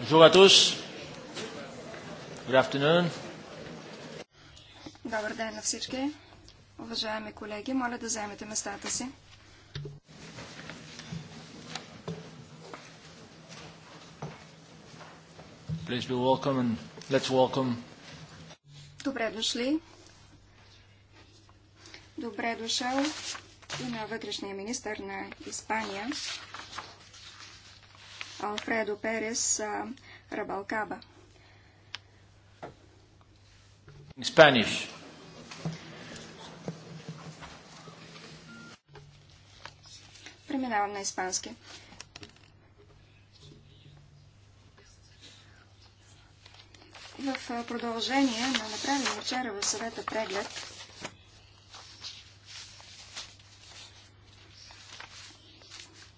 Bonjour à tous. Good afternoon. Добър ден на всички. Уважаеми колеги, моля да заемете местата си. Please be welcome and let's welcome. Добре дошли. Добре дошъл и на вътрешния министър на Испания. Алфредо Перес Рабалкаба. Spanish. Преминавам на испански. В продължение на направим вчера в съвета преглед,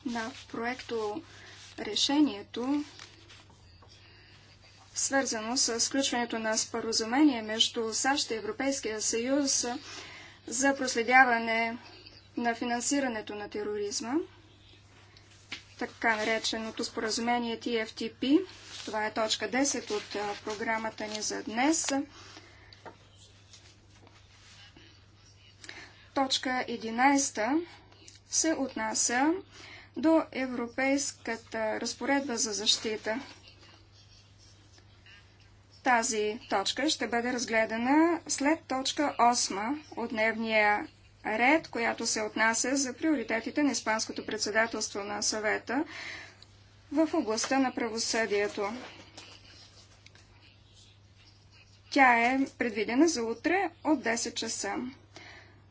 на проекто решението, свързано с включването на споразумение между САЩ и Европейския съюз за проследяване на финансирането на тероризма, така нареченото споразумение TFTP. Това е точка 10 от програмата ни за днес. Точка 11 се отнася до Европейската разпоредба за защита. Тази точка ще бъде разгледана след точка 8 от дневния ред, която се отнася за приоритетите на Испанското председателство на съвета в областта на правосъдието. Тя е предвидена за утре от 10 часа.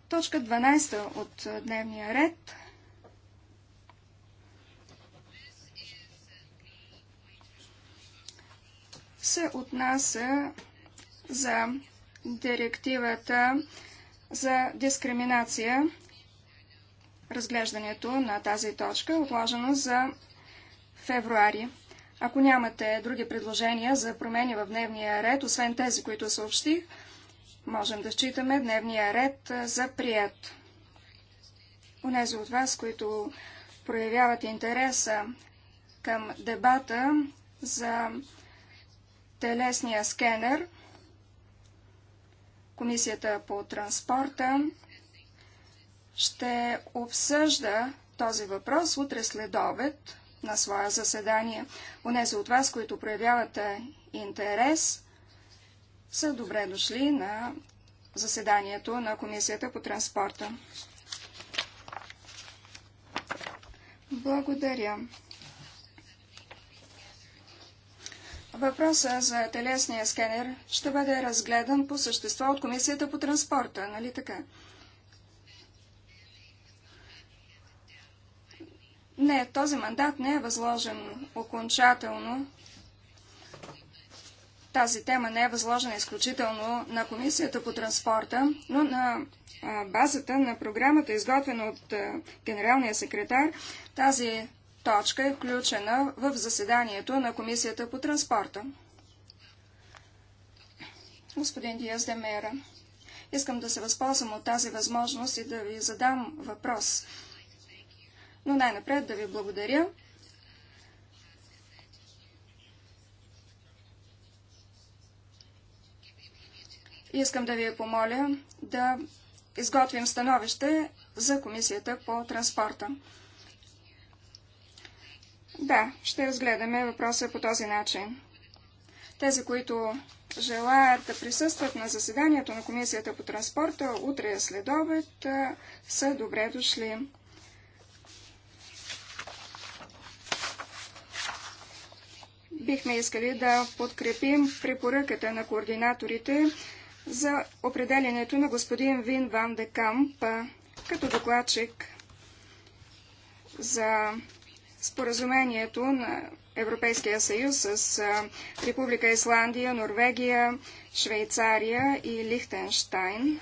Точка 12 от дневния ред се отнася за директивата за дискриминация. Разглеждането на тази точка е отложено за февруари. Ако нямате други предложения за промени в дневния ред, освен тези, които съобщих, можем да считаме дневния ред за прият. Унези от вас, които проявяват интереса към дебата за телесния скенер, Комисията по транспорта ще обсъжда този въпрос утре след обед на своя заседание. Унези от вас, които проявяват интерес, са добре дошли на заседанието на Комисията по транспорта. Благодаря. Въпроса за телесния скенер ще бъде разгледан по същество от Комисията по транспорта, нали така? Не, този мандат не е възложен окончателно. Тази тема не е възложена изключително на Комисията по транспорта, но на базата на програмата, изготвена от генералния секретар, тази точка е включена в заседанието на Комисията по транспорта. Господин Диас Демера, искам да се възползвам от тази възможност и да ви задам въпрос. Но най-напред да ви благодаря. Искам да ви помоля да изготвим становище за Комисията по транспорта. Да, ще разгледаме въпроса по този начин. Тези, които желаят да присъстват на заседанието на Комисията по транспорта, утре след обед, са добре дошли. Бихме искали да подкрепим препоръката на координаторите за определенето на господин Вин Ван де Камп като докладчик за споразумението на Европейския съюз с Република Исландия, Норвегия, Швейцария и Лихтенштайн.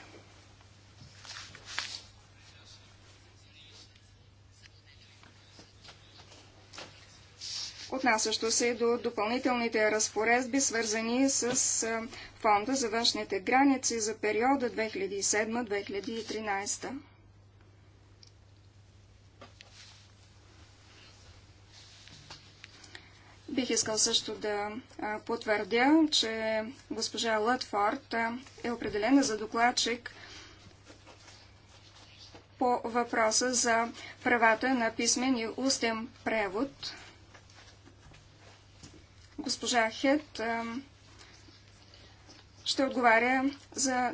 Отнасящо се до допълнителните разпоредби, свързани с Фонда за външните граници за периода 2007-2013. Бих искал също да потвърдя, че госпожа Лътфорд е определена за докладчик по въпроса за правата на писмен и устен превод. Госпожа Хет ще отговаря за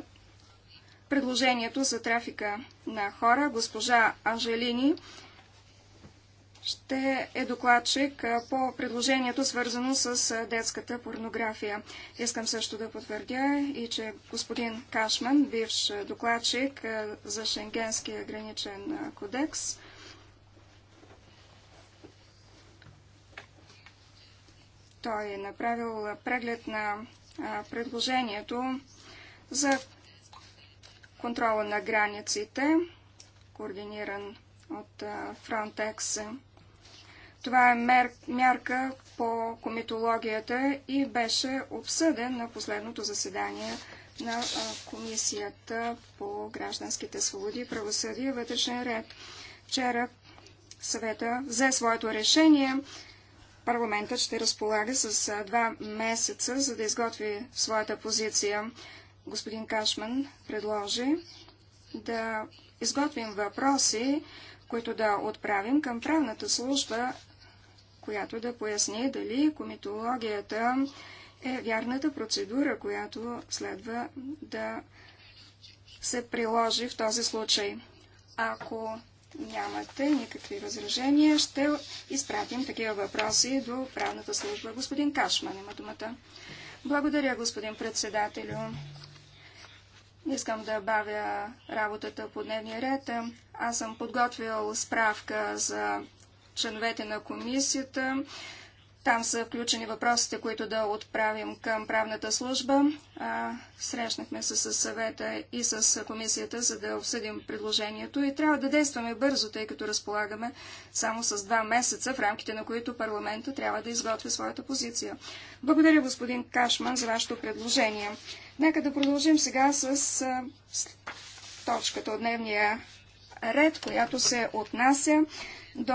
предложението за трафика на хора. Госпожа Анжелини ще е докладчик по предложението, свързано с детската порнография. Искам също да потвърдя и, че господин Кашман, бивш докладчик за Шенгенския граничен кодекс, той е направил преглед на предложението за контрола на границите, координиран от Frontex. Това е мер... мярка по комитологията и беше обсъден на последното заседание на Комисията по гражданските свободи, правосъдие и вътрешен ред. Вчера съвета взе своето решение. Парламентът ще разполага с два месеца, за да изготви своята позиция. Господин Кашман предложи да изготвим въпроси, които да отправим към правната служба, която да поясни дали комитологията е вярната процедура, която следва да се приложи в този случай. Ако нямате никакви възражения, ще изпратим такива въпроси до правната служба. Господин Кашман има думата. Благодаря, господин председателю. Не искам да бавя работата по дневния ред. Аз съм подготвил справка за членовете на комисията там са включени въпросите, които да отправим към правната служба. срещнахме се с съвета и с комисията, за да обсъдим предложението и трябва да действаме бързо, тъй като разполагаме само с два месеца, в рамките на които парламента трябва да изготви своята позиция. Благодаря, господин Кашман, за вашето предложение. Нека да продължим сега с, с точката от дневния ред, която се отнася до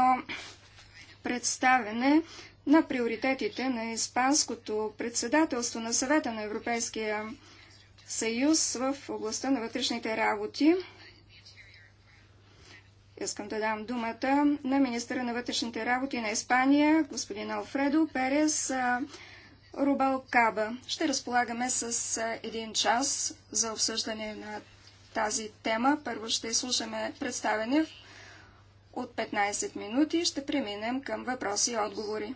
представене на приоритетите на Испанското председателство на съвета на Европейския съюз в областта на вътрешните работи. Искам да дам думата на министъра на вътрешните работи на Испания, господин Алфредо Перес Рубал Каба. Ще разполагаме с един час за обсъждане на тази тема. Първо ще слушаме представене от 15 минути и ще преминем към въпроси и отговори.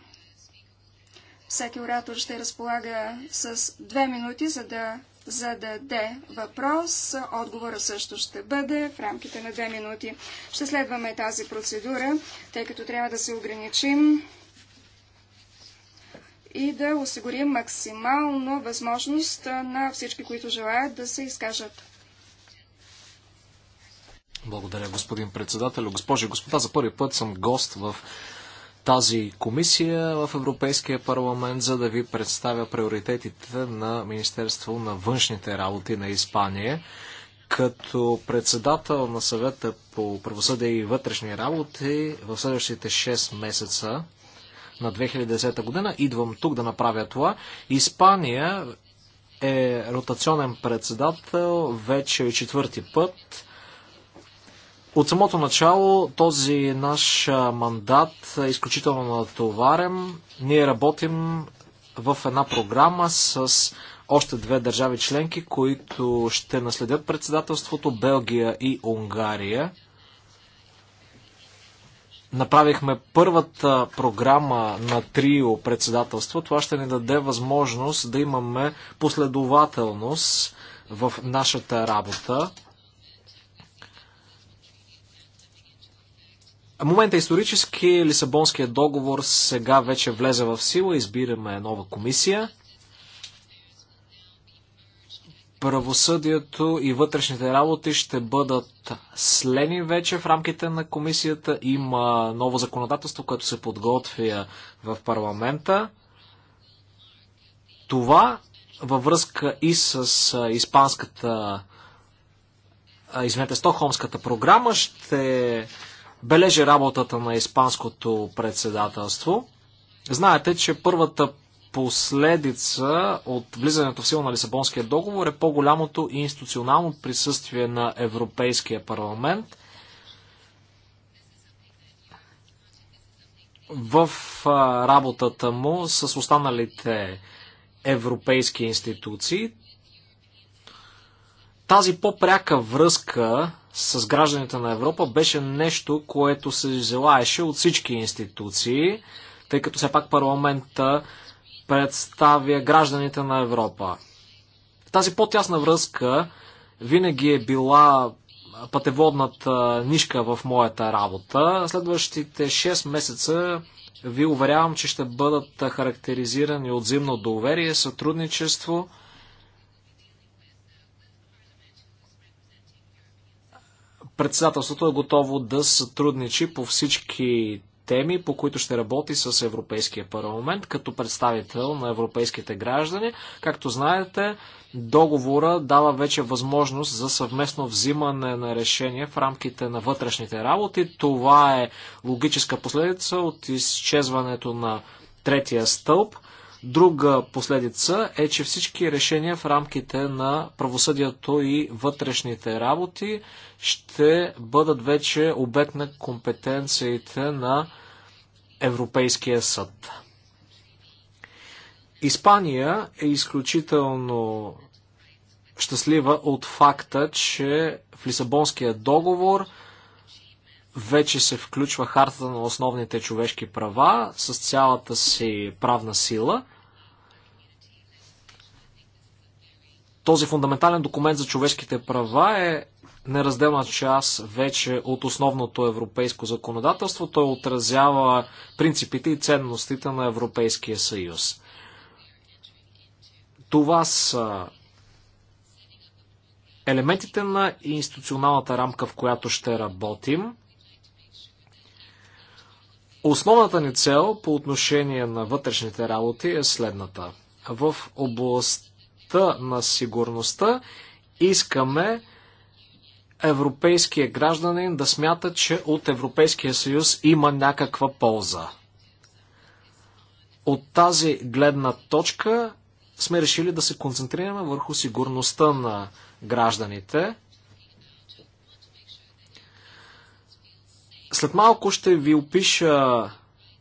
Всеки оратор ще разполага с две минути, за да зададе въпрос. Отговора също ще бъде в рамките на две минути. Ще следваме тази процедура, тъй като трябва да се ограничим и да осигурим максимално възможност на всички, които желаят да се изкажат. Благодаря, господин председател. Госпожи и господа, за първи път съм гост в тази комисия в Европейския парламент, за да ви представя приоритетите на Министерство на външните работи на Испания. Като председател на съвета по правосъдие и вътрешни работи в следващите 6 месеца на 2010 година идвам тук да направя това. Испания е ротационен председател вече четвърти път от самото начало този наш мандат е изключително натоварен. Ние работим в една програма с още две държави членки, които ще наследят председателството Белгия и Унгария. Направихме първата програма на трио председателство. Това ще ни даде възможност да имаме последователност в нашата работа. Момента исторически Лисабонският договор сега вече влезе в сила. Избираме нова комисия. Правосъдието и вътрешните работи ще бъдат слени вече в рамките на комисията. Има ново законодателство, което се подготвя в парламента. Това във връзка и с испанската извинете, стохомската програма ще бележи работата на Испанското председателство. Знаете, че първата последица от влизането в сила на Лисабонския договор е по-голямото институционално присъствие на Европейския парламент. В работата му с останалите европейски институции тази по-пряка връзка с гражданите на Европа беше нещо, което се желаеше от всички институции, тъй като все пак парламента представя гражданите на Европа. Тази по-тясна връзка винаги е била пътеводната нишка в моята работа. Следващите 6 месеца ви уверявам, че ще бъдат характеризирани от зимно доверие, сътрудничество – Председателството е готово да сътрудничи по всички теми, по които ще работи с Европейския парламент като представител на европейските граждани. Както знаете, договора дава вече възможност за съвместно взимане на решения в рамките на вътрешните работи. Това е логическа последица от изчезването на третия стълб. Друга последица е, че всички решения в рамките на правосъдието и вътрешните работи ще бъдат вече обект на компетенциите на Европейския съд. Испания е изключително щастлива от факта, че в Лисабонския договор – вече се включва хартата на основните човешки права с цялата си правна сила. Този фундаментален документ за човешките права е неразделна част вече от основното европейско законодателство. Той отразява принципите и ценностите на Европейския съюз. Това са елементите на институционалната рамка, в която ще работим. Основната ни цел по отношение на вътрешните работи е следната. В областта на сигурността искаме европейския гражданин да смята, че от Европейския съюз има някаква полза. От тази гледна точка сме решили да се концентрираме върху сигурността на гражданите – След малко ще ви опиша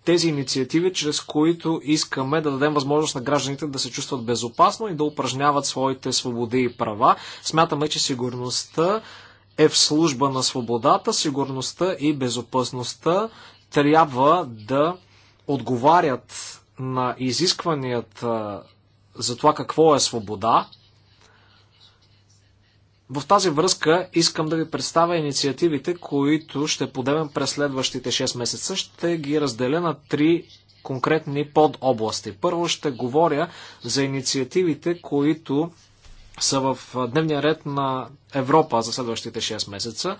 тези инициативи, чрез които искаме да дадем възможност на гражданите да се чувстват безопасно и да упражняват своите свободи и права. Смятаме, че сигурността е в служба на свободата, сигурността и безопасността трябва да отговарят на изискванията за това какво е свобода, в тази връзка искам да ви представя инициативите, които ще подемем през следващите 6 месеца. Ще ги разделя на три конкретни подобласти. Първо ще говоря за инициативите, които са в дневния ред на Европа за следващите 6 месеца.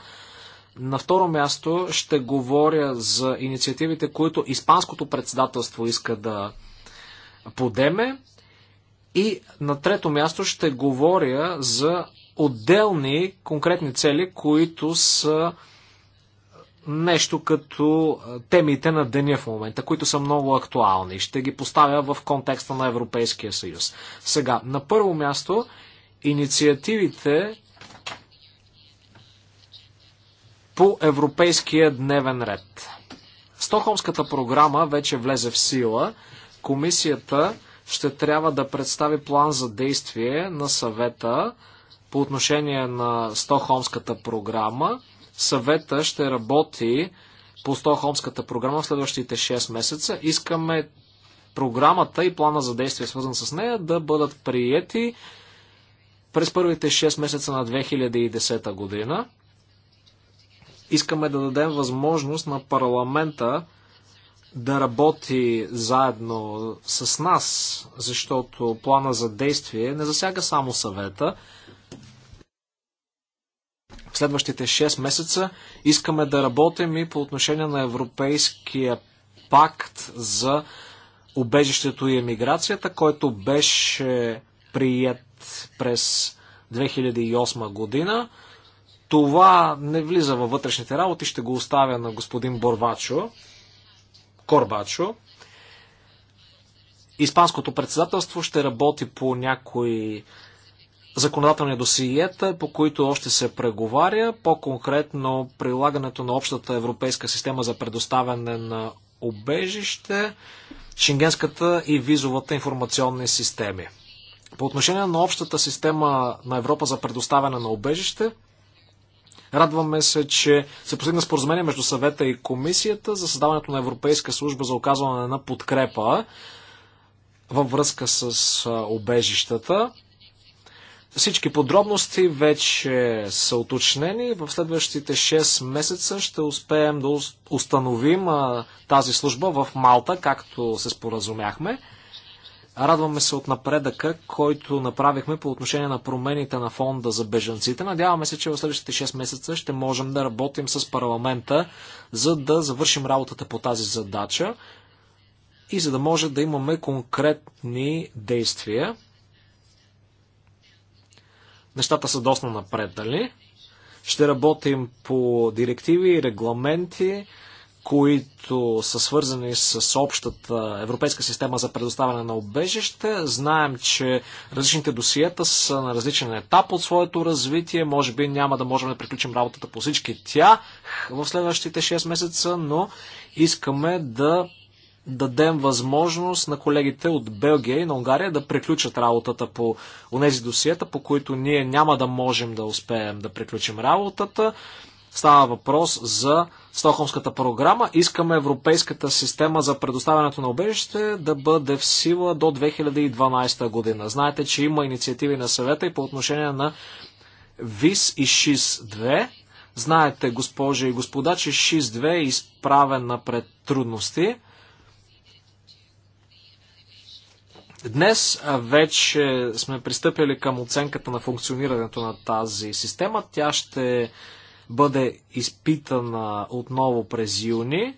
На второ място ще говоря за инициативите, които Испанското председателство иска да подеме. И на трето място ще говоря за отделни конкретни цели, които са нещо като темите на деня в момента, които са много актуални. Ще ги поставя в контекста на Европейския съюз. Сега, на първо място, инициативите по Европейския дневен ред. Стокхолмската програма вече влезе в сила. Комисията ще трябва да представи план за действие на съвета по отношение на Стохомската програма. Съвета ще работи по Стохомската програма в следващите 6 месеца. Искаме програмата и плана за действие, свързан с нея, да бъдат приети през първите 6 месеца на 2010 година. Искаме да дадем възможност на парламента да работи заедно с нас, защото плана за действие не засяга само съвета, в следващите 6 месеца. Искаме да работим и по отношение на Европейския пакт за убежището и емиграцията, който беше прият през 2008 година. Това не влиза във вътрешните работи, ще го оставя на господин Борвачо, Корбачо. Испанското председателство ще работи по някои законодателни досиета, по които още се преговаря, по-конкретно прилагането на общата европейска система за предоставяне на обежище, шенгенската и визовата информационни системи. По отношение на общата система на Европа за предоставяне на обежище, Радваме се, че се постигна споразумение между съвета и комисията за създаването на Европейска служба за оказване на подкрепа във връзка с обежищата. Всички подробности вече са уточнени. В следващите 6 месеца ще успеем да установим а, тази служба в Малта, както се споразумяхме. Радваме се от напредъка, който направихме по отношение на промените на фонда за бежанците. Надяваме се, че в следващите 6 месеца ще можем да работим с парламента, за да завършим работата по тази задача и за да може да имаме конкретни действия Нещата са доста напреднали. Ще работим по директиви и регламенти, които са свързани с общата европейска система за предоставяне на обежище. Знаем, че различните досиета са на различен етап от своето развитие. Може би няма да можем да приключим работата по всички тях в следващите 6 месеца, но искаме да дадем възможност на колегите от Белгия и на Унгария да приключат работата по тези досиета, по които ние няма да можем да успеем да приключим работата. Става въпрос за Стокхолмската програма. Искаме Европейската система за предоставянето на обежище да бъде в сила до 2012 година. Знаете, че има инициативи на съвета и по отношение на ВИС и ШИС-2. Знаете, госпожи и господа, че ШИС-2 е изправена пред трудности. Днес вече сме пристъпили към оценката на функционирането на тази система. Тя ще бъде изпитана отново през юни.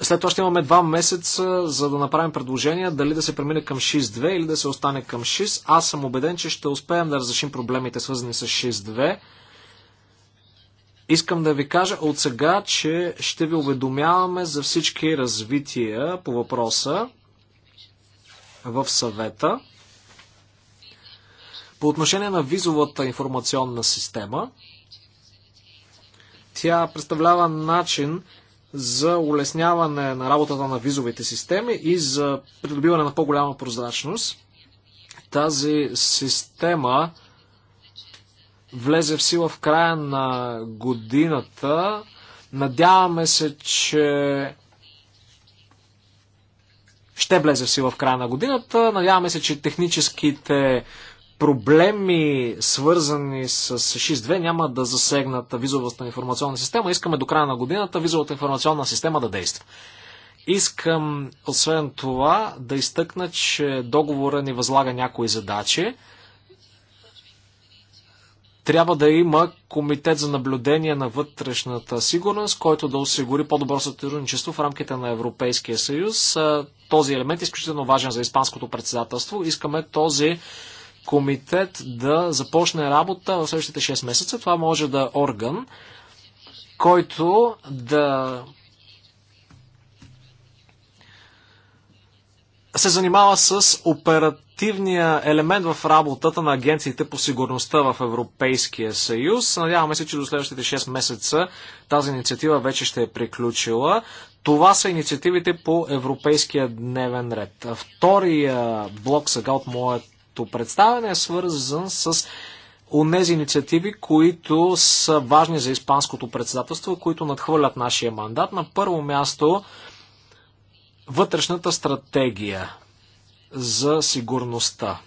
След това ще имаме два месеца, за да направим предложения дали да се премине към 6.2 или да се остане към 6. Аз съм убеден, че ще успеем да разрешим проблемите, свързани с 6.2. Искам да ви кажа от сега, че ще ви уведомяваме за всички развития по въпроса в съвета. По отношение на визовата информационна система, тя представлява начин за улесняване на работата на визовите системи и за придобиване на по-голяма прозрачност. Тази система влезе в сила в края на годината. Надяваме се, че ще влезе в сила в края на годината. Надяваме се, че техническите проблеми, свързани с 6.2, няма да засегнат визовата информационна система. Искаме до края на годината визовата информационна система да действа. Искам, освен това, да изтъкна, че договора ни възлага някои задачи. Трябва да има комитет за наблюдение на вътрешната сигурност, който да осигури по-добро сътрудничество в рамките на Европейския съюз. Този елемент е изключително важен за Испанското председателство. Искаме този комитет да започне работа в следващите 6 месеца. Това може да е орган, който да се занимава с оперативно активния елемент в работата на агенциите по сигурността в Европейския съюз. Надяваме се, че до следващите 6 месеца тази инициатива вече ще е приключила. Това са инициативите по Европейския дневен ред. Втория блок сега от моето представяне е свързан с онези инициативи, които са важни за Испанското председателство, които надхвърлят нашия мандат. На първо място вътрешната стратегия за сигурността.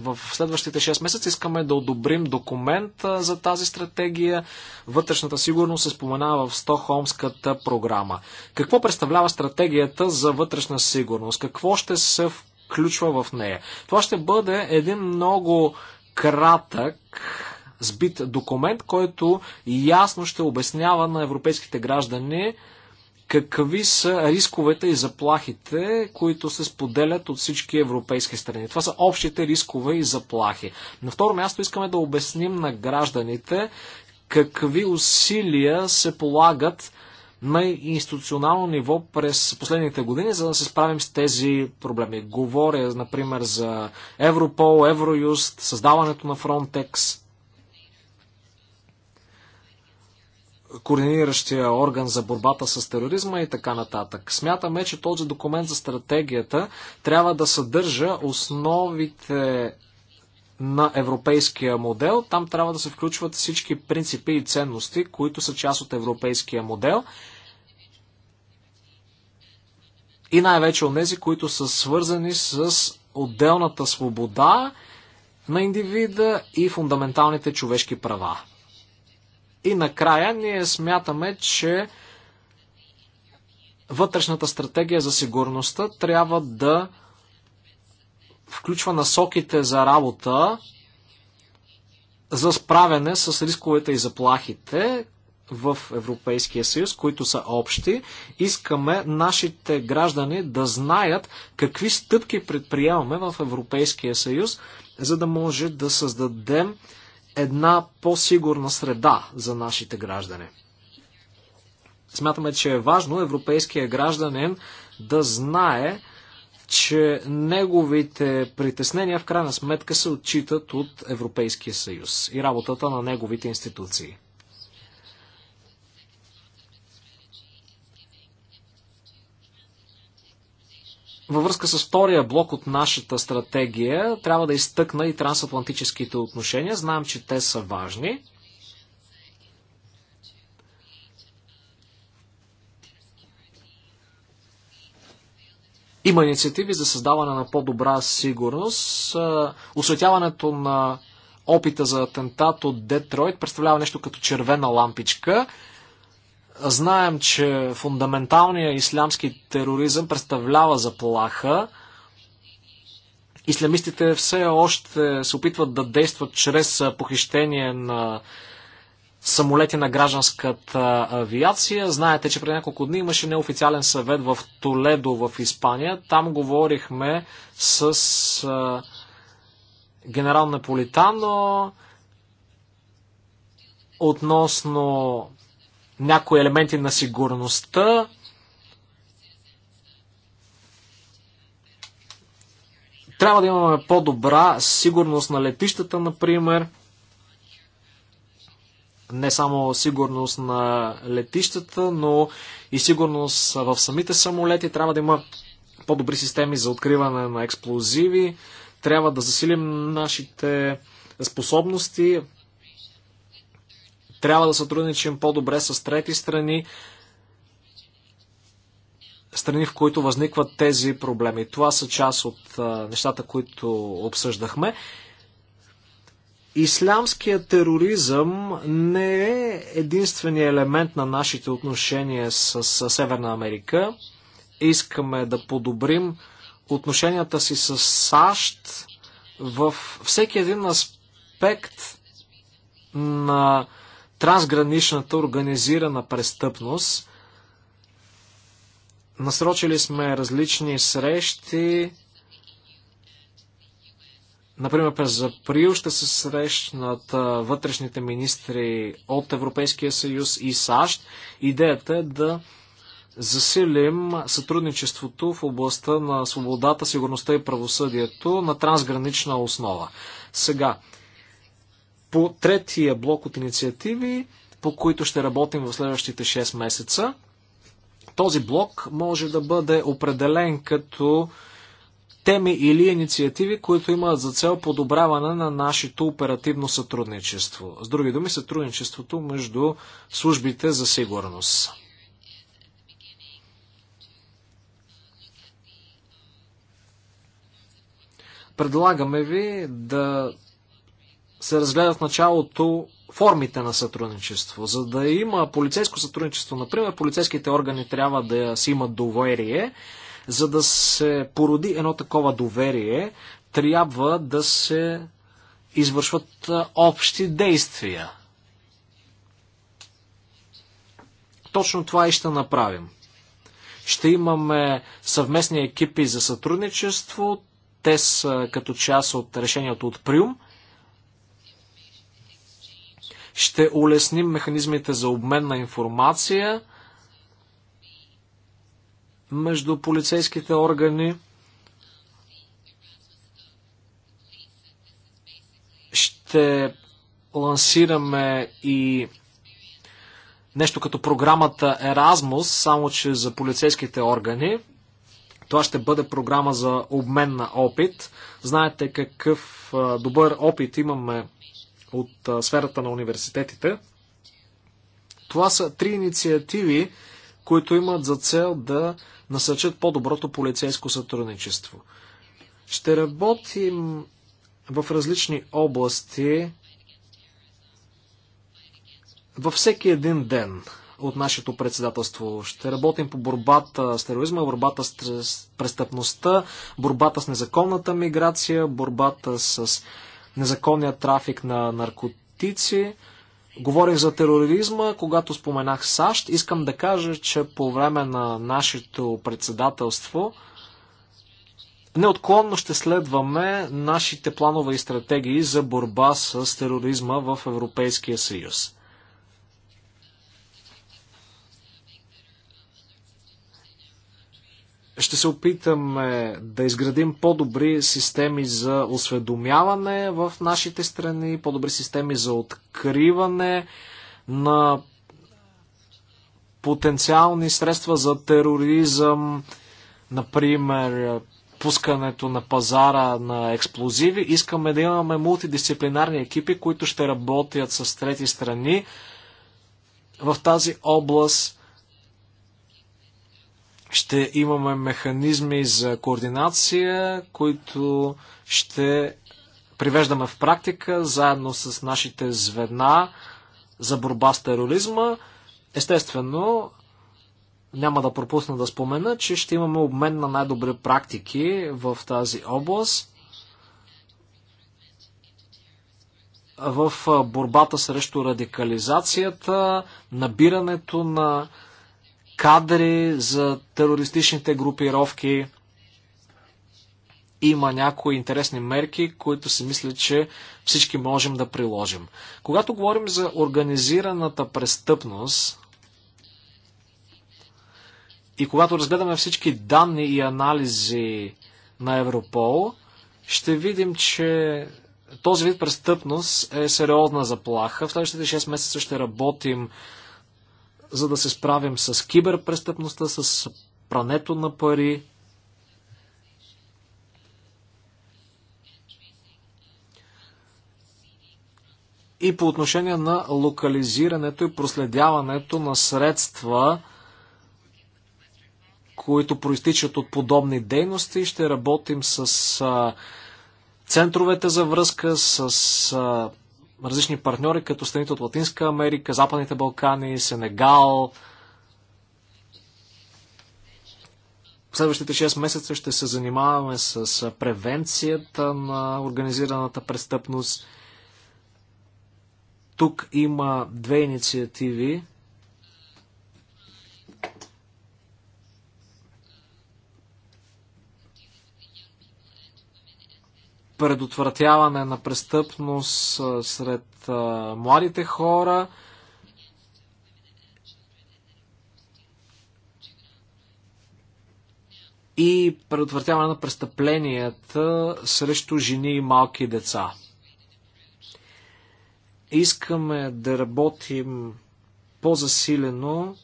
В следващите 6 месеца искаме да одобрим документ за тази стратегия. Вътрешната сигурност се споменава в Стохолмската програма. Какво представлява стратегията за вътрешна сигурност? Какво ще се включва в нея? Това ще бъде един много кратък сбит документ, който ясно ще обяснява на европейските граждани какви са рисковете и заплахите, които се споделят от всички европейски страни. Това са общите рискове и заплахи. На второ място искаме да обясним на гражданите какви усилия се полагат на институционално ниво през последните години, за да се справим с тези проблеми. Говоря, например, за Европол, Евроюст, създаването на Frontex. координиращия орган за борбата с тероризма и така нататък. Смятаме, че този документ за стратегията трябва да съдържа основите на европейския модел. Там трябва да се включват всички принципи и ценности, които са част от европейския модел. И най-вече от тези, които са свързани с отделната свобода на индивида и фундаменталните човешки права. И накрая ние смятаме, че вътрешната стратегия за сигурността трябва да включва насоките за работа за справяне с рисковете и заплахите в Европейския съюз, които са общи. Искаме нашите граждани да знаят какви стъпки предприемаме в Европейския съюз, за да може да създадем една по-сигурна среда за нашите граждани. Смятаме, че е важно европейския гражданин да знае, че неговите притеснения в крайна сметка се отчитат от Европейския съюз и работата на неговите институции. Във връзка с втория блок от нашата стратегия трябва да изтъкна и трансатлантическите отношения. Знаем, че те са важни. Има инициативи за създаване на по-добра сигурност. Осветяването на опита за атентат от Детройт представлява нещо като червена лампичка. Знаем, че фундаменталният ислямски тероризъм представлява заплаха. Ислямистите все още се опитват да действат чрез похищение на самолети на гражданската авиация. Знаете, че преди няколко дни имаше неофициален съвет в Толедо в Испания. Там говорихме с генерал Наполитано относно някои елементи на сигурността. Трябва да имаме по-добра сигурност на летищата, например. Не само сигурност на летищата, но и сигурност в самите самолети. Трябва да има по-добри системи за откриване на експлозиви. Трябва да засилим нашите способности трябва да сътрудничим по-добре с трети страни, страни, в които възникват тези проблеми. Това са част от нещата, които обсъждахме. Ислямският тероризъм не е единствения елемент на нашите отношения с, с Северна Америка. Искаме да подобрим отношенията си с САЩ във всеки един аспект на трансграничната организирана престъпност. Насрочили сме различни срещи. Например, през април ще се срещнат вътрешните министри от Европейския съюз и САЩ. Идеята е да засилим сътрудничеството в областта на свободата, сигурността и правосъдието на трансгранична основа. Сега, по третия блок от инициативи, по които ще работим в следващите 6 месеца. Този блок може да бъде определен като теми или инициативи, които имат за цел подобряване на нашето оперативно сътрудничество. С други думи, сътрудничеството между службите за сигурност. Предлагаме ви да се разгледат в началото формите на сътрудничество. За да има полицейско сътрудничество, например, полицейските органи трябва да си имат доверие. За да се породи едно такова доверие, трябва да се извършват общи действия. Точно това и ще направим. Ще имаме съвместни екипи за сътрудничество. Те са като част от решението от Приум – ще улесним механизмите за обмен на информация между полицейските органи. Ще лансираме и нещо като програмата Erasmus, само че за полицейските органи. Това ще бъде програма за обмен на опит. Знаете какъв добър опит имаме от сферата на университетите. Това са три инициативи, които имат за цел да насъчат по-доброто полицейско сътрудничество. Ще работим в различни области във всеки един ден от нашето председателство. Ще работим по борбата с тероризма, борбата с престъпността, борбата с незаконната миграция, борбата с незаконния трафик на наркотици. Говорих за тероризма, когато споменах САЩ. Искам да кажа, че по време на нашето председателство неотклонно ще следваме нашите планове и стратегии за борба с тероризма в Европейския съюз. ще се опитаме да изградим по-добри системи за осведомяване в нашите страни, по-добри системи за откриване на потенциални средства за тероризъм, например пускането на пазара на експлозиви. Искаме да имаме мултидисциплинарни екипи, които ще работят с трети страни в тази област – ще имаме механизми за координация, които ще привеждаме в практика заедно с нашите звена за борба с тероризма. Естествено, няма да пропусна да спомена, че ще имаме обмен на най-добри практики в тази област в борбата срещу радикализацията, набирането на кадри за терористичните групировки. Има някои интересни мерки, които си мисля, че всички можем да приложим. Когато говорим за организираната престъпност, и когато разгледаме всички данни и анализи на Европол, ще видим, че този вид престъпност е сериозна заплаха. В следващите 6 месеца ще работим за да се справим с киберпрестъпността, с прането на пари. И по отношение на локализирането и проследяването на средства, които проистичат от подобни дейности, ще работим с центровете за връзка, с различни партньори, като страните от Латинска Америка, Западните Балкани, Сенегал. В следващите 6 месеца ще се занимаваме с превенцията на организираната престъпност. Тук има две инициативи, предотвратяване на престъпност сред младите хора. и предотвратяване на престъпленията срещу жени и малки деца. Искаме да работим по-засилено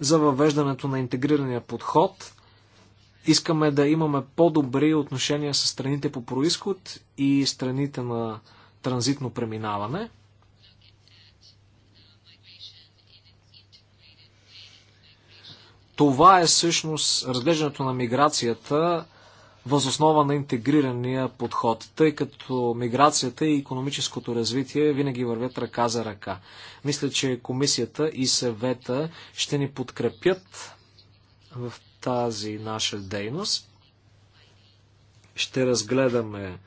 за въвеждането на интегрирания подход Искаме да имаме по-добри отношения с страните по происход и страните на транзитно преминаване. Това е всъщност разглеждането на миграцията възоснова на интегрирания подход, тъй като миграцията и економическото развитие винаги вървят ръка за ръка. Мисля, че комисията и съвета ще ни подкрепят в тази наша дейност. Ще разгледаме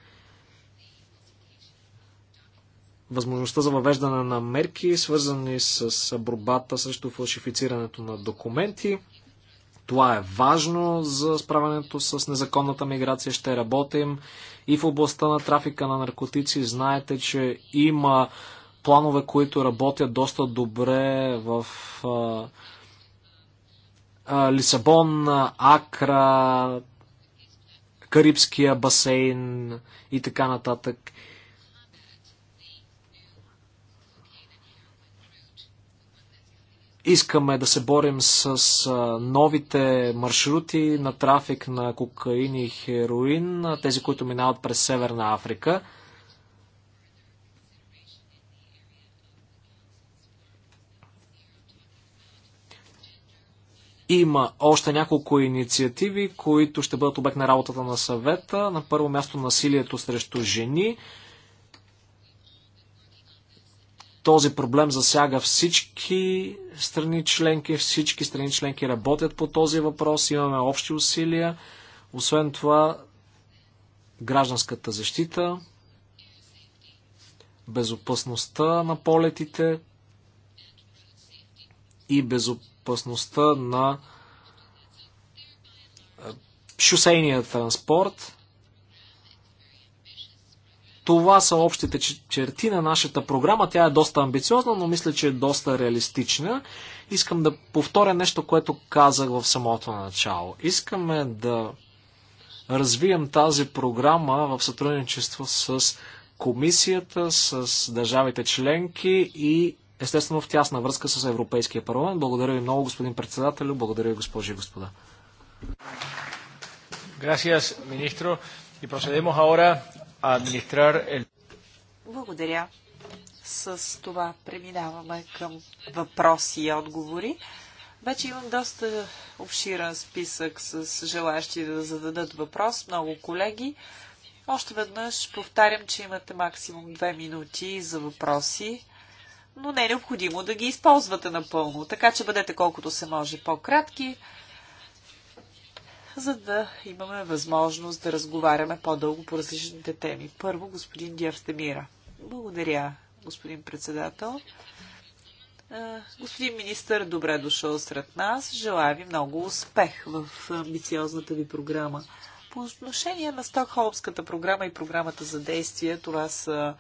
възможността за въвеждане на мерки, свързани с борбата срещу фалшифицирането на документи. Това е важно за справянето с незаконната миграция. Ще работим и в областта на трафика на наркотици. Знаете, че има планове, които работят доста добре в Лисабон, Акра, Карибския басейн и така нататък. Искаме да се борим с новите маршрути на трафик на кокаин и хероин, тези, които минават през Северна Африка – Има още няколко инициативи, които ще бъдат обект на работата на съвета. На първо място насилието срещу жени. Този проблем засяга всички страни членки, всички страни членки работят по този въпрос, имаме общи усилия. Освен това, гражданската защита, безопасността на полетите и безопасността безопасността на е, шосейния транспорт. Това са общите черти на нашата програма. Тя е доста амбициозна, но мисля, че е доста реалистична. Искам да повторя нещо, което казах в самото начало. Искаме да развием тази програма в сътрудничество с комисията, с държавите членки и естествено в тясна връзка с Европейския парламент. Благодаря ви много, господин председател, Благодаря ви, госпожи и господа. Gracias, ministro. procedemos ahora a administrar el... Благодаря. С това преминаваме към въпроси и отговори. Вече имам доста обширен списък с желаящи да зададат въпрос. Много колеги. Още веднъж повтарям, че имате максимум две минути за въпроси но не е необходимо да ги използвате напълно. Така че бъдете колкото се може по-кратки, за да имаме възможност да разговаряме по-дълго по различните теми. Първо, господин Диавстемира. Благодаря, господин председател. Господин министър, добре дошъл сред нас. Желая ви много успех в амбициозната ви програма. По отношение на Стокхолмската програма и програмата за действие, това са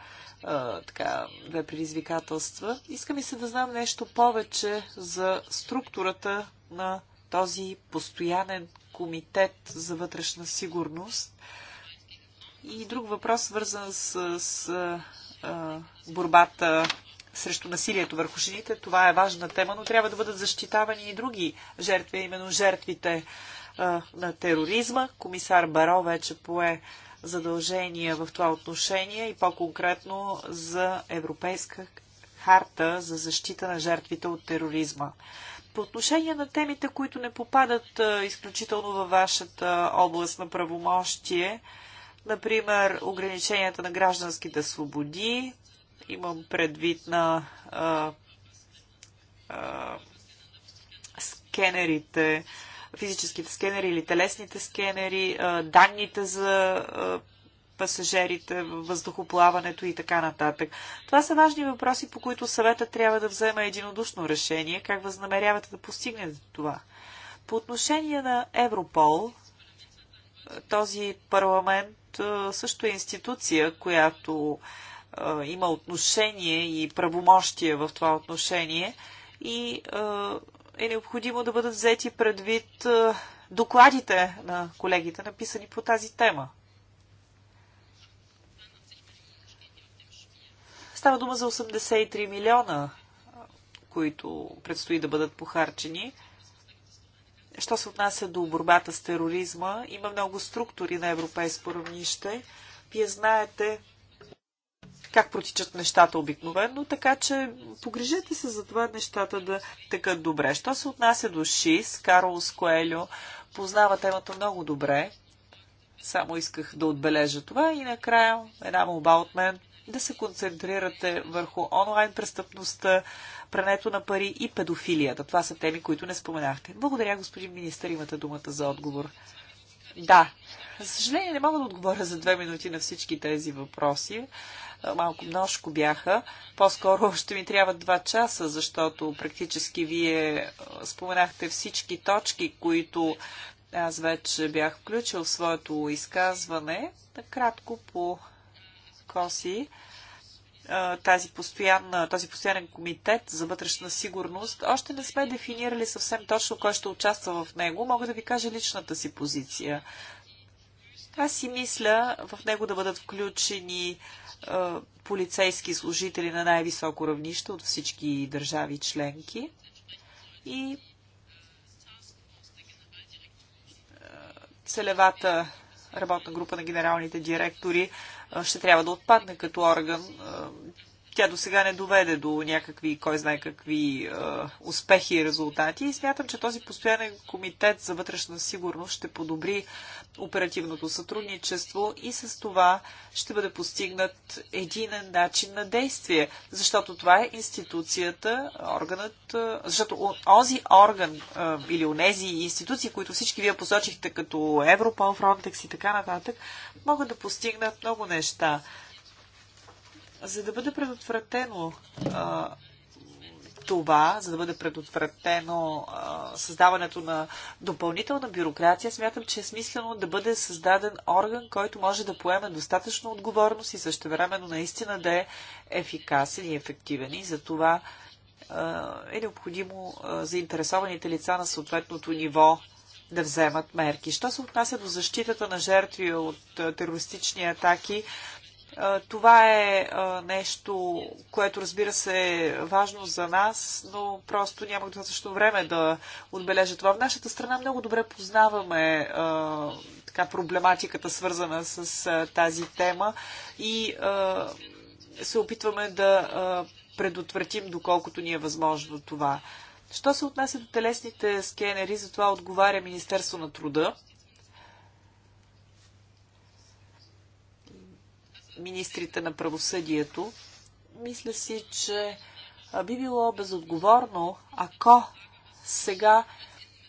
а, така, две предизвикателства. Искам и се да знам нещо повече за структурата на този постоянен комитет за вътрешна сигурност. И друг въпрос, свързан с, с а, борбата срещу насилието върху жените. Това е важна тема, но трябва да бъдат защитавани и други жертви, именно жертвите на тероризма. Комисар Баро вече пое задължения в това отношение и по-конкретно за Европейска харта за защита на жертвите от тероризма. По отношение на темите, които не попадат изключително във вашата област на правомощие, например ограниченията на гражданските свободи, имам предвид на а, а, скенерите физическите скенери или телесните скенери, данните за пасажерите, въздухоплаването и така нататък. Това са важни въпроси, по които съвета трябва да взема единодушно решение, как възнамерявате да постигнете това. По отношение на Европол, този парламент също е институция, която има отношение и правомощие в това отношение и е необходимо да бъдат взети предвид е, докладите на колегите, написани по тази тема. Става дума за 83 милиона, които предстои да бъдат похарчени. Що се отнася до борбата с тероризма, има много структури на европейско равнище. Вие знаете, как протичат нещата обикновено, така че погрижете се за това нещата да тъкат добре. Що се отнася до ШИС, Карло Коелю познава темата много добре. Само исках да отбележа това и накрая една молба от мен да се концентрирате върху онлайн престъпността, прането на пари и педофилията. Това са теми, които не споменахте. Благодаря, господин министър, имате думата за отговор. Да, за съжаление не мога да отговоря за две минути на всички тези въпроси малко множко бяха. По-скоро ще ми трябва два часа, защото практически вие споменахте всички точки, които аз вече бях включил в своето изказване. Кратко по Коси тази постоянна, този постоянен комитет за вътрешна сигурност. Още не сме дефинирали съвсем точно кой ще участва в него. Мога да ви кажа личната си позиция. Аз си мисля в него да бъдат включени е, полицейски служители на най-високо равнище от всички държави членки и е, целевата работна група на генералните директори е, ще трябва да отпадне като орган. Тя до сега не доведе до някакви, кой знае какви е, успехи и резултати. И смятам, че този постоянен комитет за вътрешна сигурност ще подобри оперативното сътрудничество и с това ще бъде постигнат единен начин на действие. Защото това е институцията, органът, е, защото този орган е, или онези институции, които всички вие посочихте като Европол, Фронтекс и така нататък, могат да постигнат много неща. За да бъде предотвратено а, това, за да бъде предотвратено а, създаването на допълнителна бюрокрация, смятам, че е смислено да бъде създаден орган, който може да поеме достатъчно отговорност и същевременно наистина да е ефикасен и ефективен. И за това а, е необходимо а, заинтересованите лица на съответното ниво да вземат мерки. Що се отнася до защитата на жертви от терористични атаки, това е нещо, което разбира се е важно за нас, но просто нямах достатъчно време да отбележа това. В нашата страна много добре познаваме така, проблематиката, свързана с тази тема и се опитваме да предотвратим доколкото ни е възможно това. Що се отнася до телесните скенери, за това отговаря Министерство на труда. министрите на правосъдието. Мисля си, че би било безотговорно, ако сега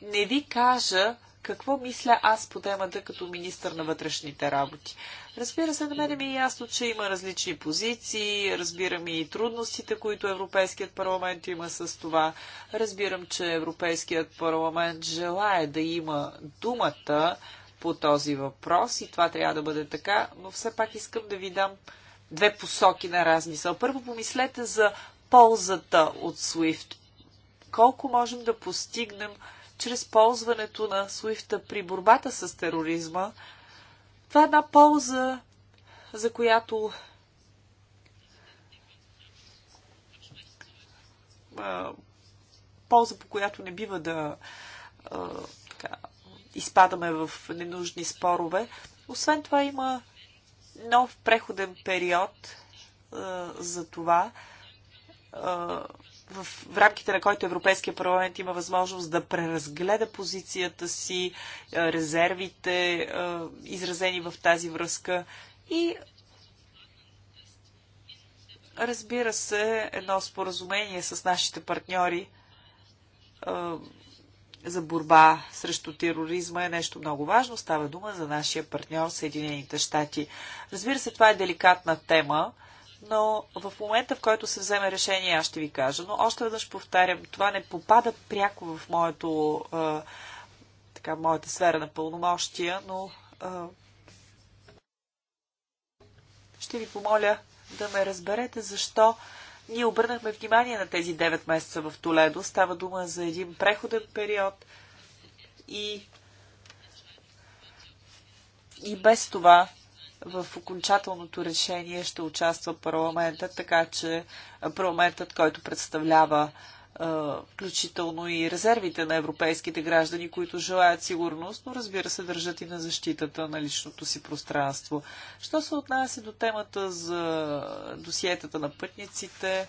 не ви кажа какво мисля аз по темата като министър на вътрешните работи. Разбира се, на мен ми е ясно, че има различни позиции, разбирам и трудностите, които Европейският парламент има с това. Разбирам, че Европейският парламент желая да има думата по този въпрос и това трябва да бъде така, но все пак искам да ви дам две посоки на размисъл. Първо помислете за ползата от SWIFT. Колко можем да постигнем чрез ползването на SWIFT при борбата с тероризма? Това е една полза, за която полза, по която не бива да така, изпадаме в ненужни спорове. Освен това има нов преходен период а, за това, а, в, в рамките на който Европейския парламент има възможност да преразгледа позицията си, а, резервите, а, изразени в тази връзка и разбира се, едно споразумение с нашите партньори за борба срещу тероризма е нещо много важно. Става дума за нашия партньор Съединените щати. Разбира се, това е деликатна тема, но в момента, в който се вземе решение, аз ще ви кажа. Но още веднъж повтарям, това не попада пряко в моето, а, така, моята сфера на пълномощия, но а, ще ви помоля да ме разберете защо ние обърнахме внимание на тези 9 месеца в Толедо. Става дума за един преходен период и, и без това в окончателното решение ще участва парламентът, така че парламентът, който представлява включително и резервите на европейските граждани, които желаят сигурност, но разбира се държат и на защитата на личното си пространство. Що се отнася до темата за досиетата на пътниците,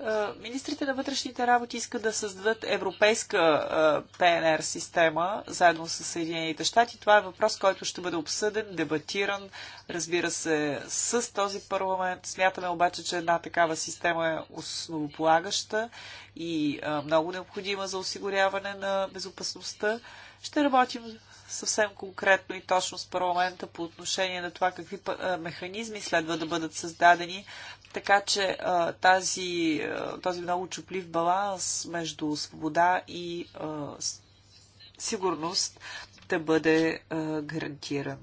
Е, министрите на вътрешните работи искат да създадат европейска ПНР е, система заедно с Съединените щати. Това е въпрос, който ще бъде обсъден, дебатиран, разбира се, с този парламент. Смятаме обаче, че една такава система е основополагаща и е, много необходима за осигуряване на безопасността. Ще работим съвсем конкретно и точно с парламента по отношение на това какви механизми следва да бъдат създадени, така че тази, този много чуплив баланс между свобода и сигурност да бъде гарантиран.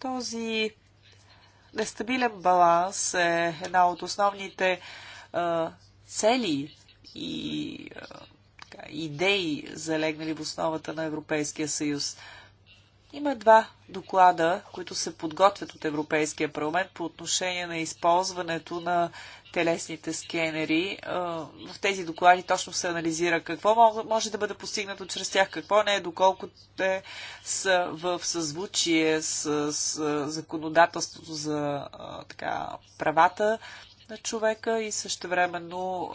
Този нестабилен баланс е една от основните цели и а, идеи, залегнали в основата на Европейския съюз. Има два доклада, които се подготвят от Европейския парламент по отношение на използването на телесните скенери. В тези доклади точно се анализира какво може да бъде постигнато чрез тях, какво не е, доколко те са в съзвучие с, с законодателството за така, правата на човека и също времено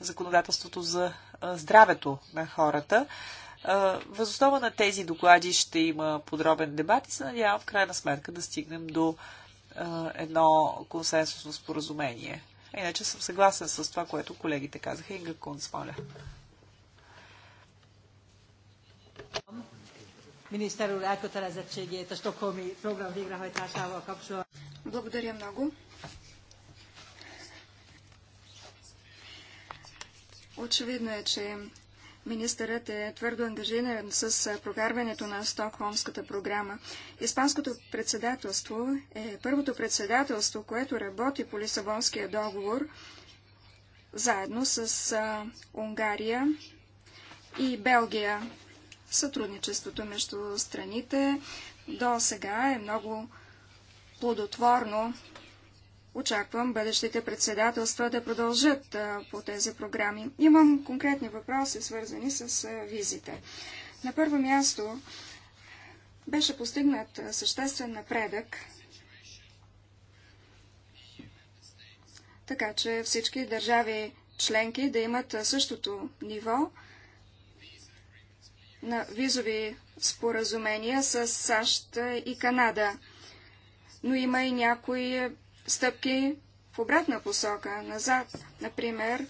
законодателството за здравето на хората. Възоснова на тези доклади ще има подробен дебат и се надявам в крайна сметка да стигнем до едно консенсусно споразумение. Иначе съм съгласен с това, което колегите казаха. Инга Кунц, моля. Благодаря много. Очевидно е, че Министърът е твърдо ангажиран с прокарването на Стокхолмската програма. Испанското председателство е първото председателство, което работи по Лисабонския договор заедно с Унгария и Белгия. Сътрудничеството между страните до сега е много плодотворно. Очаквам бъдещите председателства да продължат по тези програми. Имам конкретни въпроси, свързани с визите. На първо място беше постигнат съществен напредък, така че всички държави членки да имат същото ниво на визови споразумения с САЩ и Канада. Но има и някои стъпки в обратна посока, назад. Например,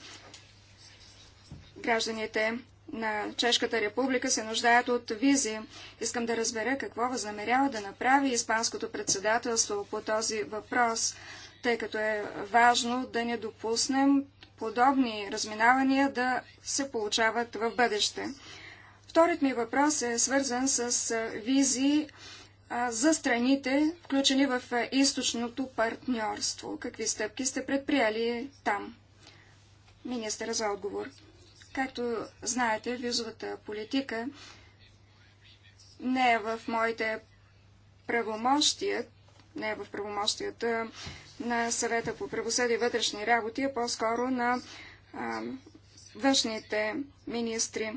гражданите на Чешката република се нуждаят от визи. Искам да разбера какво възнамерява да направи Испанското председателство по този въпрос, тъй като е важно да не допуснем подобни разминавания да се получават в бъдеще. Вторият ми въпрос е свързан с визи за страните, включени в източното партньорство? Какви стъпки сте предприели там? Министър за отговор. Както знаете, визовата политика не е в моите правомощия, не е в правомощията на съвета по правосъдие и вътрешни работи, а по-скоро на а, външните министри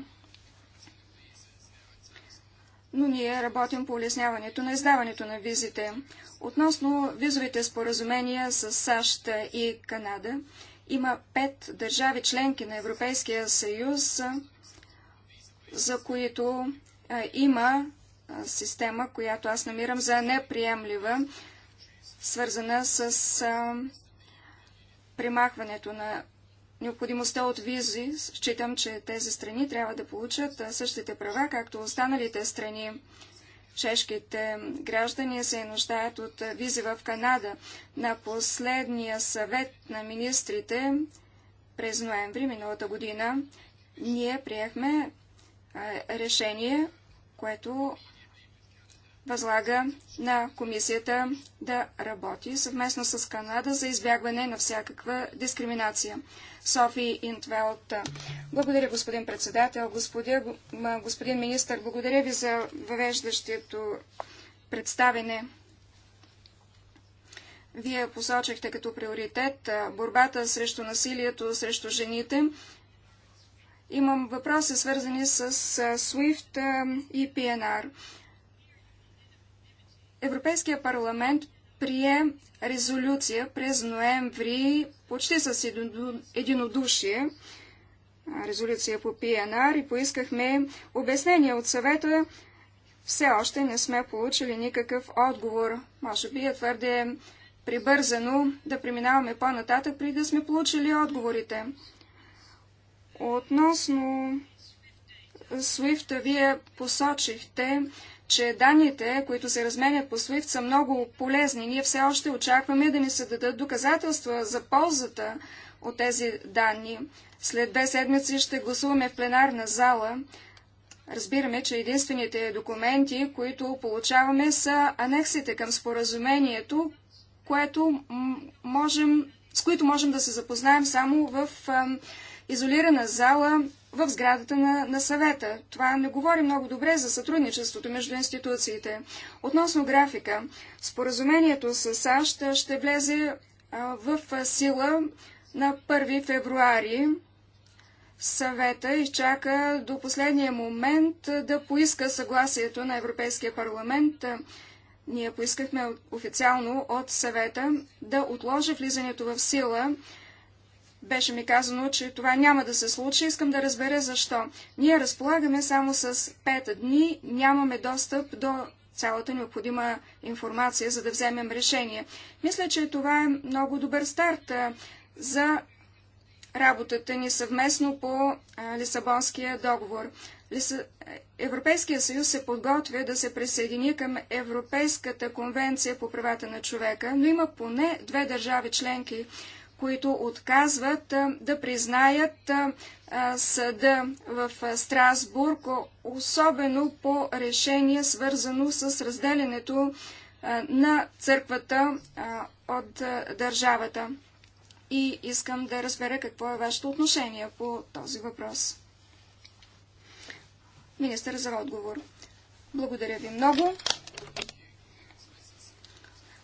но ние работим по улесняването на издаването на визите. Относно визовите споразумения с САЩ и Канада, има пет държави членки на Европейския съюз, за които има система, която аз намирам за неприемлива, свързана с примахването на необходимостта от визи, считам, че тези страни трябва да получат същите права, както останалите страни. Чешките граждани се нуждаят от визи в Канада. На последния съвет на министрите през ноември миналата година ние приехме решение, което възлага на комисията да работи съвместно с Канада за избягване на всякаква дискриминация. Софи Интвелт. Благодаря, господин председател. господин министр, благодаря ви за въвеждащието представене. Вие посочихте като приоритет борбата срещу насилието срещу жените. Имам въпроси, свързани с SWIFT и PNR. Европейския парламент прие резолюция през ноември почти с единодушие, резолюция по ПНР и поискахме обяснение от съвета. Все още не сме получили никакъв отговор. Може би е твърде прибързано да преминаваме по-нататък, при да сме получили отговорите. Относно Свифта, вие посочихте, че данните, които се разменят по SWIFT, са много полезни. Ние все още очакваме да ни се дадат доказателства за ползата от тези данни. След две седмици ще гласуваме в пленарна зала. Разбираме, че единствените документи, които получаваме, са анексите към споразумението, което можем, с които можем да се запознаем само в изолирана зала в сградата на, на съвета. Това не говори много добре за сътрудничеството между институциите. Относно графика, споразумението с САЩ ще влезе в сила на 1 февруари. Съвета изчака до последния момент да поиска съгласието на Европейския парламент. Ние поискахме официално от съвета да отложи влизането в сила беше ми казано, че това няма да се случи. Искам да разбера защо. Ние разполагаме само с 5 дни, нямаме достъп до цялата необходима информация, за да вземем решение. Мисля, че това е много добър старт за работата ни съвместно по Лисабонския договор. Европейския съюз се подготвя да се присъедини към Европейската конвенция по правата на човека, но има поне две държави членки, които отказват да признаят съда в Страсбург, особено по решение свързано с разделянето на църквата от държавата. И искам да разбера какво е вашето отношение по този въпрос. Министър за отговор. Благодаря ви много.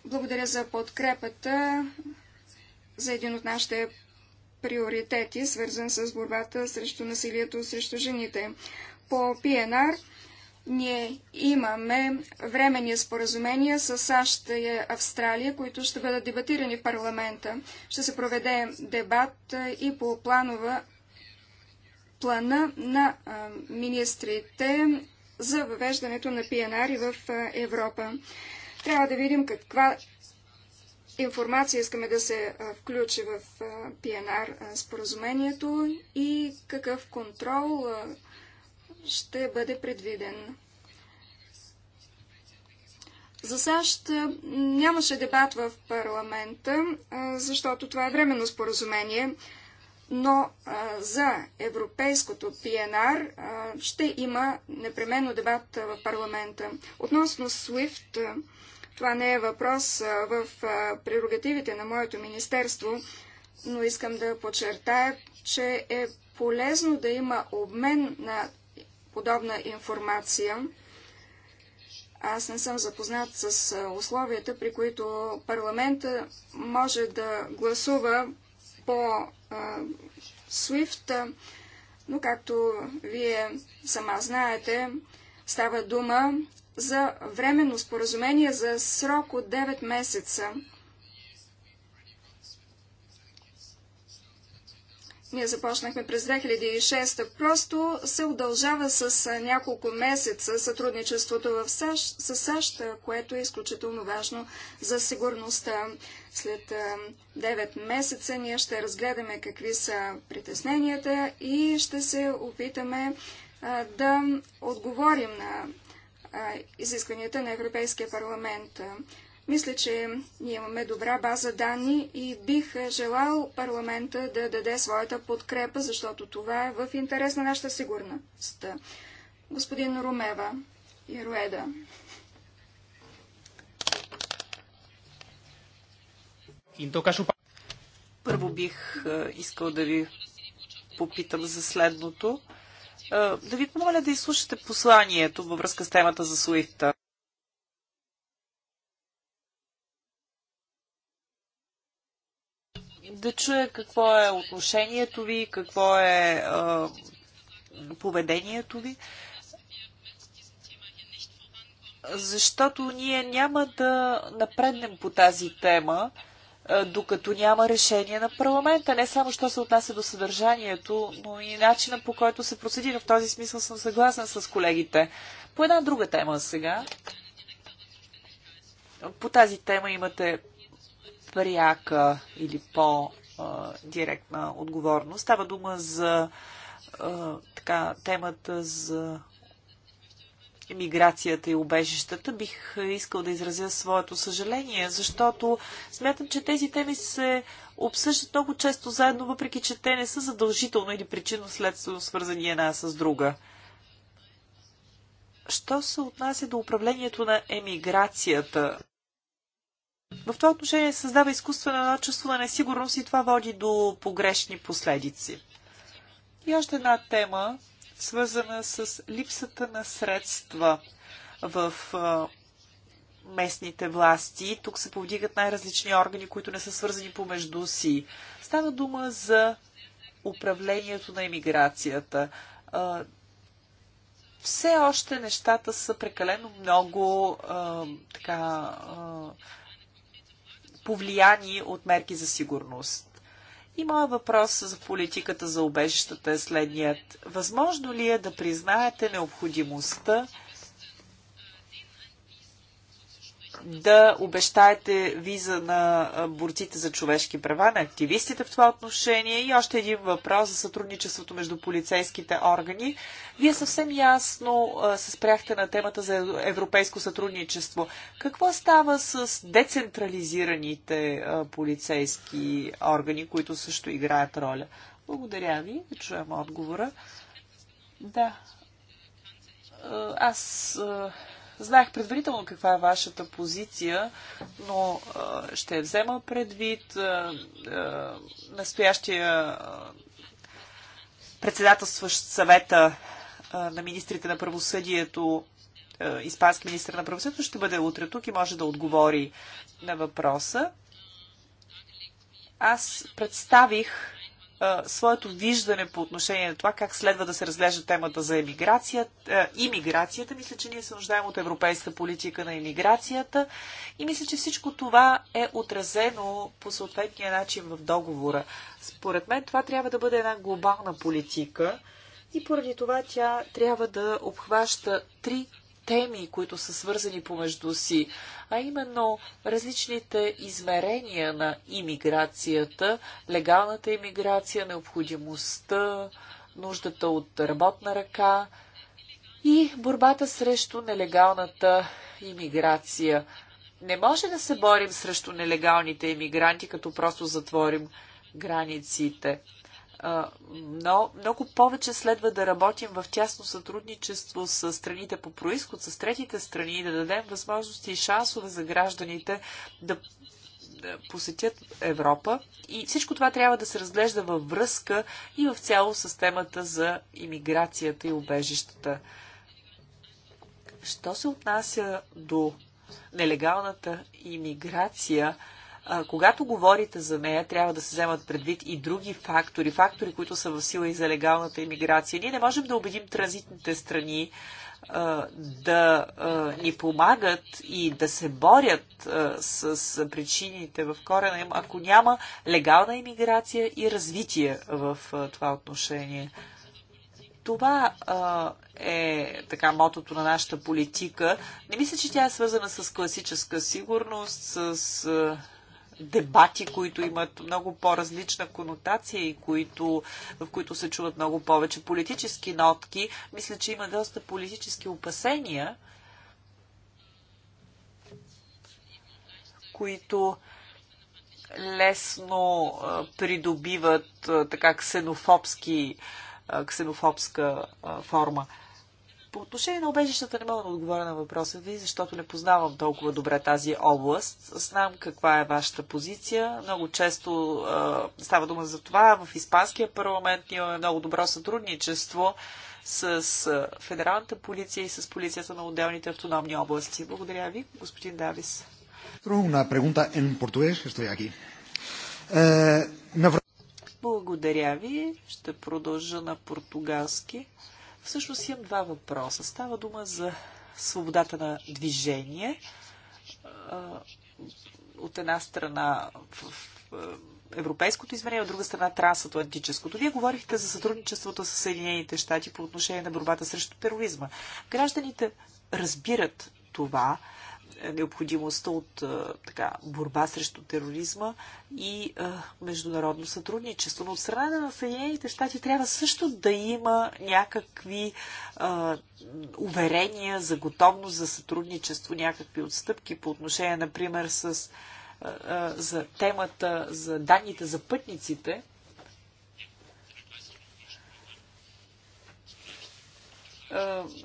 Благодаря за подкрепата за един от нашите приоритети, свързан с борбата срещу насилието срещу жените. По ПНР ние имаме временни споразумения с САЩ и Австралия, които ще бъдат дебатирани в парламента. Ще се проведе дебат и по планова плана на министрите за въвеждането на ПНР в Европа. Трябва да видим каква информация искаме да се включи в ПНР споразумението и какъв контрол ще бъде предвиден. За САЩ нямаше дебат в парламента, защото това е временно споразумение, но за европейското ПНР ще има непременно дебат в парламента. Относно SWIFT, това не е въпрос в прерогативите на моето министерство, но искам да подчертая, че е полезно да има обмен на подобна информация. Аз не съм запознат с условията, при които парламента може да гласува по SWIFT, но както вие сама знаете, става дума за временно споразумение за срок от 9 месеца. Ние започнахме през 2006. Просто се удължава с няколко месеца сътрудничеството в САЩ, с САЩ, което е изключително важно за сигурността. След 9 месеца ние ще разгледаме какви са притесненията и ще се опитаме да отговорим на изискванията на Европейския парламент. Мисля, че ние имаме добра база данни и бих желал парламента да даде своята подкрепа, защото това е в интерес на нашата сигурност. Господин Ромева и Руеда. Първо бих искал да ви попитам за следното да ви помоля да изслушате посланието във връзка с темата за Суифта. Да чуя какво е отношението ви, какво е а, поведението ви защото ние няма да напреднем по тази тема, докато няма решение на парламента. Не само, що се отнася до съдържанието, но и начина по който се процедира. В този смисъл съм съгласен с колегите. По една друга тема сега. По тази тема имате пряка или по-директна отговорност. Става дума за така, темата за миграцията и убежищата, бих искал да изразя своето съжаление, защото смятам, че тези теми се обсъждат много често заедно, въпреки че те не са задължително или причинно-следствено свързани една с друга. Що се отнася до управлението на емиграцията? В това отношение създава изкуствено едно чувство на несигурност и това води до погрешни последици. И още една тема, свързана с липсата на средства в местните власти. Тук се повдигат най-различни органи, които не са свързани помежду си. Става дума за управлението на иммиграцията. Все още нещата са прекалено много така повлияни от мерки за сигурност. И моят въпрос за политиката за убежищата е следният. Възможно ли е да признаете необходимостта да обещаете виза на борците за човешки права, на активистите в това отношение. И още един въпрос за сътрудничеството между полицейските органи. Вие съвсем ясно се спряхте на темата за европейско сътрудничество. Какво става с децентрализираните полицейски органи, които също играят роля? Благодаря ви. Да чуем отговора. Да. Аз Знаех предварително каква е вашата позиция, но а, ще взема предвид а, а, настоящия а, председателстващ съвета а, на министрите на правосъдието испански министр на правосъдието ще бъде утре тук и може да отговори на въпроса. Аз представих своето виждане по отношение на това как следва да се разглежда темата за емиграцията, имиграцията. Мисля, че ние се нуждаем от европейска политика на имиграцията и мисля, че всичко това е отразено по съответния начин в договора. Според мен това трябва да бъде една глобална политика и поради това тя трябва да обхваща три теми, които са свързани помежду си, а именно различните измерения на имиграцията, легалната имиграция, необходимостта, нуждата от работна ръка и борбата срещу нелегалната имиграция. Не може да се борим срещу нелегалните иммигранти, като просто затворим границите но много повече следва да работим в тясно сътрудничество с страните по происход, с третите страни, да дадем възможности и шансове за гражданите да посетят Европа. И всичко това трябва да се разглежда във връзка и в цяло с темата за иммиграцията и убежищата. Що се отнася до нелегалната иммиграция, а, когато говорите за нея, трябва да се вземат предвид и други фактори, фактори, които са в сила и за легалната иммиграция. Ние не можем да убедим транзитните страни а, да а, ни помагат и да се борят а, с, причините в корена им, ако няма легална иммиграция и развитие в а, това отношение. Това а, е така мотото на нашата политика. Не мисля, че тя е свързана с класическа сигурност, с а, дебати, които имат много по-различна конотация и които, в които се чуват много повече политически нотки. Мисля, че има доста политически опасения, които лесно придобиват така ксенофобски, ксенофобска форма. По отношение на обежищата не мога да отговоря на въпроса ви, защото не познавам толкова добре тази област. Знам каква е вашата позиция. Много често е, става дума за това. В Испанския парламент имаме много добро сътрудничество с федералната полиция и с полицията на отделните автономни области. Благодаря ви, господин Давис. Е, Благодаря ви. Ще продължа на португалски. Всъщност имам два въпроса. Става дума за свободата на движение. От една страна в европейското измерение, от друга страна трансатлантическото. Вие говорихте за сътрудничеството с Съединените щати по отношение на борбата срещу тероризма. Гражданите разбират това, е, необходимостта от е, така, борба срещу тероризма и а, е, международно сътрудничество. Но от страна на Съединените щати трябва също да има някакви а, уверения за готовност за сътрудничество, някакви отстъпки по отношение, например, с, а, за темата за данните за пътниците –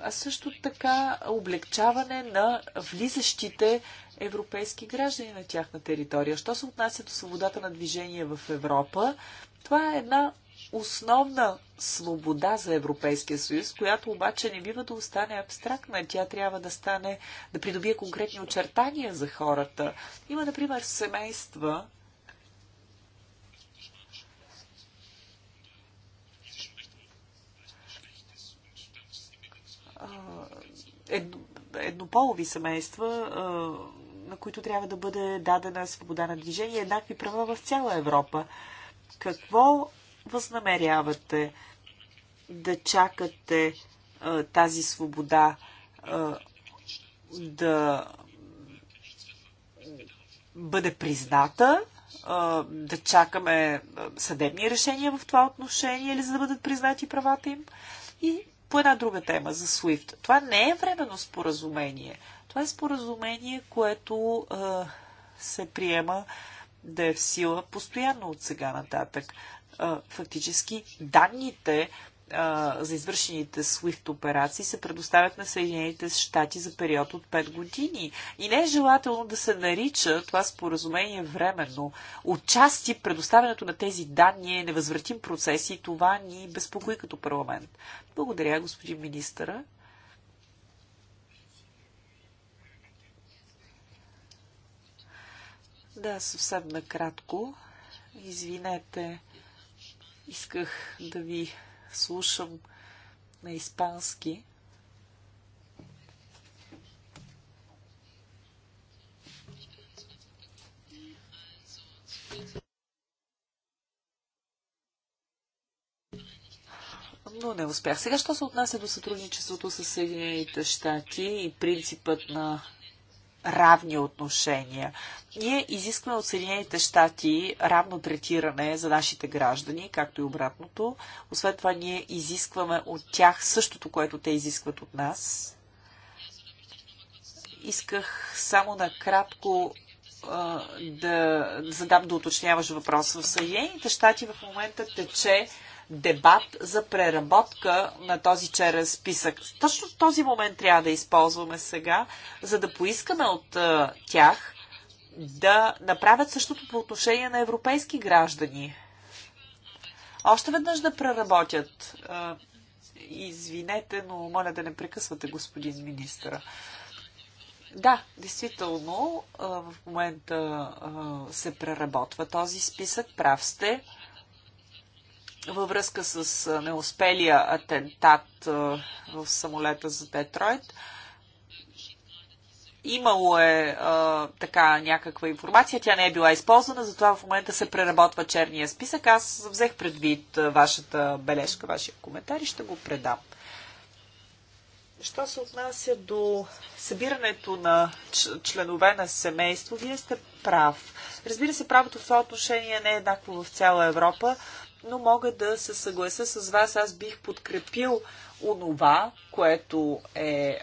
а също така облегчаване на влизащите европейски граждани на тяхна територия. Що се отнася до свободата на движение в Европа, това е една основна свобода за Европейския съюз, която обаче не бива да остане абстрактна. Тя трябва да стане, да придобие конкретни очертания за хората. Има, например, семейства, еднополови семейства, на които трябва да бъде дадена свобода на движение, еднакви права в цяла Европа. Какво възнамерявате да чакате тази свобода да бъде призната, да чакаме съдебни решения в това отношение или за да бъдат признати правата им. И по една друга тема за SWIFT. Това не е временно споразумение. Това е споразумение, което а, се приема да е в сила постоянно от сега нататък. А, фактически данните за извършените SWIFT операции се предоставят на Съединените щати за период от 5 години. И не е желателно да се нарича това споразумение временно. Отчасти предоставянето на тези данни е невъзвратим процес и това ни безпокои като парламент. Благодаря, господин министъра. Да, съвсем накратко. Извинете, исках да ви слушам на испански. но не успях. Сега, що се отнася до сътрудничеството с Съединените щати и принципът на равни отношения. Ние изискваме от Съединените щати равно третиране за нашите граждани, както и обратното. Освен това, ние изискваме от тях същото, което те изискват от нас. Исках само накратко да задам да уточняваш въпрос. В Съединените щати в момента тече дебат за преработка на този черен списък. Точно този момент трябва да използваме сега, за да поискаме от а, тях да направят същото по отношение на европейски граждани. Още веднъж да преработят. А, извинете, но моля да не прекъсвате господин министра. Да, действително, в момента се преработва този списък, прав сте във връзка с неуспелия атентат в самолета за Детройт. Имало е а, така някаква информация, тя не е била използвана, затова в момента се преработва черния списък. Аз взех предвид вашата бележка, вашия коментар и ще го предам. Що се отнася до събирането на членове на семейство, вие сте прав. Разбира се, правото в това отношение не е еднакво в цяла Европа, но мога да се съглася с вас. Аз бих подкрепил онова, което, е, е,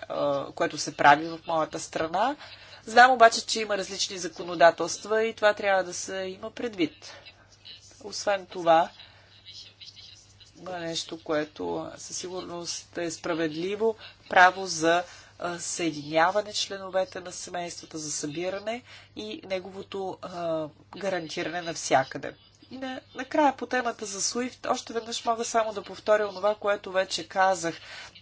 което се прави в моята страна. Знам обаче, че има различни законодателства и това трябва да се има предвид. Освен това, има нещо, което със сигурност е справедливо право за съединяване членовете на семействата, за събиране и неговото а, гарантиране навсякъде. И на, накрая по темата за SWIFT, още веднъж мога само да повторя онова, което вече казах.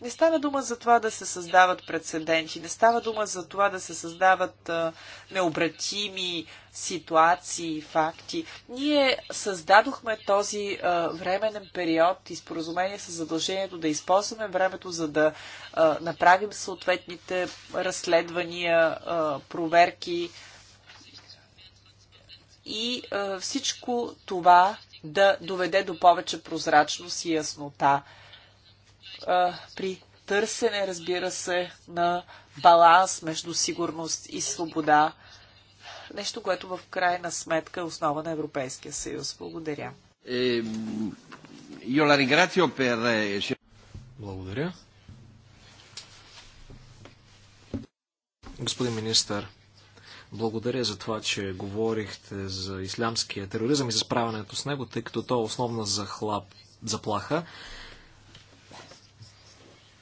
Не става дума за това да се създават прецеденти, не става дума за това да се създават а, необратими ситуации, факти. Ние създадохме този а, временен период и споразумение с задължението да използваме времето, за да а, направим съответните разследвания, а, проверки, и а, всичко това да доведе до повече прозрачност и яснота. А, при търсене, разбира се, на баланс между сигурност и свобода. Нещо, което в крайна сметка е основа на Европейския съюз. Благодаря. Eh, Благодаря. Господин министър, благодаря за това, че говорихте за ислямския тероризъм и за справянето с него, тъй като то е основна захлап, заплаха.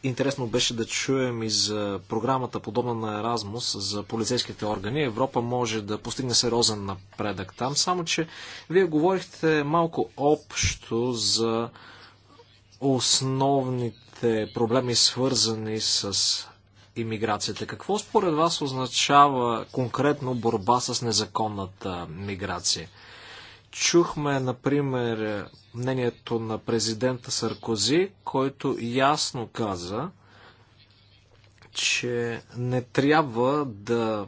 Интересно беше да чуем и за програмата, подобна на Еразмус, за полицейските органи. Европа може да постигне сериозен напредък там, само че вие говорихте малко общо за основните проблеми, свързани с иммиграцията. Какво според вас означава конкретно борба с незаконната миграция? Чухме, например, мнението на президента Саркози, който ясно каза, че не трябва да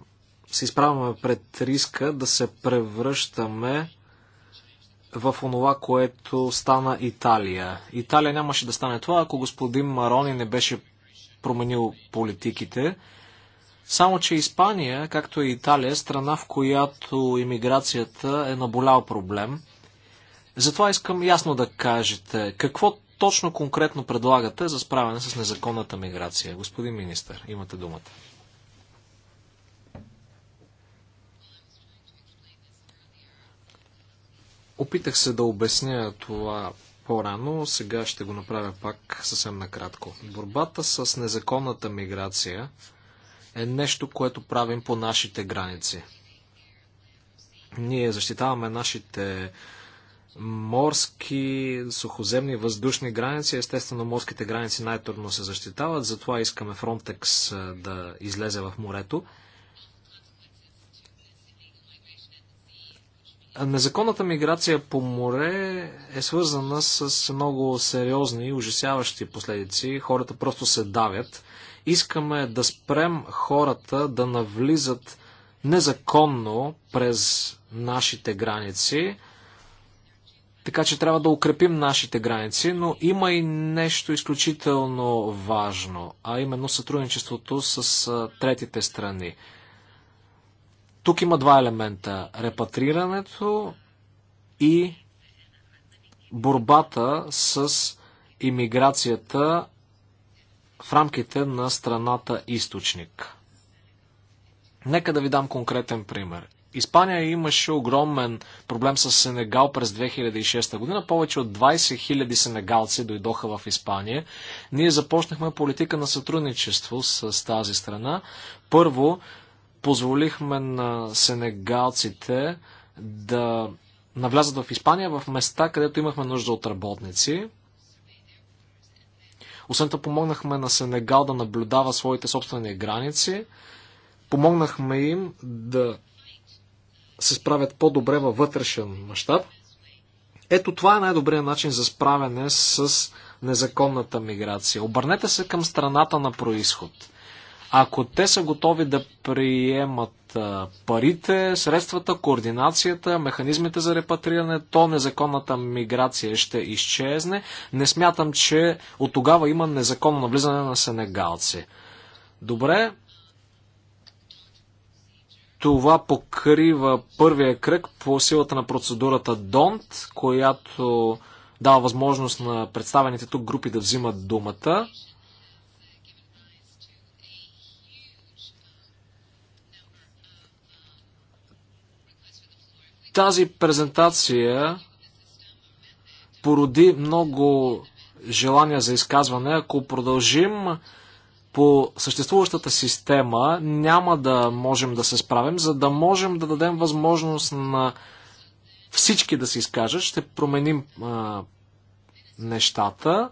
се изправяме пред риска да се превръщаме в онова, което стана Италия. Италия нямаше да стане това, ако господин Марони не беше променил политиките. Само, че Испания, както и Италия, е страна, в която иммиграцията е наболял проблем. Затова искам ясно да кажете, какво точно конкретно предлагате за справяне с незаконната миграция? Господин министр, имате думата. Опитах се да обясня това по-рано, сега ще го направя пак съвсем накратко. Борбата с незаконната миграция е нещо, което правим по нашите граници. Ние защитаваме нашите морски, сухоземни, въздушни граници. Естествено, морските граници най-трудно се защитават, затова искаме Фронтекс да излезе в морето. Незаконната миграция по море е свързана с много сериозни и ужасяващи последици. Хората просто се давят. Искаме да спрем хората да навлизат незаконно през нашите граници. Така че трябва да укрепим нашите граници, но има и нещо изключително важно, а именно сътрудничеството с третите страни. Тук има два елемента. Репатрирането и борбата с иммиграцията в рамките на страната източник. Нека да ви дам конкретен пример. Испания имаше огромен проблем с Сенегал през 2006 година. Повече от 20 000 сенегалци дойдоха в Испания. Ние започнахме политика на сътрудничество с тази страна. Първо, позволихме на сенегалците да навлязат в Испания в места, където имахме нужда от работници. Освен това помогнахме на Сенегал да наблюдава своите собствени граници. Помогнахме им да се справят по-добре във вътрешен мащаб. Ето това е най-добрият начин за справяне с незаконната миграция. Обърнете се към страната на происход – ако те са готови да приемат парите, средствата, координацията, механизмите за репатриране, то незаконната миграция ще изчезне. Не смятам, че от тогава има незаконно навлизане на сенегалци. Добре, това покрива първия кръг по силата на процедурата ДОНТ, която дава възможност на представените тук групи да взимат думата. Тази презентация породи много желания за изказване. Ако продължим по съществуващата система, няма да можем да се справим. За да можем да дадем възможност на всички да се изкажат, ще променим а, нещата.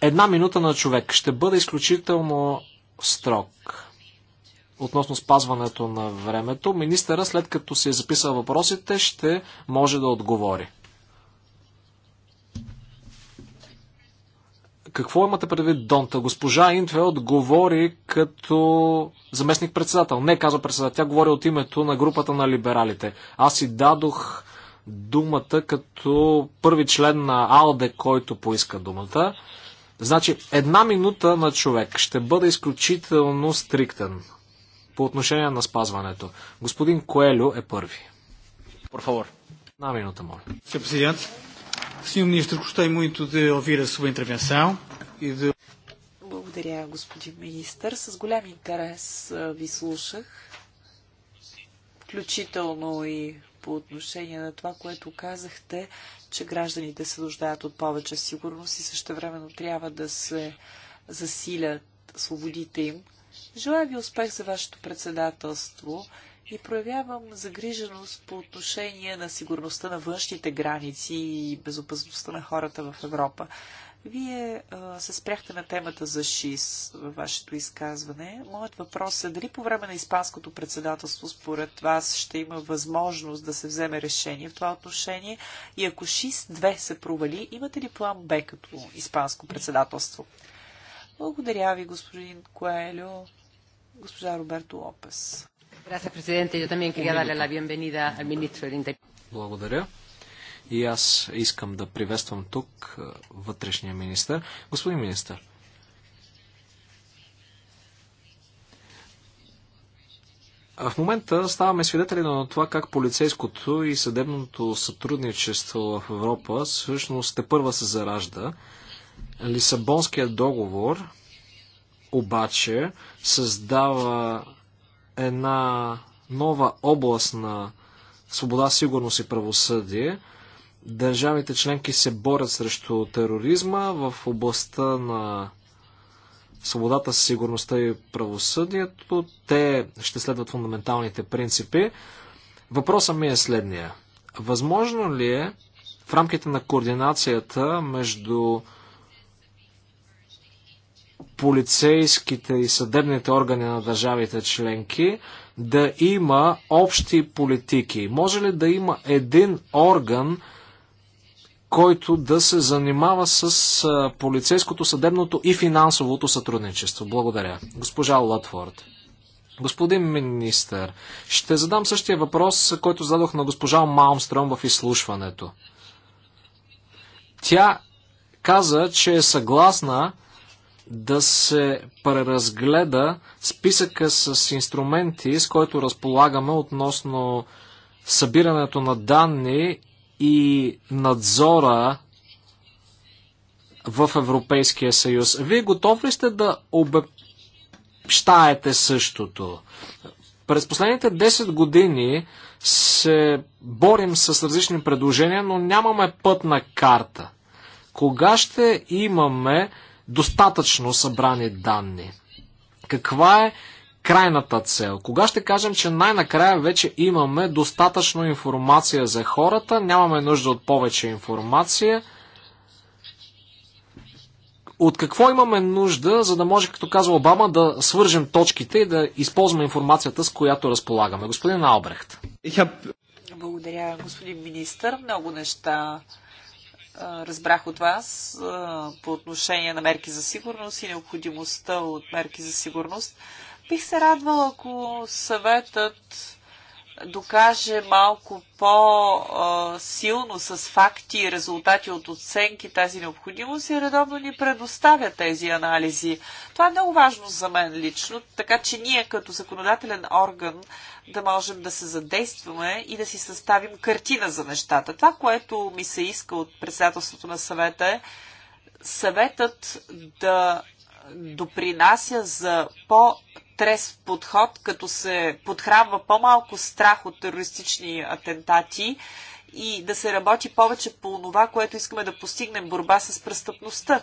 Една минута на човек ще бъде изключително строг относно спазването на времето, министъра, след като се е записал въпросите, ще може да отговори. Какво имате предвид Донта? Госпожа Интвелд говори като заместник-председател. Не, казва председател. Тя говори от името на групата на либералите. Аз си дадох думата като първи член на АЛДЕ, който поиска думата. Значи, една минута на човек ще бъде изключително стриктен по отношение на спазването. Господин Коелю е първи. Por favor. На минута, моля. Sr. Presidente, Sr. Ministro, gostei muito de ouvir a sua intervenção и de... Благодаря, господин министър. С голям интерес ви слушах, включително и по отношение на това, което казахте, че гражданите се нуждаят от повече сигурност и също времено трябва да се засилят свободите им. Желая ви успех за вашето председателство и проявявам загриженост по отношение на сигурността на външните граници и безопасността на хората в Европа. Вие а, се спряхте на темата за ШИС във вашето изказване. Моят въпрос е дали по време на Испанското председателство според вас ще има възможност да се вземе решение в това отношение и ако ШИС-2 се провали, имате ли план Б като Испанско председателство? Благодаря ви, господин Коелю. Госпожа Роберто Лопес. Благодаря. И аз искам да приветствам тук вътрешния министр. Господин министр, В момента ставаме свидетели на това как полицейското и съдебното сътрудничество в Европа всъщност те първа се заражда. Лисабонският договор обаче създава една нова област на свобода, сигурност и правосъдие. Държавите членки се борят срещу тероризма в областта на свободата, сигурността и правосъдието. Те ще следват фундаменталните принципи. Въпросът ми е следния. Възможно ли е в рамките на координацията между полицейските и съдебните органи на държавите членки да има общи политики? Може ли да има един орган, който да се занимава с полицейското, съдебното и финансовото сътрудничество? Благодаря. Госпожа Лотфорд. Господин министър, ще задам същия въпрос, който зададох на госпожа Малмстром в изслушването. Тя каза, че е съгласна да се преразгледа списъка с инструменти, с който разполагаме относно събирането на данни и надзора в Европейския съюз. Вие готов ли сте да обещаете същото? През последните 10 години се борим с различни предложения, но нямаме пътна карта. Кога ще имаме достатъчно събрани данни. Каква е крайната цел? Кога ще кажем, че най-накрая вече имаме достатъчно информация за хората, нямаме нужда от повече информация? От какво имаме нужда, за да може, като казва Обама, да свържем точките и да използваме информацията, с която разполагаме? Господин Албрехт. Благодаря, господин министър. Много неща разбрах от вас по отношение на мерки за сигурност и необходимостта от мерки за сигурност. Бих се радвала, ако съветът докаже малко по-силно с факти и резултати от оценки тази необходимост и редовно ни предоставя тези анализи. Това е много важно за мен лично, така че ние като законодателен орган да можем да се задействаме и да си съставим картина за нещата. Това, което ми се иска от председателството на съвета е съветът да допринася за по трез подход, като се подхранва по-малко страх от терористични атентати и да се работи повече по това, което искаме да постигнем борба с престъпността.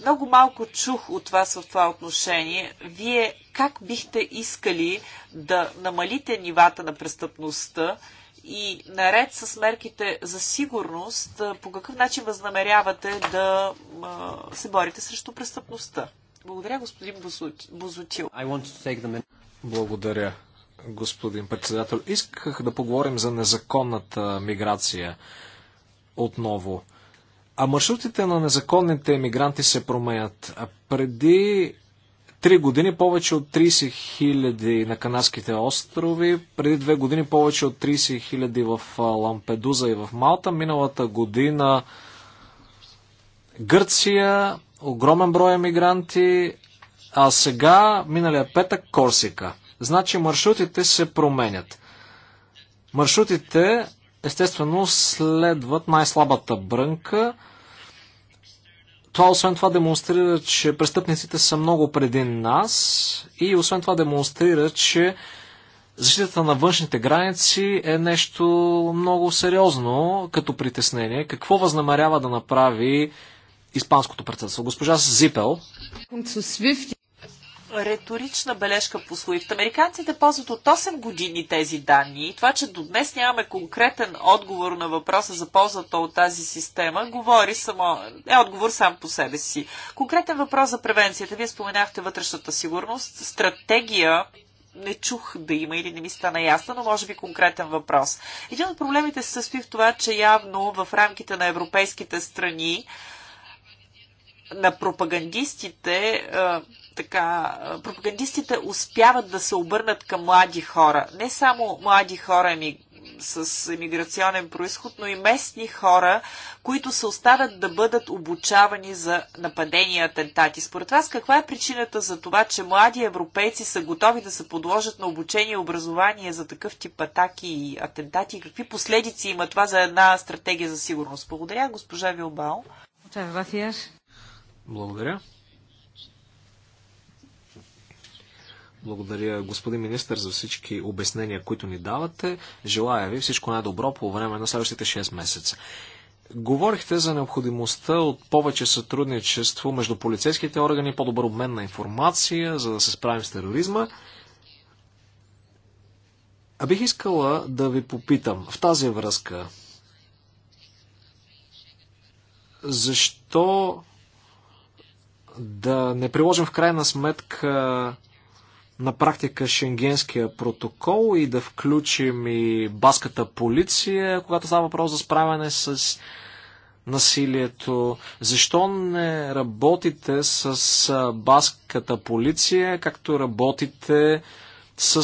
Много малко чух от вас в това отношение. Вие как бихте искали да намалите нивата на престъпността и наред с мерките за сигурност, по какъв начин възнамерявате да се борите срещу престъпността? Благодаря, господин Бозутил. Благодаря, господин председател. Исках да поговорим за незаконната миграция отново. А маршрутите на незаконните емигранти се променят. А преди три години повече от 30 хиляди на Канадските острови, преди две години повече от 30 хиляди в Лампедуза и в Малта, миналата година Гърция, огромен брой емигранти, а сега, миналия петък, Корсика. Значи маршрутите се променят. Маршрутите естествено следват най-слабата брънка. Това освен това демонстрира, че престъпниците са много преди нас и освен това демонстрира, че защитата на външните граници е нещо много сериозно като притеснение. Какво възнамерява да направи Испанското председателство? Госпожа Зипел риторична бележка по Суифт. Американците ползват от 8 години тези данни и това, че до днес нямаме конкретен отговор на въпроса за ползата от тази система, говори само, е отговор сам по себе си. Конкретен въпрос за превенцията. Вие споменахте вътрешната сигурност, стратегия не чух да има или не ми стана ясно, но може би конкретен въпрос. Един от проблемите се състои в това, че явно в рамките на европейските страни на пропагандистите така, пропагандистите успяват да се обърнат към млади хора. Не само млади хора ми с емиграционен происход, но и местни хора, които се оставят да бъдат обучавани за нападения и атентати. Според вас, каква е причината за това, че млади европейци са готови да се подложат на обучение и образование за такъв тип атаки и атентати? Какви последици има това за една стратегия за сигурност? Благодаря, госпожа Вилбао. Благодаря. Благодаря, господин министр, за всички обяснения, които ни давате. Желая ви всичко най-добро по време на следващите 6 месеца. Говорихте за необходимостта от повече сътрудничество между полицейските органи, по-добър обмен на информация, за да се справим с тероризма. А бих искала да ви попитам в тази връзка. Защо да не приложим в крайна сметка на практика шенгенския протокол и да включим и баската полиция, когато става въпрос за справяне с насилието. Защо не работите с баската полиция, както работите с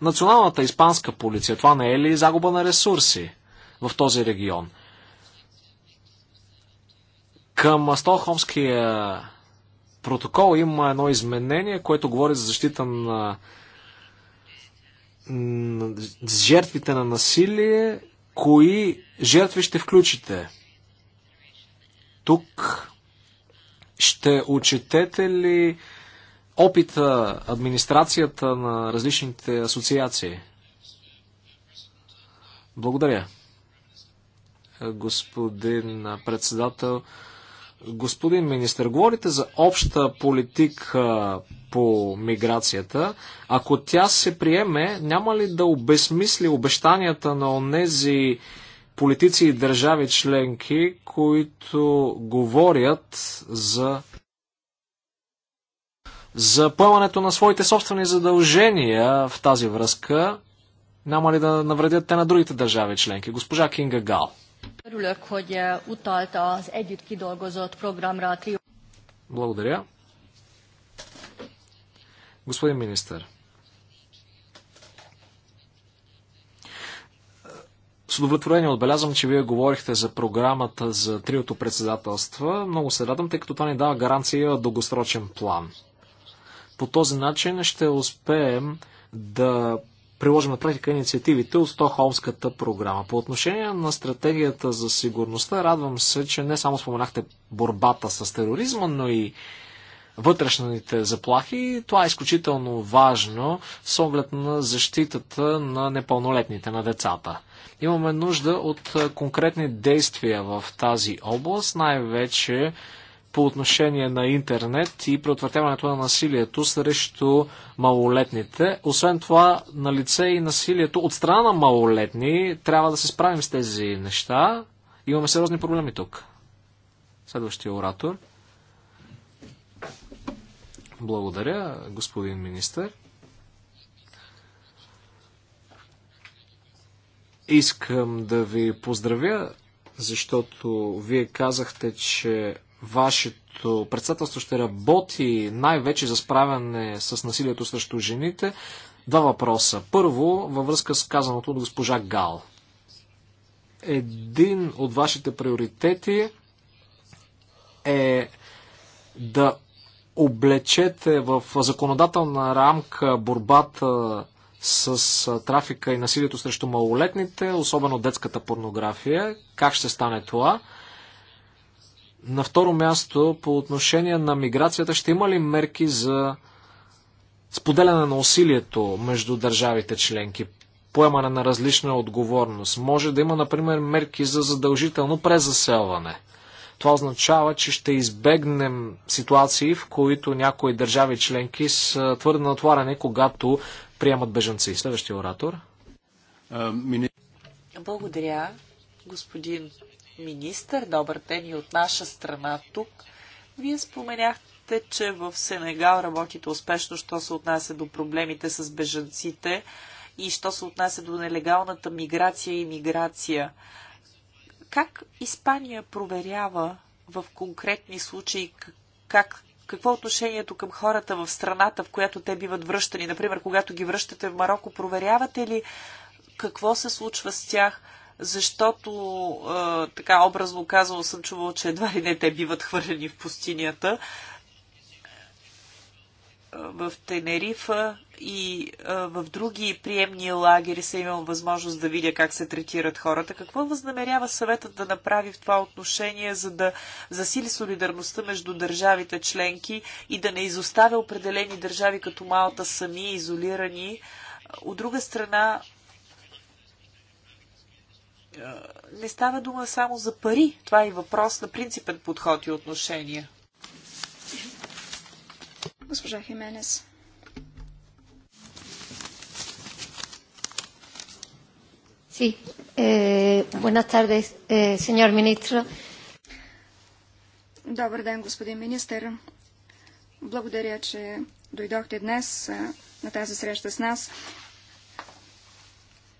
националната испанска полиция? Това не е ли загуба на ресурси в този регион? Към Столхомския протокол има едно изменение, което говори за защита на, жертвите на насилие. Кои жертви ще включите? Тук ще учетете ли опита, администрацията на различните асоциации? Благодаря. Господин председател, Господин министр, говорите за обща политика по миграцията. Ако тя се приеме, няма ли да обезмисли обещанията на онези политици и държави членки, които говорят за за пълването на своите собствени задължения в тази връзка, няма ли да навредят те на другите държави членки? Госпожа Кинга Гал. Eh, Благодаря. Господин министър, С удовлетворение отбелязвам, че вие говорихте за програмата за триото председателства. Много се радвам, тъй като това ни дава гаранция дългосрочен план. По този начин ще успеем да приложим на практика инициативите от Стохолмската програма. По отношение на стратегията за сигурността, радвам се, че не само споменахте борбата с тероризма, но и вътрешните заплахи. Това е изключително важно с оглед на защитата на непълнолетните, на децата. Имаме нужда от конкретни действия в тази област, най-вече по отношение на интернет и предотвратяването на насилието срещу малолетните. Освен това, на лице и насилието от страна на малолетни трябва да се справим с тези неща. Имаме сериозни проблеми тук. Следващия оратор. Благодаря, господин министър. Искам да ви поздравя, защото вие казахте, че вашето председателство ще работи най-вече за справяне с насилието срещу жените. Два въпроса. Първо, във връзка с казаното от госпожа Гал. Един от вашите приоритети е да облечете в законодателна рамка борбата с трафика и насилието срещу малолетните, особено детската порнография. Как ще стане това? На второ място, по отношение на миграцията, ще има ли мерки за споделяне на усилието между държавите членки, поемане на различна отговорност? Може да има, например, мерки за задължително презаселване. Това означава, че ще избегнем ситуации, в които някои държави членки са твърде натварени, когато приемат бежанци. Следващия оратор. Благодаря, господин министър. Добър ден и от наша страна тук. Вие споменяхте, че в Сенегал работите успешно, що се отнася до проблемите с бежанците и що се отнася до нелегалната миграция и миграция. Как Испания проверява в конкретни случаи как, какво е отношението към хората в страната, в която те биват връщани? Например, когато ги връщате в Марокко, проверявате ли какво се случва с тях? защото а, така образно казал съм чувал, че едва ли не те биват хвърлени в пустинята в Тенерифа и а, в други приемни лагери се имал възможност да видя как се третират хората. Какво възнамерява съветът да направи в това отношение, за да засили солидарността между държавите членки и да не изоставя определени държави като Малта сами, изолирани? От друга страна, не става дума само за пари. Това е въпрос на принципен подход и отношения. Госпожа Хименес. Sí. Eh, buenas tardes, eh, señor ministro. Добър ден, господин министър. Благодаря, че дойдохте днес на тази среща с нас.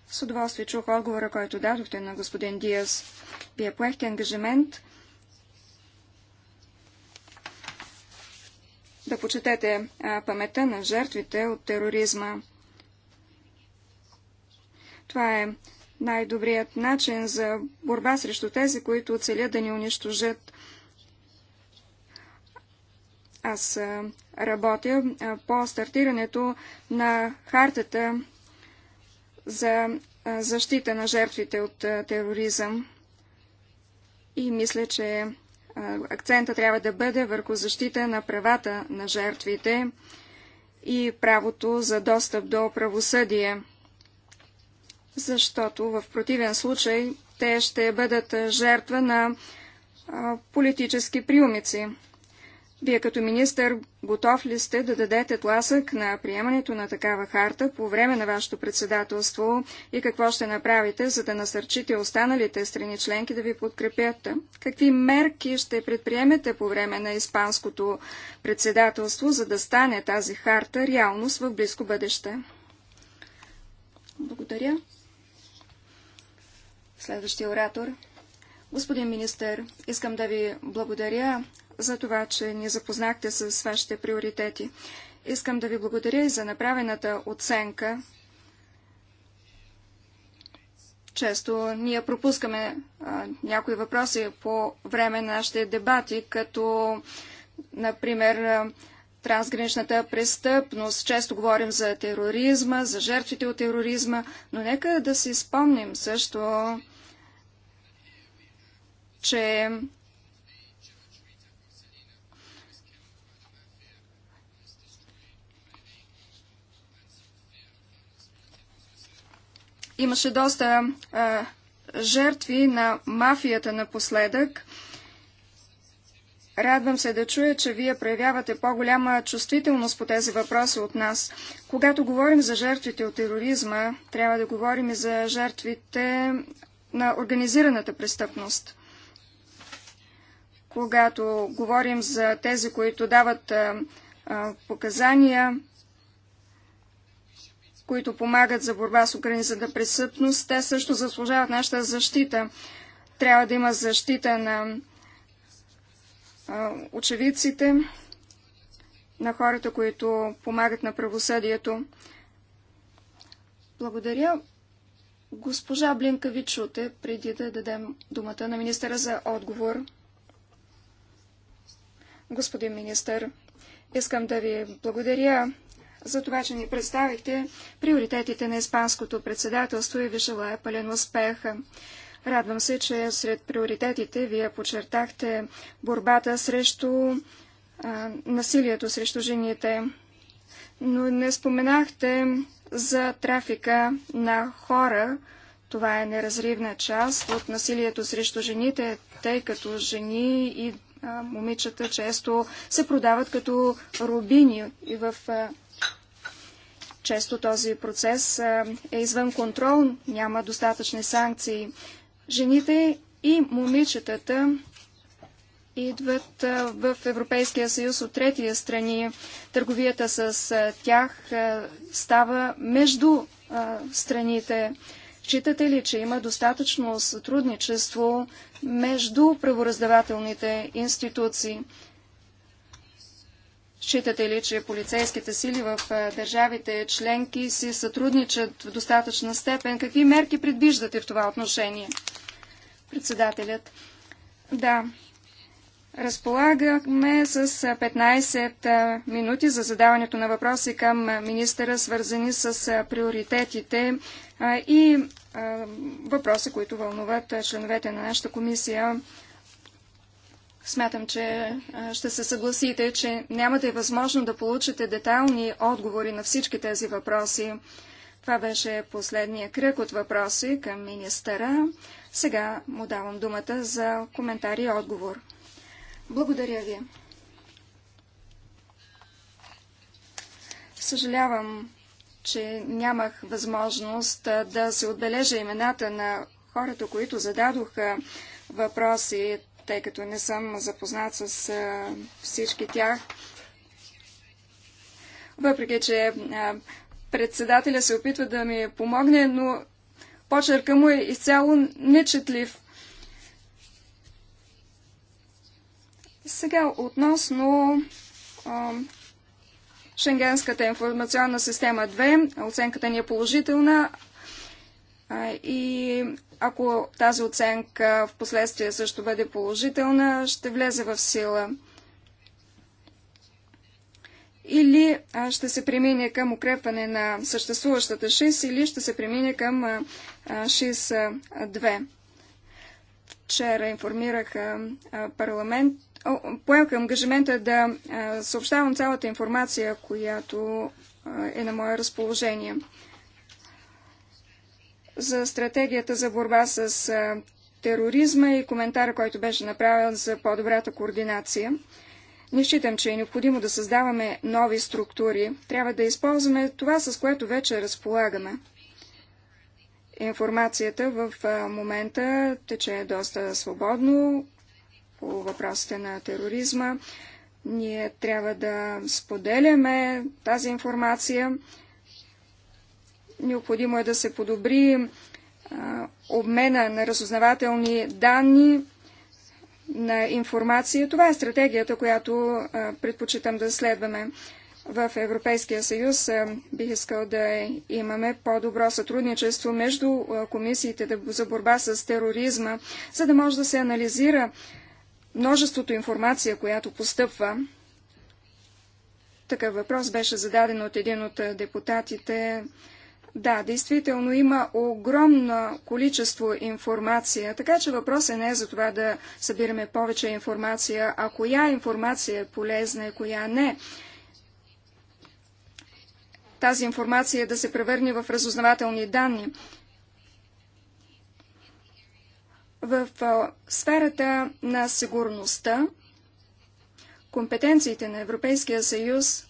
С удоволствие чух отговора, който дадохте на господин Диас. Вие поехте ангажимент да почетете памета на жертвите от тероризма. Това е най-добрият начин за борба срещу тези, които целят да ни унищожат. Аз работя по стартирането на хартата за защита на жертвите от тероризъм. И мисля, че акцента трябва да бъде върху защита на правата на жертвите и правото за достъп до правосъдие, защото в противен случай те ще бъдат жертва на политически приумици. Вие като министър готов ли сте да дадете тласък на приемането на такава харта по време на вашето председателство и какво ще направите, за да насърчите останалите страни членки да ви подкрепят? Какви мерки ще предприемете по време на испанското председателство, за да стане тази харта реалност в близко бъдеще? Благодаря. Следващия оратор. Господин министър, искам да ви благодаря за това, че ни запознахте с вашите приоритети. Искам да ви благодаря и за направената оценка. Често ние пропускаме а, някои въпроси по време на нашите дебати, като, например, трансграничната престъпност. Често говорим за тероризма, за жертвите от тероризма, но нека да си спомним също, че Имаше доста а, жертви на мафията напоследък. Радвам се да чуя, че вие проявявате по-голяма чувствителност по тези въпроси от нас. Когато говорим за жертвите от тероризма, трябва да говорим и за жертвите на организираната престъпност. Когато говорим за тези, които дават а, а, показания, които помагат за борба с украинската престъпност, те също заслужават нашата защита. Трябва да има защита на очевидците, на хората, които помагат на правосъдието. Благодаря. Госпожа Блинка ви чуте, преди да дадем думата на министъра за отговор. Господин министър, искам да ви благодаря за това, че ни представихте приоритетите на Испанското председателство и ви желая пълен успех. Радвам се, че сред приоритетите вие подчертахте борбата срещу а, насилието срещу жените, но не споменахте за трафика на хора. Това е неразривна част от насилието срещу жените, тъй като жени и а, момичета често се продават като рубини и в а, често този процес е извън контрол, няма достатъчни санкции. Жените и момичетата идват в Европейския съюз от третия страни. Търговията с тях става между страните. Считате ли, че има достатъчно сътрудничество между правораздавателните институции? Считате ли, че полицейските сили в държавите членки си сътрудничат в достатъчна степен? Какви мерки предвиждате в това отношение? Председателят. Да. Разполагаме с 15 минути за задаването на въпроси към министъра, свързани с приоритетите и въпроси, които вълнуват членовете на нашата комисия. Смятам, че ще се съгласите, че няма да е възможно да получите детайлни отговори на всички тези въпроси. Това беше последния кръг от въпроси към министъра. Сега му давам думата за коментар и отговор. Благодаря ви. Съжалявам, че нямах възможност да се отбележа имената на хората, които зададоха въпроси тъй като не съм запознат с всички тях. Въпреки, че председателя се опитва да ми помогне, но почерка му е изцяло нечетлив. Сега относно а, Шенгенската информационна система 2, оценката ни е положителна и ако тази оценка в последствие също бъде положителна, ще влезе в сила. Или ще се премине към укрепване на съществуващата 6, или ще се премине към 6-2. Вчера информирах парламент, поемах ангажимента да съобщавам цялата информация, която е на мое разположение за стратегията за борба с тероризма и коментара, който беше направен за по-добрата координация. Не считам, че е необходимо да създаваме нови структури. Трябва да използваме това, с което вече разполагаме. Информацията в момента тече доста свободно по въпросите на тероризма. Ние трябва да споделяме тази информация Необходимо е да се подобри обмена на разузнавателни данни, на информация. Това е стратегията, която предпочитам да следваме. В Европейския съюз бих искал да имаме по-добро сътрудничество между комисиите за борба с тероризма, за да може да се анализира множеството информация, която постъпва. Такъв въпрос беше зададен от един от депутатите да, действително има огромно количество информация, така че въпросът не е за това да събираме повече информация, а коя информация е полезна и коя не. Тази информация е да се превърне в разузнавателни данни. В сферата на сигурността компетенциите на Европейския съюз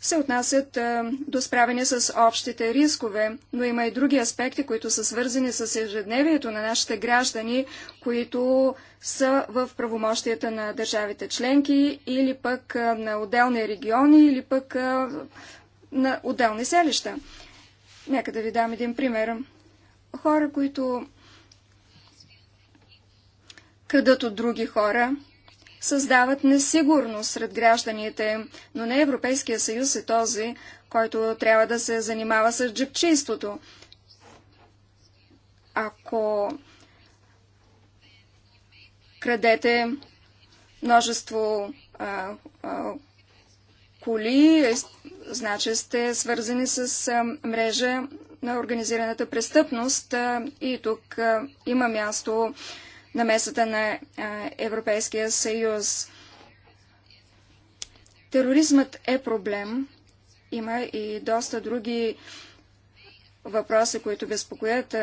се отнасят а, до справяне с общите рискове, но има и други аспекти, които са свързани с ежедневието на нашите граждани, които са в правомощията на държавите членки или пък а, на отделни региони или пък а, на отделни селища. Нека да ви дам един пример. Хора, които крадат от други хора, създават несигурност сред гражданите, но не Европейския съюз е този, който трябва да се занимава с джипчинството. Ако крадете множество а, а, коли, е, значи сте свързани с а, мрежа на организираната престъпност а, и тук а, има място а, намесата на Европейския съюз. Тероризмът е проблем. Има и доста други въпроси, които безпокоят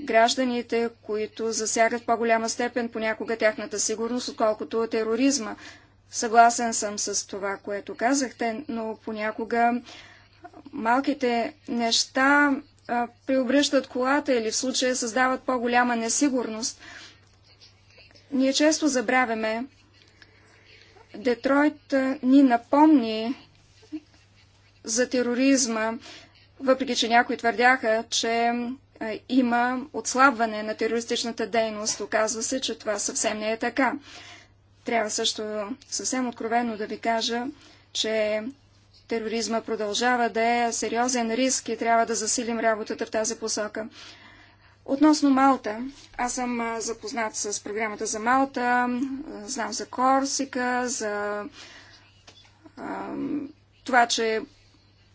гражданите, които засягат по-голяма степен понякога тяхната сигурност, отколкото тероризма. Съгласен съм с това, което казахте, но понякога малките неща а, преобръщат колата или в случая създават по-голяма несигурност. Ние често забравяме. Детройт ни напомни за тероризма, въпреки че някои твърдяха, че има отслабване на терористичната дейност. Оказва се, че това съвсем не е така. Трябва също съвсем откровено да ви кажа, че тероризма продължава да е сериозен риск и трябва да засилим работата в тази посока. Относно Малта, аз съм запознат с програмата за Малта, знам за Корсика, за а, това, че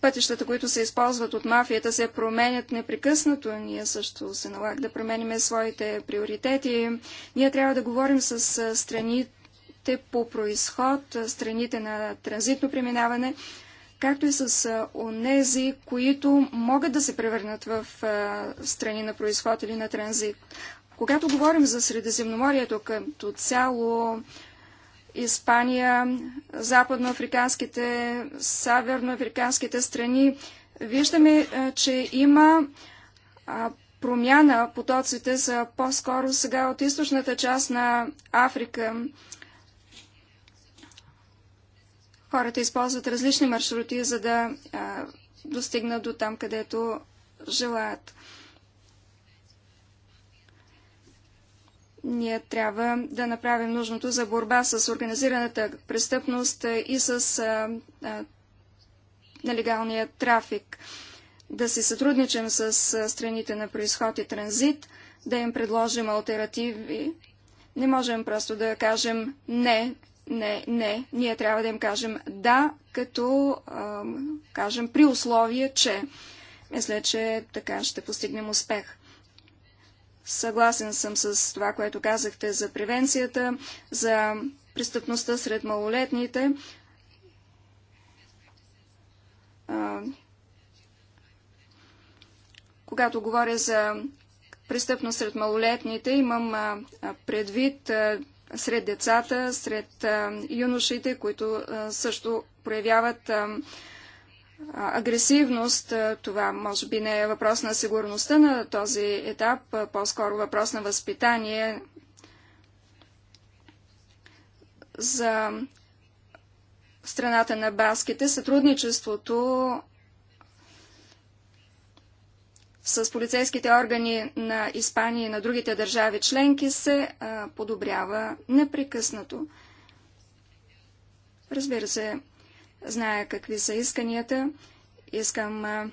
пътищата, които се използват от мафията, се променят непрекъснато. Ние също се налага да промениме своите приоритети. Ние трябва да говорим с страните по происход, страните на транзитно преминаване, както и с онези, които могат да се превърнат в страни на происход или на транзит. Когато говорим за Средиземноморието като цяло, Испания, западноафриканските, северноафриканските страни, виждаме, че има промяна. Потоците са по-скоро сега от източната част на Африка Хората използват различни маршрути, за да а, достигнат до там, където желаят. Ние трябва да направим нужното за борба с организираната престъпност и с а, а, нелегалния трафик. Да си сътрудничим с страните на происход и транзит, да им предложим альтернативи. Не можем просто да кажем не не, не, ние трябва да им кажем да, като а, кажем при условие, че мисля, че така ще постигнем успех. Съгласен съм с това, което казахте за превенцията, за престъпността сред малолетните. А, когато говоря за престъпност сред малолетните, имам а, предвид а, сред децата, сред юношите, които също проявяват агресивност. Това може би не е въпрос на сигурността на този етап, по-скоро въпрос на възпитание за страната на баските. Сътрудничеството с полицейските органи на Испания и на другите държави членки се подобрява непрекъснато. Разбира се, зная какви са исканията. Искам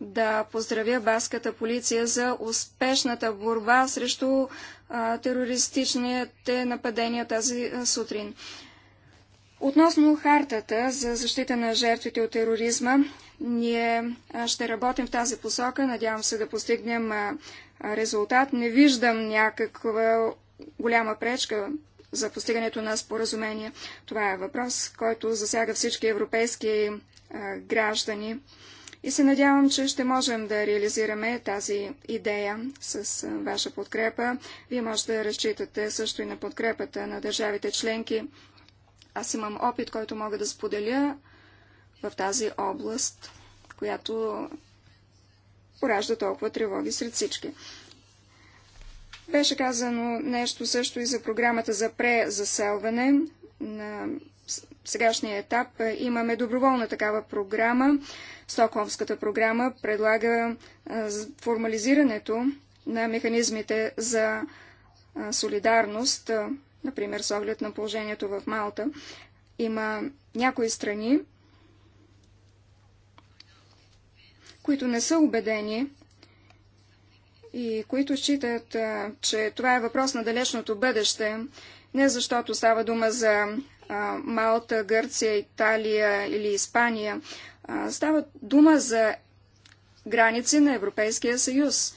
да поздравя баската полиция за успешната борба срещу терористичните нападения тази сутрин. Относно хартата за защита на жертвите от тероризма, ние ще работим в тази посока. Надявам се да постигнем резултат. Не виждам някаква голяма пречка за постигането на споразумение. Това е въпрос, който засяга всички европейски граждани. И се надявам, че ще можем да реализираме тази идея с ваша подкрепа. Вие можете да разчитате също и на подкрепата на държавите членки. Аз имам опит, който мога да споделя в тази област, която поражда толкова тревоги сред всички. Беше казано нещо също и за програмата за презаселване. На сегашния етап имаме доброволна такава програма. Стокхолмската програма предлага формализирането на механизмите за солидарност например с оглед на положението в Малта, има някои страни, които не са убедени и които считат, че това е въпрос на далечното бъдеще, не защото става дума за Малта, Гърция, Италия или Испания. Става дума за граници на Европейския съюз.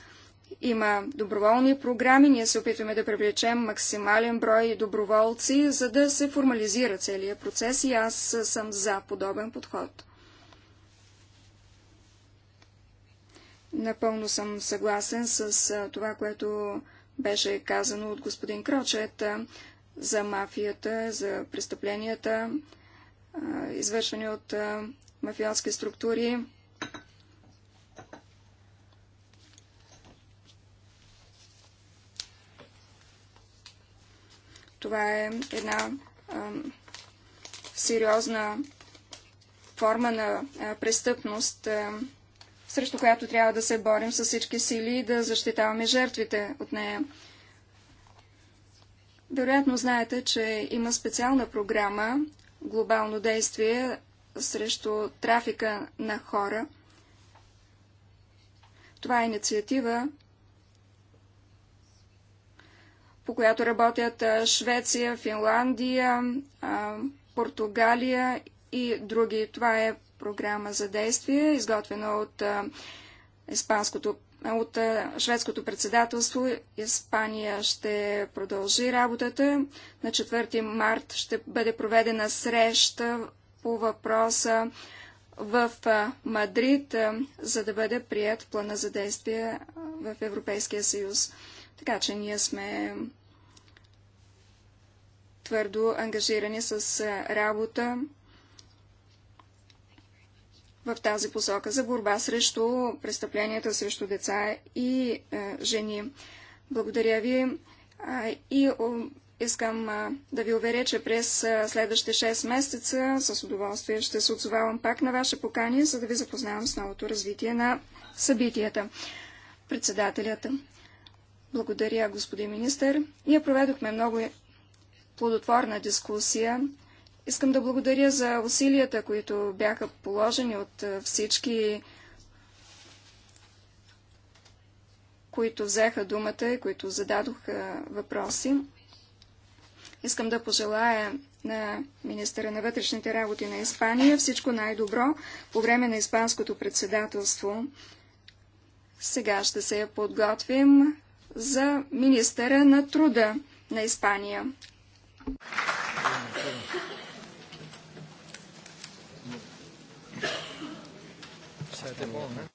Има доброволни програми, ние се опитваме да привлечем максимален брой доброволци, за да се формализира целият процес и аз съм за подобен подход. Напълно съм съгласен с това, което беше казано от господин Крочет за мафията, за престъпленията, извършвани от мафиотски структури. Това е една а, сериозна форма на а, престъпност, а, срещу която трябва да се борим с всички сили и да защитаваме жертвите от нея. Вероятно знаете, че има специална програма глобално действие срещу трафика на хора. Това е инициатива, по която работят Швеция, Финландия, Португалия и други. Това е програма за действие, изготвена от испанското от шведското председателство Испания ще продължи работата. На 4 март ще бъде проведена среща по въпроса в Мадрид, за да бъде прият плана за действие в Европейския съюз. Така че ние сме твърдо ангажирани с работа в тази посока за борба срещу престъпленията срещу деца и е, жени. Благодаря ви а, и о, искам а, да ви уверя, че през следващите 6 месеца с удоволствие ще се отзовавам пак на ваше покание, за да ви запознавам с новото развитие на събитията. Председателята. Благодаря, господин министър. Ние проведохме много плодотворна дискусия. Искам да благодаря за усилията, които бяха положени от е, всички, които взеха думата и които зададоха въпроси. Искам да пожелая на министъра на вътрешните работи на Испания всичко най-добро по време на испанското председателство. Сега ще се подготвим за министъра на труда на Испания. Siete buone?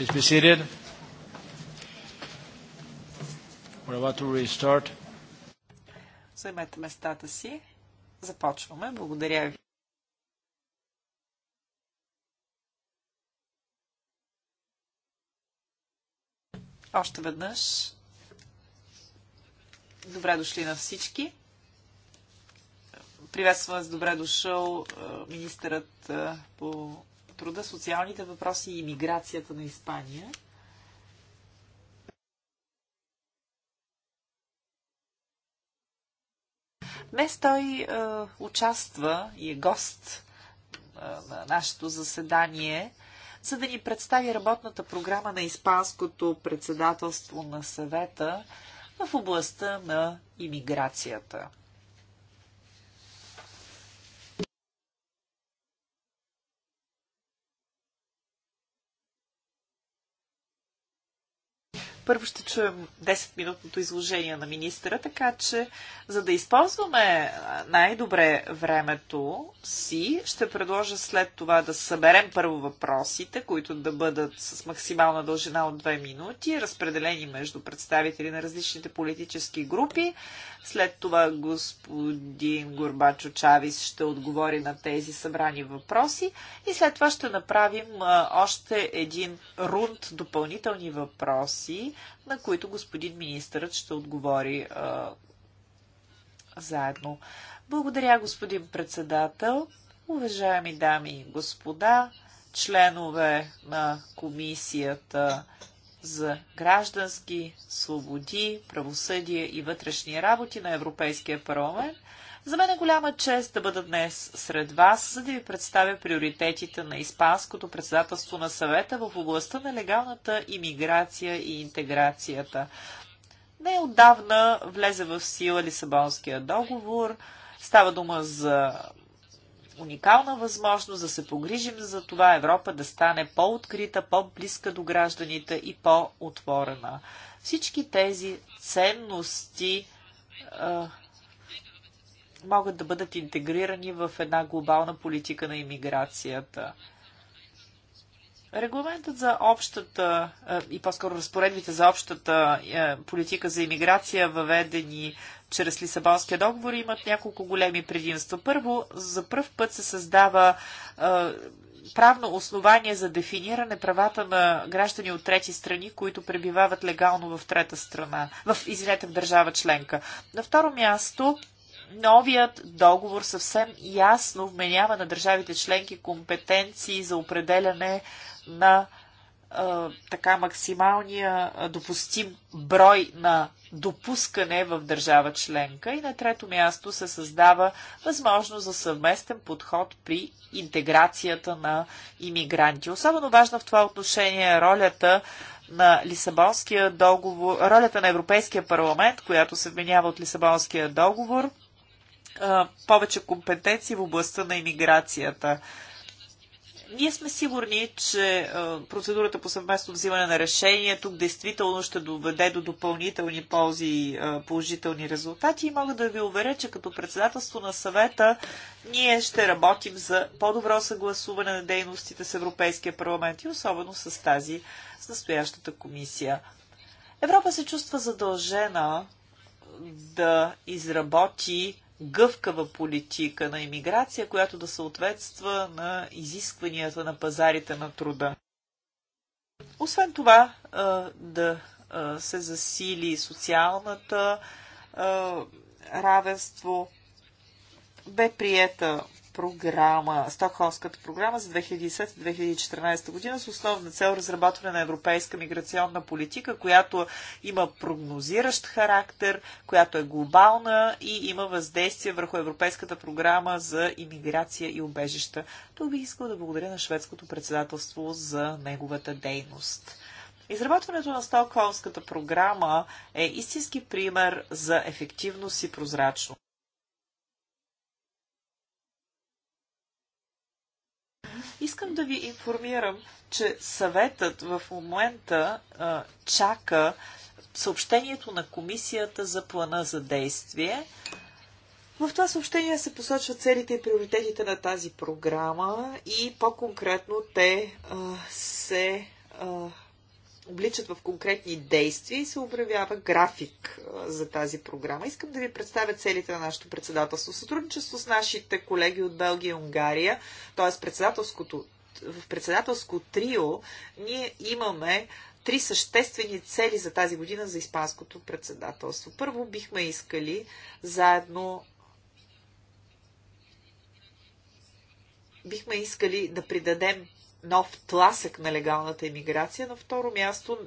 Please be seated. We're about to restart. Займете местата си. Започваме. Благодаря ви. Още веднъж. Добре дошли на всички. Приветстваме с добре дошъл е, министърът е, по труда, социалните въпроси и иммиграцията на Испания. Днес той е, участва и е гост е, на нашето заседание, за да ни представи работната програма на Испанското председателство на съвета в областта на иммиграцията. първо ще чуем 10-минутното изложение на министра, така че за да използваме най-добре времето си, ще предложа след това да съберем първо въпросите, които да бъдат с максимална дължина от 2 минути, разпределени между представители на различните политически групи. След това господин Горбачо Чавис ще отговори на тези събрани въпроси и след това ще направим още един рунд допълнителни въпроси на които господин министърът ще отговори а, заедно. Благодаря, господин председател, уважаеми дами и господа, членове на комисията за граждански свободи, правосъдие и вътрешни работи на Европейския парламент. За мен е голяма чест да бъда днес сред вас, за да ви представя приоритетите на Испанското председателство на съвета в областта на легалната имиграция и интеграцията. Не отдавна влезе в сила Лисабонския договор. Става дума за уникална възможност да се погрижим за това Европа да стане по-открита, по-близка до гражданите и по-отворена. Всички тези ценности могат да бъдат интегрирани в една глобална политика на иммиграцията. Регламентът за общата е, и по-скоро разпоредбите за общата е, политика за иммиграция, въведени чрез Лисабонския договор, имат няколко големи предимства. Първо, за първ път се създава е, правно основание за дефиниране правата на граждани от трети страни, които пребивават легално в трета страна, в, извинете, в държава членка. На второ място, новият договор съвсем ясно вменява на държавите членки компетенции за определяне на така максималния допустим брой на допускане в държава членка и на трето място се създава възможност за съвместен подход при интеграцията на иммигранти. Особено важна в това отношение е ролята на Лисабонския договор, ролята на Европейския парламент, която се вменява от Лисабонския договор повече компетенции в областта на иммиграцията. Ние сме сигурни, че процедурата по съвместно взимане на решение тук действително ще доведе до допълнителни ползи и положителни резултати и мога да ви уверя, че като председателство на съвета ние ще работим за по-добро съгласуване на дейностите с Европейския парламент и особено с тази, с настоящата комисия. Европа се чувства задължена да изработи гъвкава политика на иммиграция, която да съответства на изискванията на пазарите на труда. Освен това, да се засили социалната равенство, бе приета програма, Стокхолмската програма за 2010-2014 година с основна цел разработване на европейска миграционна политика, която има прогнозиращ характер, която е глобална и има въздействие върху Европейската програма за иммиграция и убежища. Тук бих искал да благодаря на шведското председателство за неговата дейност. Изработването на Стокхолмската програма е истински пример за ефективност и прозрачност. Искам да ви информирам, че съветът в момента а, чака съобщението на комисията за плана за действие. В това съобщение се посочват целите и приоритетите на тази програма и по-конкретно те а, се а, обличат в конкретни действия и се обявява график за тази програма. Искам да ви представя целите на нашето председателство. Сътрудничество с нашите колеги от Белгия и Унгария, т.е. председателското в председателско трио ние имаме три съществени цели за тази година за Испанското председателство. Първо бихме искали заедно бихме искали да придадем нов тласък на легалната иммиграция. На второ място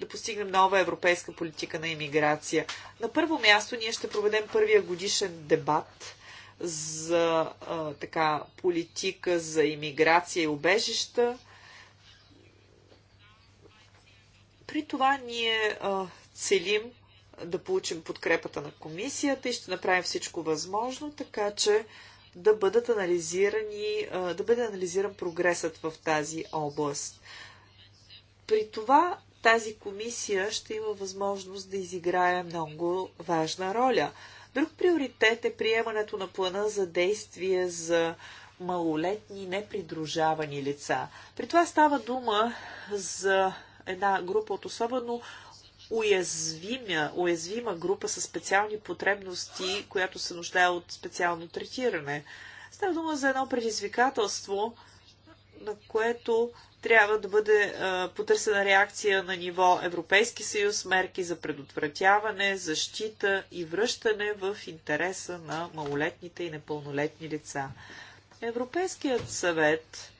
да постигнем нова европейска политика на иммиграция. На първо място ние ще проведем първия годишен дебат за така политика за иммиграция и убежища. При това ние целим да получим подкрепата на комисията и ще направим всичко възможно, така че да бъдат анализирани, да бъде анализиран прогресът в тази област. При това тази комисия ще има възможност да изиграе много важна роля. Друг приоритет е приемането на плана за действие за малолетни непридружавани лица. При това става дума за една група от особено уязвима, уязвима група със специални потребности, която се нуждае от специално третиране. Става дума за едно предизвикателство, на което трябва да бъде а, е, потърсена реакция на ниво Европейски съюз, мерки за предотвратяване, защита и връщане в интереса на малолетните и непълнолетни лица. Европейският съвет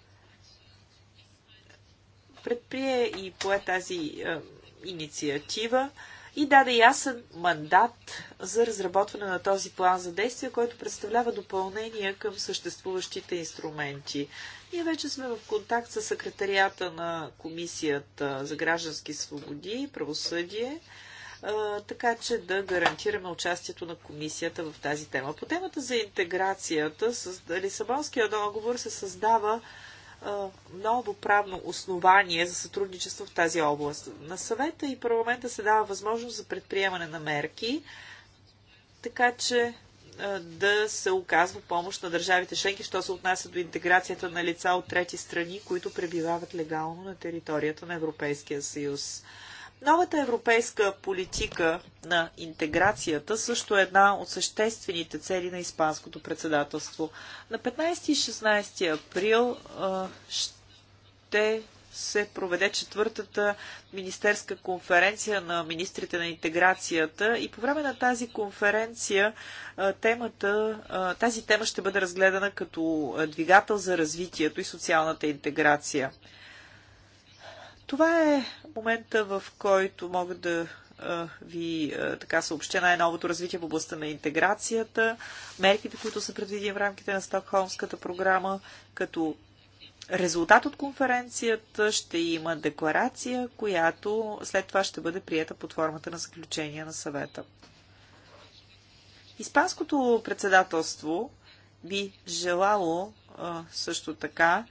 предприе и пое тази а, е, инициатива и даде ясен мандат за разработване на този план за действие, който представлява допълнение към съществуващите инструменти. Ние вече сме в контакт с секретарията на Комисията за граждански свободи и правосъдие, така че да гарантираме участието на комисията в тази тема. По темата за интеграцията с Лисабонския договор се създава ново правно основание за сътрудничество в тази област. На съвета и парламента се дава възможност за предприемане на мерки, така че да се оказва помощ на държавите членки, що се отнася до интеграцията на лица от трети страни, които пребивават легално на територията на Европейския съюз. Новата европейска политика на интеграцията също е една от съществените цели на Испанското председателство. На 15 и 16 април ще се проведе четвъртата министерска конференция на министрите на интеграцията и по време на тази конференция темата, тази тема ще бъде разгледана като двигател за развитието и социалната интеграция. Това е момента, в който мога да ви така съобща най-новото развитие в областта на интеграцията, мерките, които са предвидени в рамките на Стокхолмската програма, като резултат от конференцията ще има декларация, която след това ще бъде приета под формата на заключение на съвета. Испанското председателство би желало също така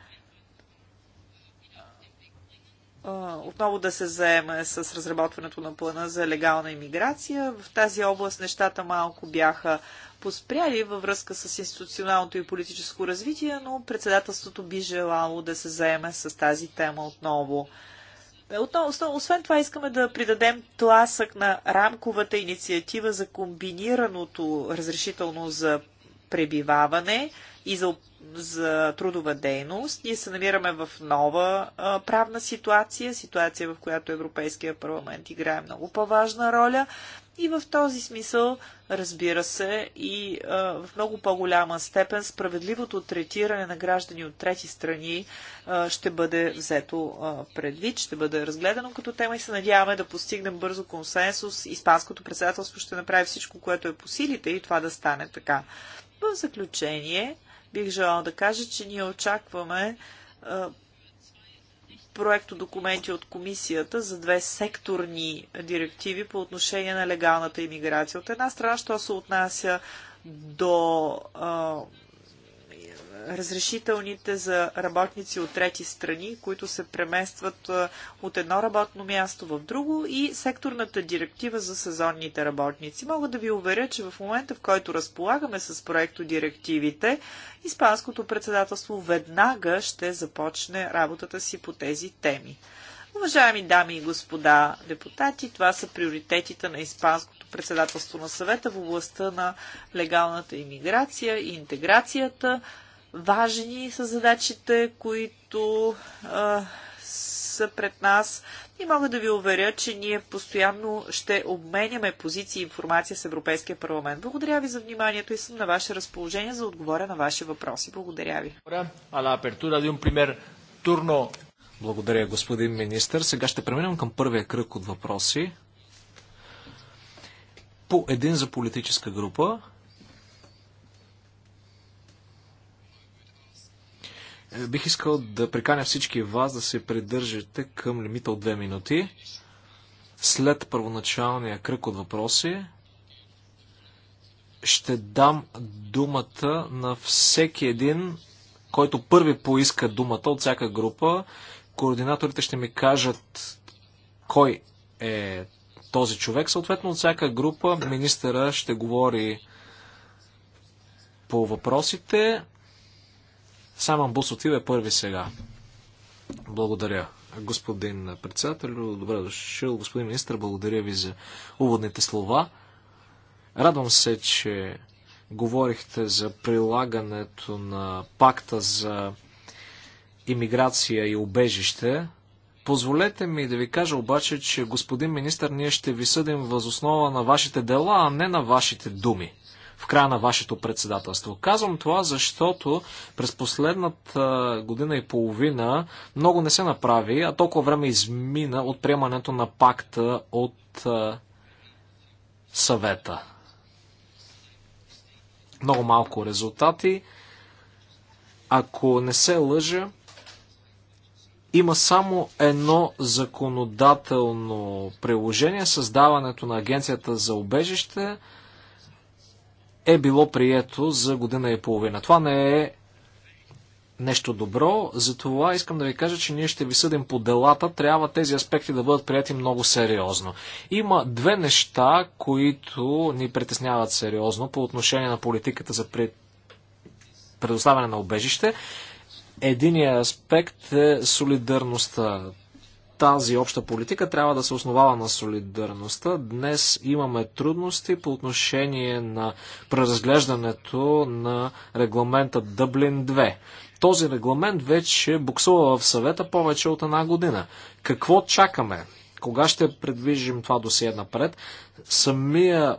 отново да се заеме с разработването на плана за легална иммиграция. В тази област нещата малко бяха поспряли във връзка с институционалното и политическо развитие, но председателството би желало да се заеме с тази тема отново. Е, отново, освен това искаме да придадем тласък на рамковата инициатива за комбинираното разрешително за пребиваване и за, за трудова дейност. Ние се намираме в нова а, правна ситуация, ситуация в която Европейския парламент играе много по-важна роля. И в този смисъл, разбира се, и а, в много по-голяма степен справедливото третиране на граждани от трети страни а, ще бъде взето а, предвид, ще бъде разгледано като тема и се надяваме да постигнем бързо консенсус. Испанското председателство ще направи всичко, което е по силите и това да стане така. В заключение, бих желала да кажа, че ние очакваме е, проекто документи от комисията за две секторни директиви по отношение на легалната иммиграция. От една страна, що се отнася до е, разрешителните за работници от трети страни, които се преместват от едно работно място в друго и секторната директива за сезонните работници. Мога да ви уверя, че в момента, в който разполагаме с проекто директивите, Испанското председателство веднага ще започне работата си по тези теми. Уважаеми дами и господа депутати, това са приоритетите на Испанското председателство на съвета в областта на легалната иммиграция и интеграцията. Важни са задачите, които а, са пред нас и мога да ви уверя, че ние постоянно ще обменяме позиции и информация с Европейския парламент. Благодаря ви за вниманието и съм на ваше разположение за отговоря на ваши въпроси. Благодаря ви. Благодаря, господин министр. Сега ще преминем към първия кръг от въпроси. По един за политическа група. Е, бих искал да приканя всички вас да се придържате към лимита от 2 минути. След първоначалния кръг от въпроси ще дам думата на всеки един, който първи поиска думата от всяка група. Координаторите ще ми кажат кой е този човек. Съответно от всяка група министъра ще говори по въпросите Саман Бус отиде първи сега. Благодаря, господин председател. Добре дошъл, господин министр. Благодаря ви за уводните слова. Радвам се, че говорихте за прилагането на пакта за иммиграция и убежище. Позволете ми да ви кажа обаче, че господин министр, ние ще ви съдим възоснова на вашите дела, а не на вашите думи в края на вашето председателство. Казвам това, защото през последната година и половина много не се направи, а толкова време измина от приемането на пакта от съвета. Много малко резултати. Ако не се лъжа, има само едно законодателно приложение, създаването на Агенцията за обежище, е било прието за година и половина. Това не е нещо добро, затова искам да ви кажа, че ние ще ви съдим по делата, трябва тези аспекти да бъдат прияти много сериозно. Има две неща, които ни притесняват сериозно по отношение на политиката за предоставяне на обежище. Единият аспект е солидарността тази обща политика трябва да се основава на солидарността. Днес имаме трудности по отношение на преразглеждането на регламента Дъблин 2. Този регламент вече буксува в съвета повече от една година. Какво чакаме? Кога ще предвижим това досие напред? Самия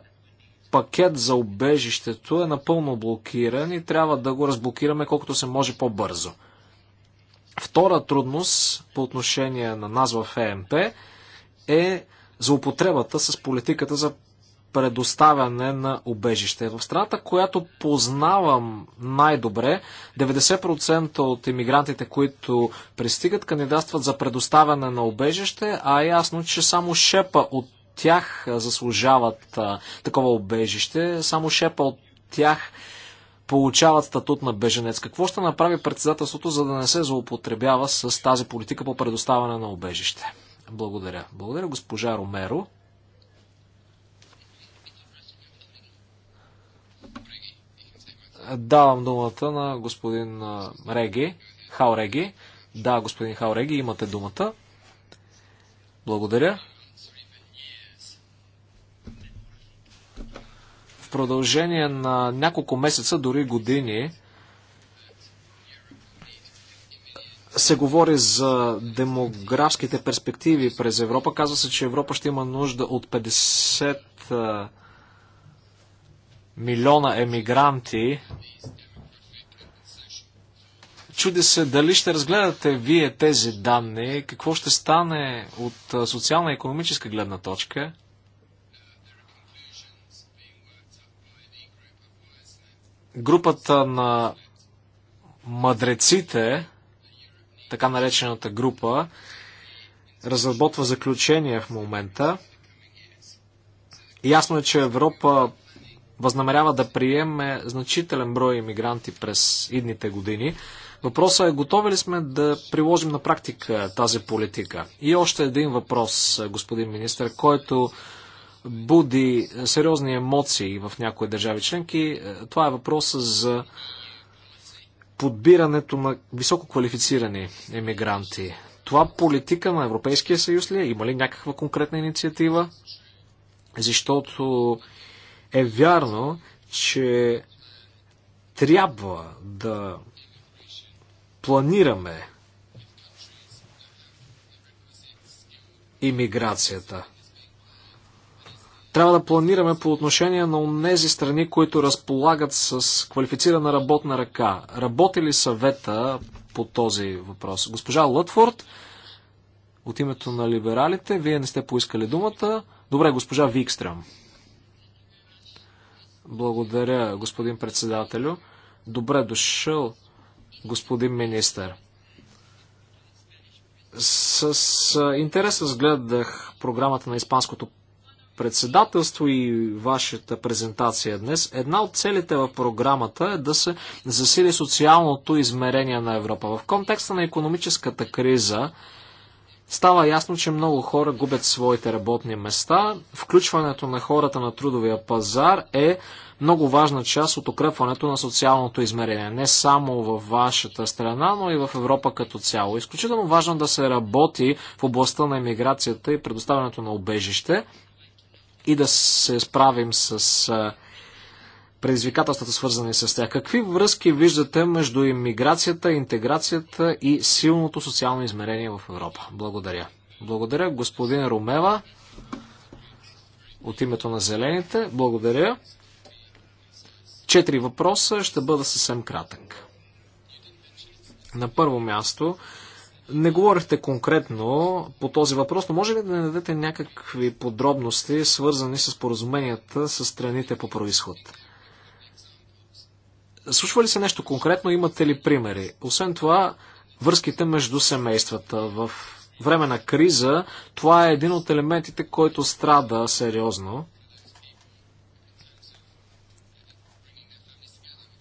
пакет за обежището е напълно блокиран и трябва да го разблокираме колкото се може по-бързо. Втора трудност по отношение на нас в ЕМП е злоупотребата с политиката за предоставяне на убежище. В страната, която познавам най-добре, 90% от иммигрантите, които пристигат, кандидатстват за предоставяне на убежище, а е ясно, че само шепа от тях заслужават а, такова убежище, само шепа от тях получават статут на беженец. Какво ще направи председателството, за да не се злоупотребява с тази политика по предоставяне на обежище? Благодаря. Благодаря, госпожа Ромеро. Давам думата на господин Реги, Хаореги. Да, господин Хаореги, имате думата. Благодаря. продължение на няколко месеца, дори години, се говори за демографските перспективи през Европа. Казва се, че Европа ще има нужда от 50 милиона емигранти. Чуди се дали ще разгледате вие тези данни, какво ще стане от социална и економическа гледна точка. групата на мъдреците, така наречената група, разработва заключение в момента. Ясно е, че Европа възнамерява да приеме значителен брой иммигранти през идните години. Въпросът е, готови ли сме да приложим на практика тази политика? И още един въпрос, господин министр, който буди сериозни емоции в някои държави членки. Е, това е въпрос за подбирането на високо квалифицирани емигранти. Това политика на Европейския съюз ли е? Има ли някаква конкретна инициатива? Защото е вярно, че трябва да планираме имиграцията. Трябва да планираме по отношение на тези страни, които разполагат с квалифицирана работна ръка. Работи ли съвета по този въпрос? Госпожа Лътфорд, от името на либералите, вие не сте поискали думата. Добре, госпожа Викстрем. Благодаря, господин председателю. Добре дошъл, господин министър. С интерес разгледах програмата на Испанското председателство и вашата презентация днес, една от целите в програмата е да се засили социалното измерение на Европа. В контекста на економическата криза става ясно, че много хора губят своите работни места. Включването на хората на трудовия пазар е много важна част от укрепването на социалното измерение. Не само във вашата страна, но и в Европа като цяло. Изключително важно да се работи в областта на иммиграцията и предоставянето на убежище и да се справим с предизвикателствата, свързани с тях. Какви връзки виждате между иммиграцията, интеграцията и силното социално измерение в Европа? Благодаря. Благодаря, господин Румева, от името на Зелените. Благодаря. Четири въпроса ще бъда съвсем кратък. На първо място, не говорихте конкретно по този въпрос, но може ли да не дадете някакви подробности, свързани с поразуменията с страните по происход? Случва ли се нещо конкретно? Имате ли примери? Освен това, връзките между семействата в време на криза, това е един от елементите, който страда сериозно.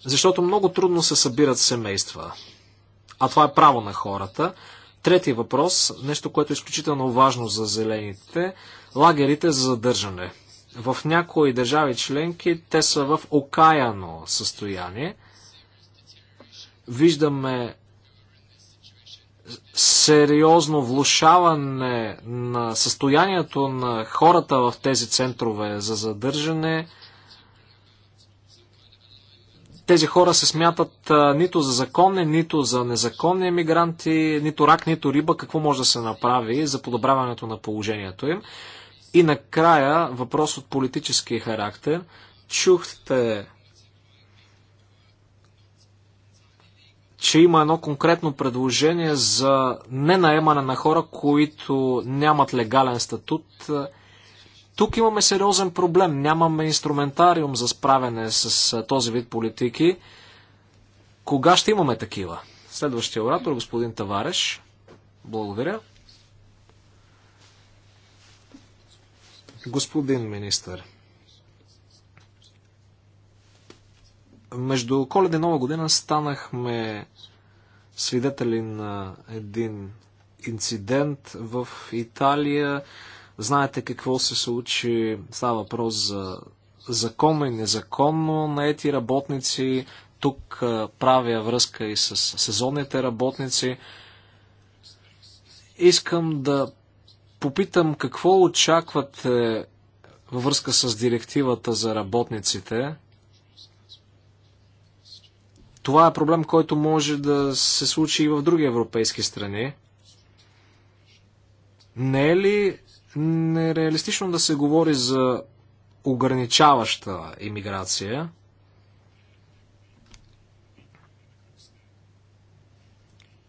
Защото много трудно се събират семейства. А това е право на хората. Трети въпрос, нещо, което е изключително важно за зелените, лагерите за задържане. В някои държави членки те са в окаяно състояние. Виждаме сериозно влушаване на състоянието на хората в тези центрове за задържане – тези хора се смятат нито за законни, нито за незаконни емигранти, нито рак, нито риба. Какво може да се направи за подобряването на положението им? И накрая въпрос от политически характер. Чухте, че има едно конкретно предложение за ненаемане на хора, които нямат легален статут. Тук имаме сериозен проблем. Нямаме инструментариум за справяне с този вид политики. Кога ще имаме такива? Следващия оратор, господин Тавареш. Благодаря. Господин министър, между коледа и нова година станахме свидетели на един инцидент в Италия. Знаете какво се случи. Става въпрос за законно и незаконно наети работници. Тук правя връзка и с сезонните работници. Искам да попитам какво очаквате във връзка с директивата за работниците. Това е проблем, който може да се случи и в други европейски страни. Не е ли нереалистично да се говори за ограничаваща иммиграция.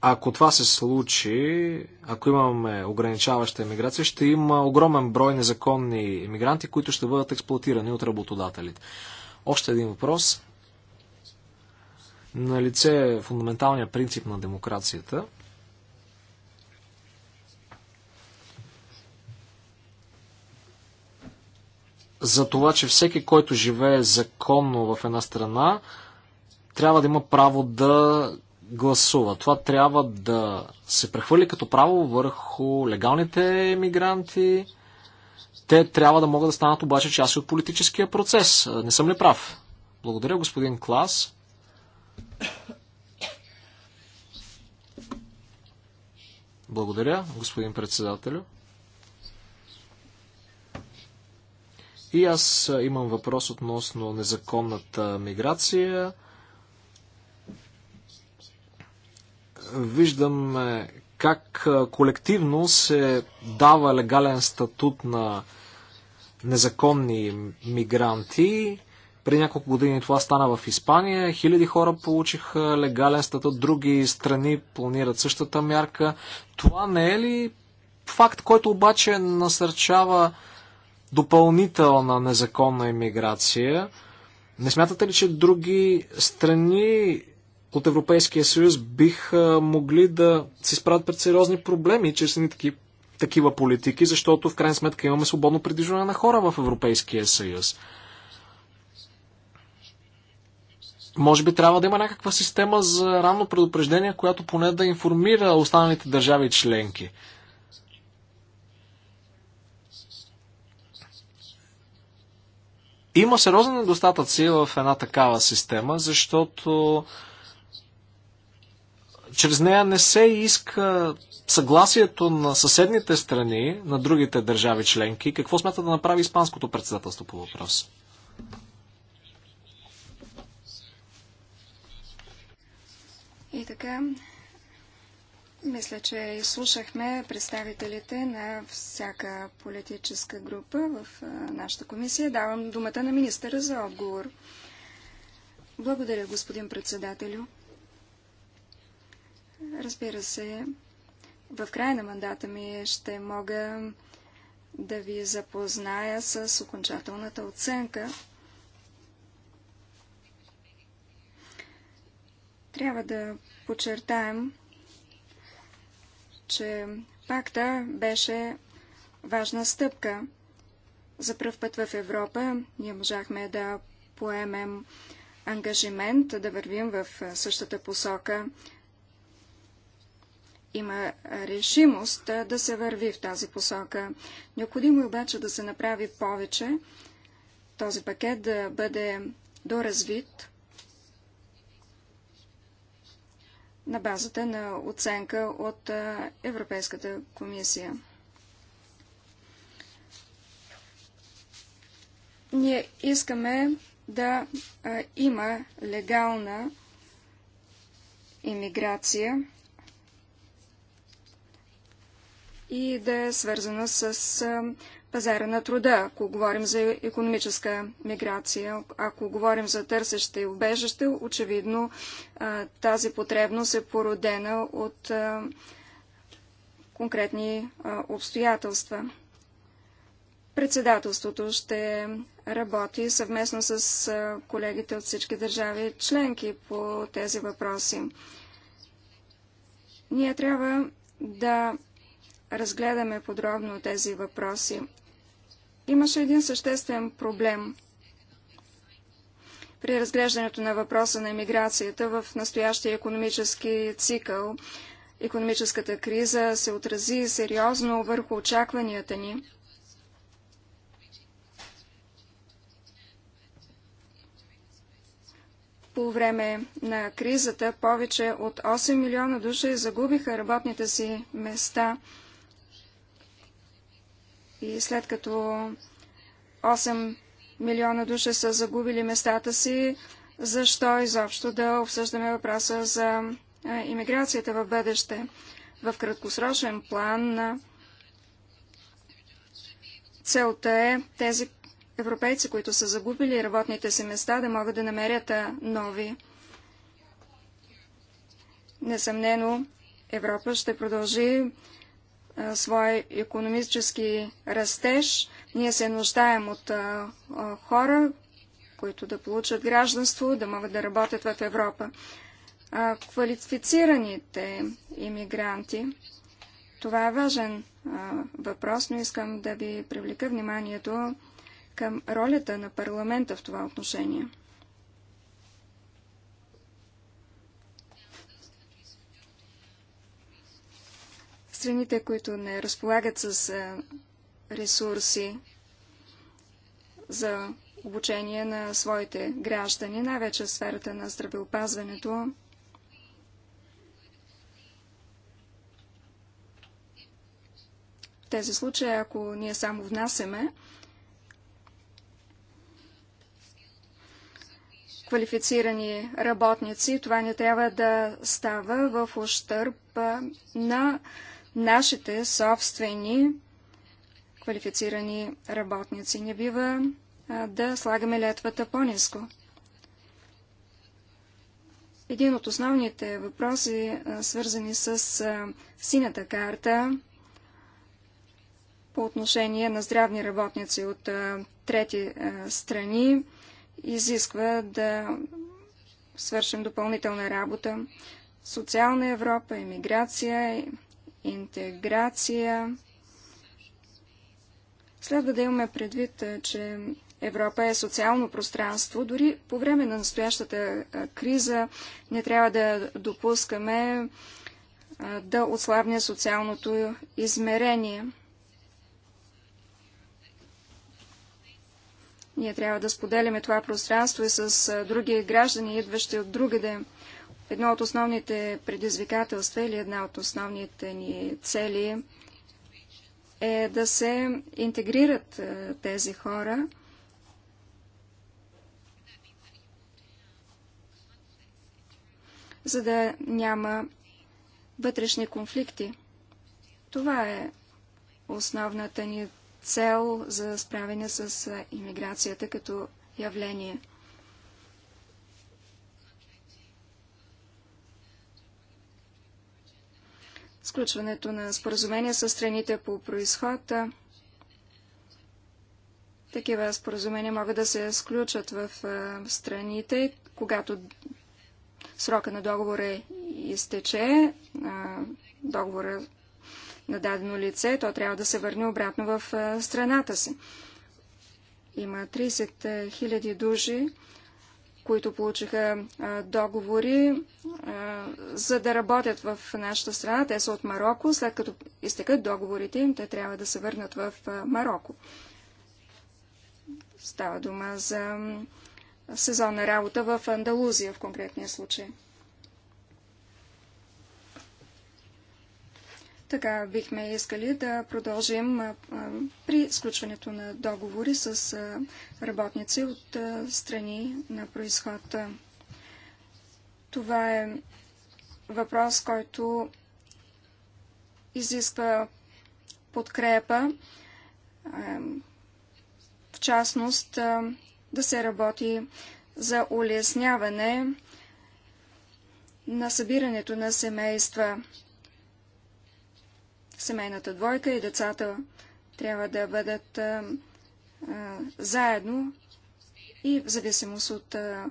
Ако това се случи, ако имаме ограничаваща иммиграция, ще има огромен брой незаконни иммигранти, които ще бъдат експлуатирани от работодателите. Още един въпрос. На лице е фундаменталния принцип на демокрацията – за това, че всеки, който живее законно в една страна, трябва да има право да гласува. Това трябва да се прехвърли като право върху легалните емигранти. Те трябва да могат да станат обаче част от политическия процес. Не съм ли прав? Благодаря, господин Клас. Благодаря, господин председателю. И аз имам въпрос относно незаконната миграция. Виждаме как колективно се дава легален статут на незаконни мигранти. При няколко години това стана в Испания. Хиляди хора получиха легален статут, други страни планират същата мярка. Това не е ли факт, който обаче насърчава допълнителна незаконна иммиграция. Не смятате ли, че други страни от Европейския съюз биха могли да се справят пред сериозни проблеми чрез ни такива, такива политики, защото в крайна сметка имаме свободно придвижване на хора в Европейския съюз? Може би трябва да има някаква система за ранно предупреждение, която поне да информира останалите държави членки. Има сериозни недостатъци в една такава система, защото чрез нея не се иска съгласието на съседните страни, на другите държави членки. Какво смята да направи Испанското председателство по въпрос? И така, мисля, че изслушахме представителите на всяка политическа група в нашата комисия. Давам думата на министъра за отговор. Благодаря, господин председателю. Разбира се, в края на мандата ми ще мога да ви запозная с окончателната оценка. Трябва да подчертаем, че пакта беше важна стъпка. За пръв път в Европа ние можахме да поемем ангажимент, да вървим в същата посока. Има решимост да се върви в тази посока. Необходимо е обаче да се направи повече, този пакет да бъде доразвит, на базата на оценка от Европейската комисия. Ние искаме да има легална иммиграция и да е свързана с пазара на труда, ако говорим за економическа миграция, ако говорим за търсеще и убежище, очевидно тази потребност е породена от конкретни обстоятелства. Председателството ще работи съвместно с колегите от всички държави членки по тези въпроси. Ние трябва да разгледаме подробно тези въпроси. Имаше един съществен проблем при разглеждането на въпроса на иммиграцията в настоящия економически цикъл. Економическата криза се отрази сериозно върху очакванията ни. По време на кризата повече от 8 милиона души загубиха работните си места – и след като 8 милиона души са загубили местата си, защо изобщо да обсъждаме въпроса за иммиграцията в бъдеще? В краткосрочен план целта е тези европейци, които са загубили работните си места, да могат да намерят нови. Несъмнено, Европа ще продължи своя економически растеж. Ние се нуждаем от хора, които да получат гражданство, да могат да работят в Европа. квалифицираните иммигранти. Това е важен въпрос, но искам да ви привлека вниманието към ролята на парламента в това отношение. страните, които не разполагат с е, ресурси за обучение на своите граждани, най-вече в сферата на здравеопазването. В тези случаи, ако ние само внасяме, квалифицирани работници. Това не трябва да става в ощърп на нашите собствени квалифицирани работници. Не бива а, да слагаме летвата по-низко. Един от основните въпроси, а, свързани с а, синята карта по отношение на здравни работници от трети страни, изисква да свършим допълнителна работа. Социална Европа, емиграция, интеграция. Следва да имаме предвид, че Европа е социално пространство. Дори по време на настоящата криза не трябва да допускаме да отслабне социалното измерение. Ние трябва да споделяме това пространство и с други граждани, идващи от другаде. Едно от основните предизвикателства или една от основните ни цели е да се интегрират е, тези хора. за да няма вътрешни конфликти. Това е основната ни цел за справяне с е, иммиграцията като явление – сключването на споразумения с страните по происход. Такива споразумения могат да се сключат в страните, когато срока на договора е изтече, договора на дадено лице, то трябва да се върне обратно в страната си. Има 30 000 души, които получиха договори за да работят в нашата страна. Те са от Марокко. След като изтекат договорите им, те трябва да се върнат в Марокко. Става дума за сезонна работа в Андалузия в конкретния случай. Така бихме искали да продължим при сключването на договори с работници от страни на происход. Това е въпрос, който изисква подкрепа, в частност да се работи за улесняване на събирането на семейства семейната двойка и децата трябва да бъдат а, а, заедно и в зависимост от а,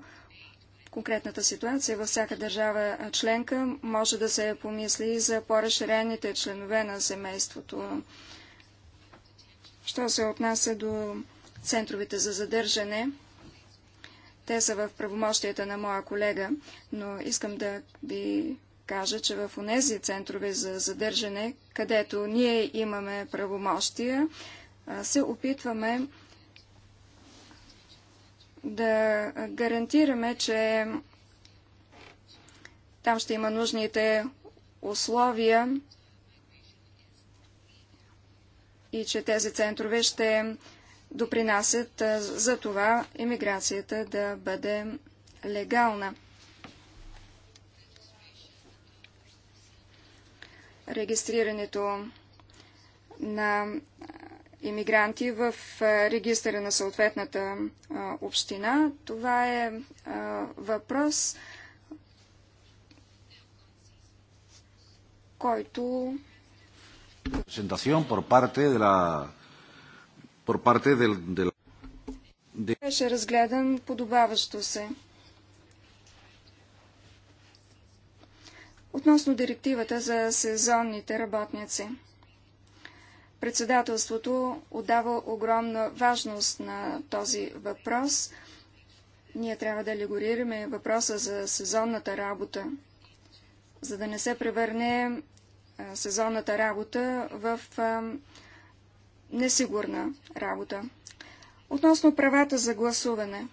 конкретната ситуация във всяка държава членка може да се помисли и за по-разширените членове на семейството. Що се отнася до центровете за задържане, те са в правомощията на моя колега, но искам да ви кажа, че в тези центрове за задържане, където ние имаме правомощия, се опитваме да гарантираме, че там ще има нужните условия и че тези центрове ще допринасят за това иммиграцията да бъде легална. регистрирането на иммигранти в регистъра на съответната община. Това е въпрос, който беше разгледан подобаващо се. Относно директивата за сезонните работници. Председателството отдава огромна важност на този въпрос. Ние трябва да алегорираме въпроса за сезонната работа, за да не се превърне сезонната работа в несигурна работа. Относно правата за гласуване.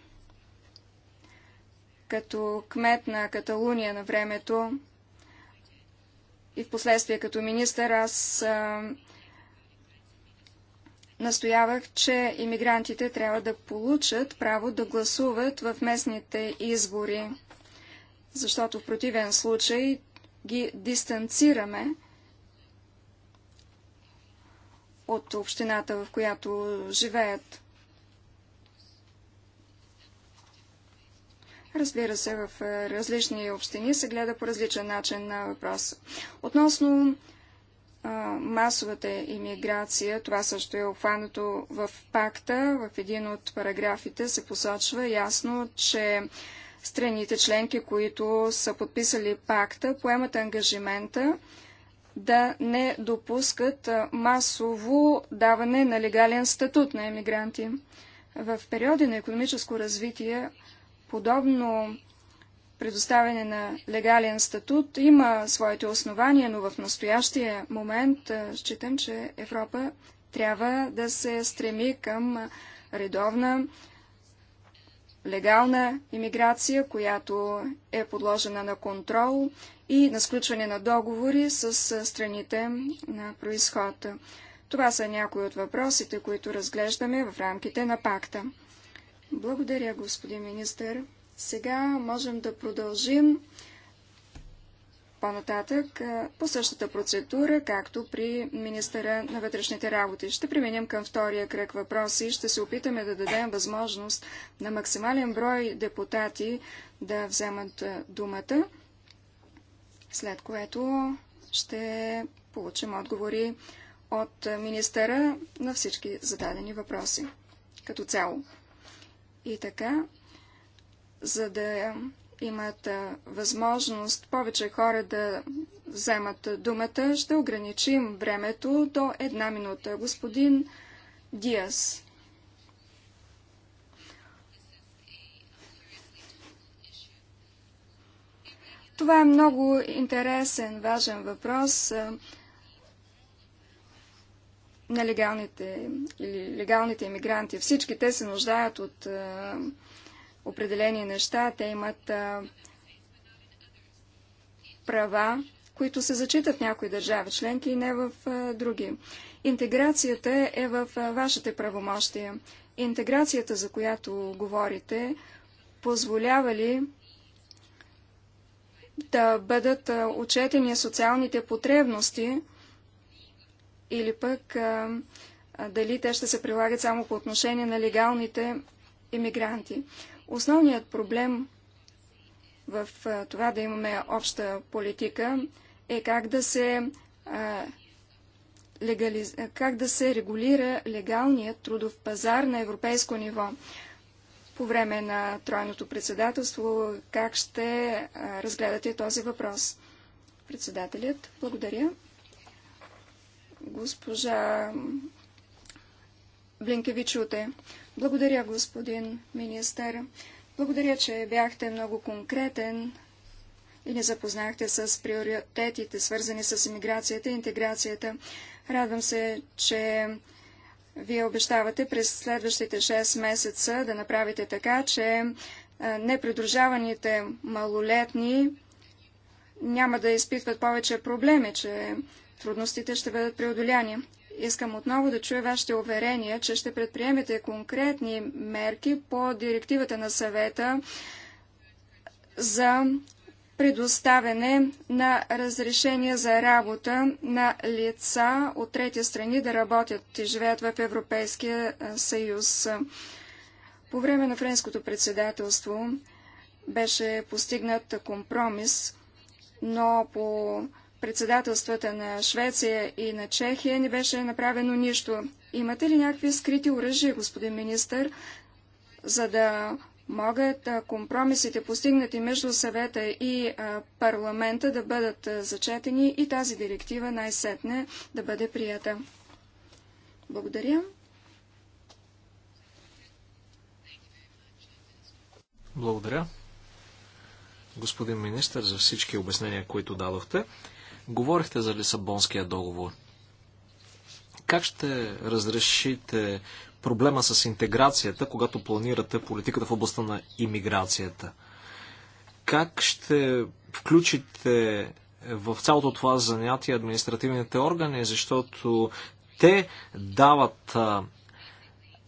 Като кмет на Каталуния на времето, и в последствие като министър аз а, настоявах, че иммигрантите трябва да получат право да гласуват в местните избори, защото в противен случай ги дистанцираме от общината, в която живеят. Разбира се, в е, различни общини се гледа по различен начин на въпроса. Относно а, масовата иммиграция, това също е обхванато в пакта. В един от параграфите се посочва ясно, че страните членки, които са подписали пакта, поемат ангажимента да не допускат масово даване на легален статут на емигранти. В периоди на економическо развитие подобно предоставяне на легален статут има своите основания, но в настоящия момент считам, че Европа трябва да се стреми към редовна легална иммиграция, която е подложена на контрол и на сключване на договори с страните на происход. Това са някои от въпросите, които разглеждаме в рамките на пакта. Благодаря, господин министър. Сега можем да продължим по-нататък по същата процедура, както при министъра на вътрешните работи. Ще преминем към втория кръг въпроси и ще се опитаме да дадем възможност на максимален брой депутати да вземат думата, след което ще получим отговори от министъра на всички зададени въпроси като цяло. И така, за да имат възможност повече хора да вземат думата, ще ограничим времето до една минута. Господин Диас. Това е много интересен, важен въпрос нелегалните или легалните иммигранти. Всички те се нуждаят от а, определени неща. Те имат а, права, които се зачитат в някои държави членки и не в а, други. Интеграцията е в а, вашите правомощия. Интеграцията, за която говорите, позволява ли да бъдат отчетени социалните потребности, или пък дали те ще се прилагат само по отношение на легалните иммигранти. Основният проблем в това да имаме обща политика е как да се легализ... как да се регулира легалният трудов пазар на европейско ниво. По време на тройното председателство как ще разгледате този въпрос? Председателят, благодаря госпожа Блинкевичуте. Благодаря, господин министър. Благодаря, че бяхте много конкретен и не запознахте с приоритетите, свързани с иммиграцията и интеграцията. Радвам се, че вие обещавате през следващите 6 месеца да направите така, че непридружаваните малолетни няма да изпитват повече проблеми, че трудностите ще бъдат преодоляни. Искам отново да чуя вашите уверения, че ще предприемете конкретни мерки по директивата на съвета за предоставяне на разрешение за работа на лица от трети страни да работят и живеят в Европейския съюз. По време на френското председателство беше постигнат компромис, но по председателствата на Швеция и на Чехия не беше направено нищо. Имате ли някакви скрити оръжия, господин министр, за да могат компромисите, постигнати между съвета и парламента, да бъдат зачетени и тази директива най-сетне да бъде прията? Благодаря. Благодаря, господин министр, за всички обяснения, които дадохте. Говорихте за Лисабонския договор. Как ще разрешите проблема с интеграцията, когато планирате политиката в областта на иммиграцията? Как ще включите в цялото това занятие административните органи, защото те дават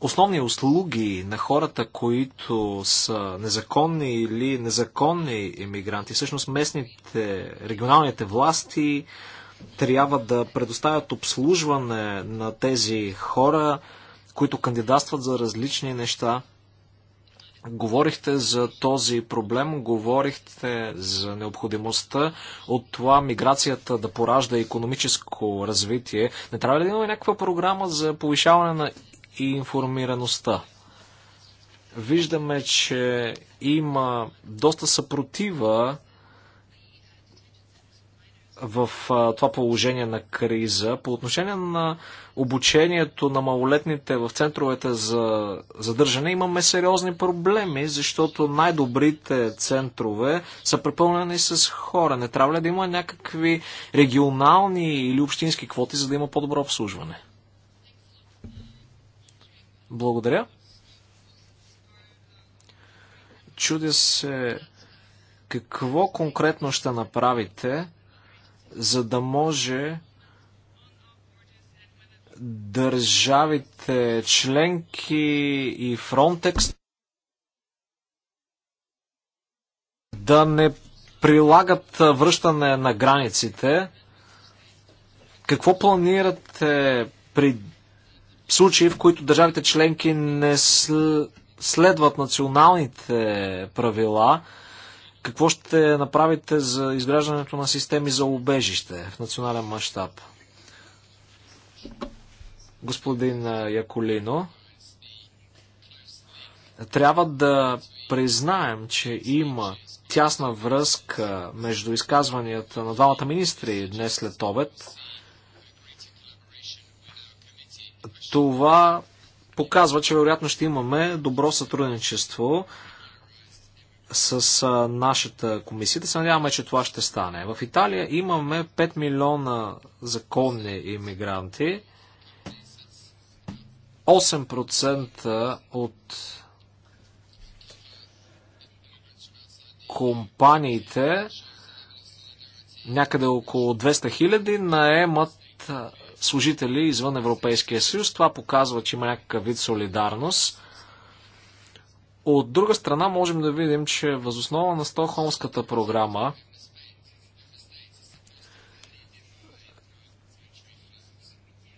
основни услуги на хората, които са незаконни или незаконни иммигранти, всъщност местните, регионалните власти трябва да предоставят обслужване на тези хора, които кандидатстват за различни неща. Говорихте за този проблем, говорихте за необходимостта от това миграцията да поражда економическо развитие. Не трябва ли да имаме някаква програма за повишаване на и информираността. Виждаме, че има доста съпротива в а, това положение на криза. По отношение на обучението на малолетните в центровете за задържане имаме сериозни проблеми, защото най-добрите центрове са препълнени с хора. Не трябва ли да има някакви регионални или общински квоти, за да има по-добро обслужване? Благодаря. Чудя се какво конкретно ще направите, за да може държавите членки и Frontex да не прилагат връщане на границите. Какво планирате при случаи, в които държавите членки не следват националните правила, какво ще направите за изграждането на системи за убежище в национален мащаб? Господин Яколино, трябва да признаем, че има тясна връзка между изказванията на двамата министри днес след обед това показва, че вероятно ще имаме добро сътрудничество с нашата комисия. Да се надяваме, че това ще стане. В Италия имаме 5 милиона законни иммигранти. 8% от компаниите, някъде около 200 хиляди, наемат служители извън Европейския съюз. Това показва, че има някакъв вид солидарност. От друга страна можем да видим, че възоснова на Стокхолмската програма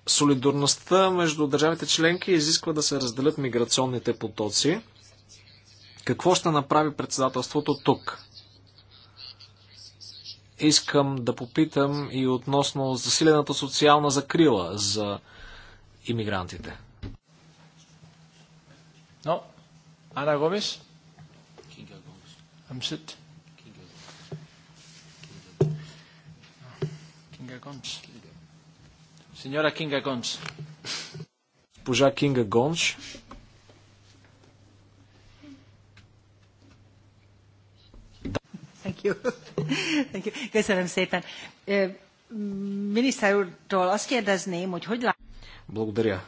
солидарността между държавите членки изисква да се разделят миграционните потоци. Какво ще направи председателството тук? искам да попитам и относно засилената социална закрила за иммигрантите. Но, Ана Gómez. Kinga Gómez. I'm sit. Kinga Gómez. Kinga Gómez. Señora Кинга Гонч. Thank you. Thank you. Köszönöm szépen. Miniszter úrtól azt kérdezném, hogy hogy lát... Благодаря,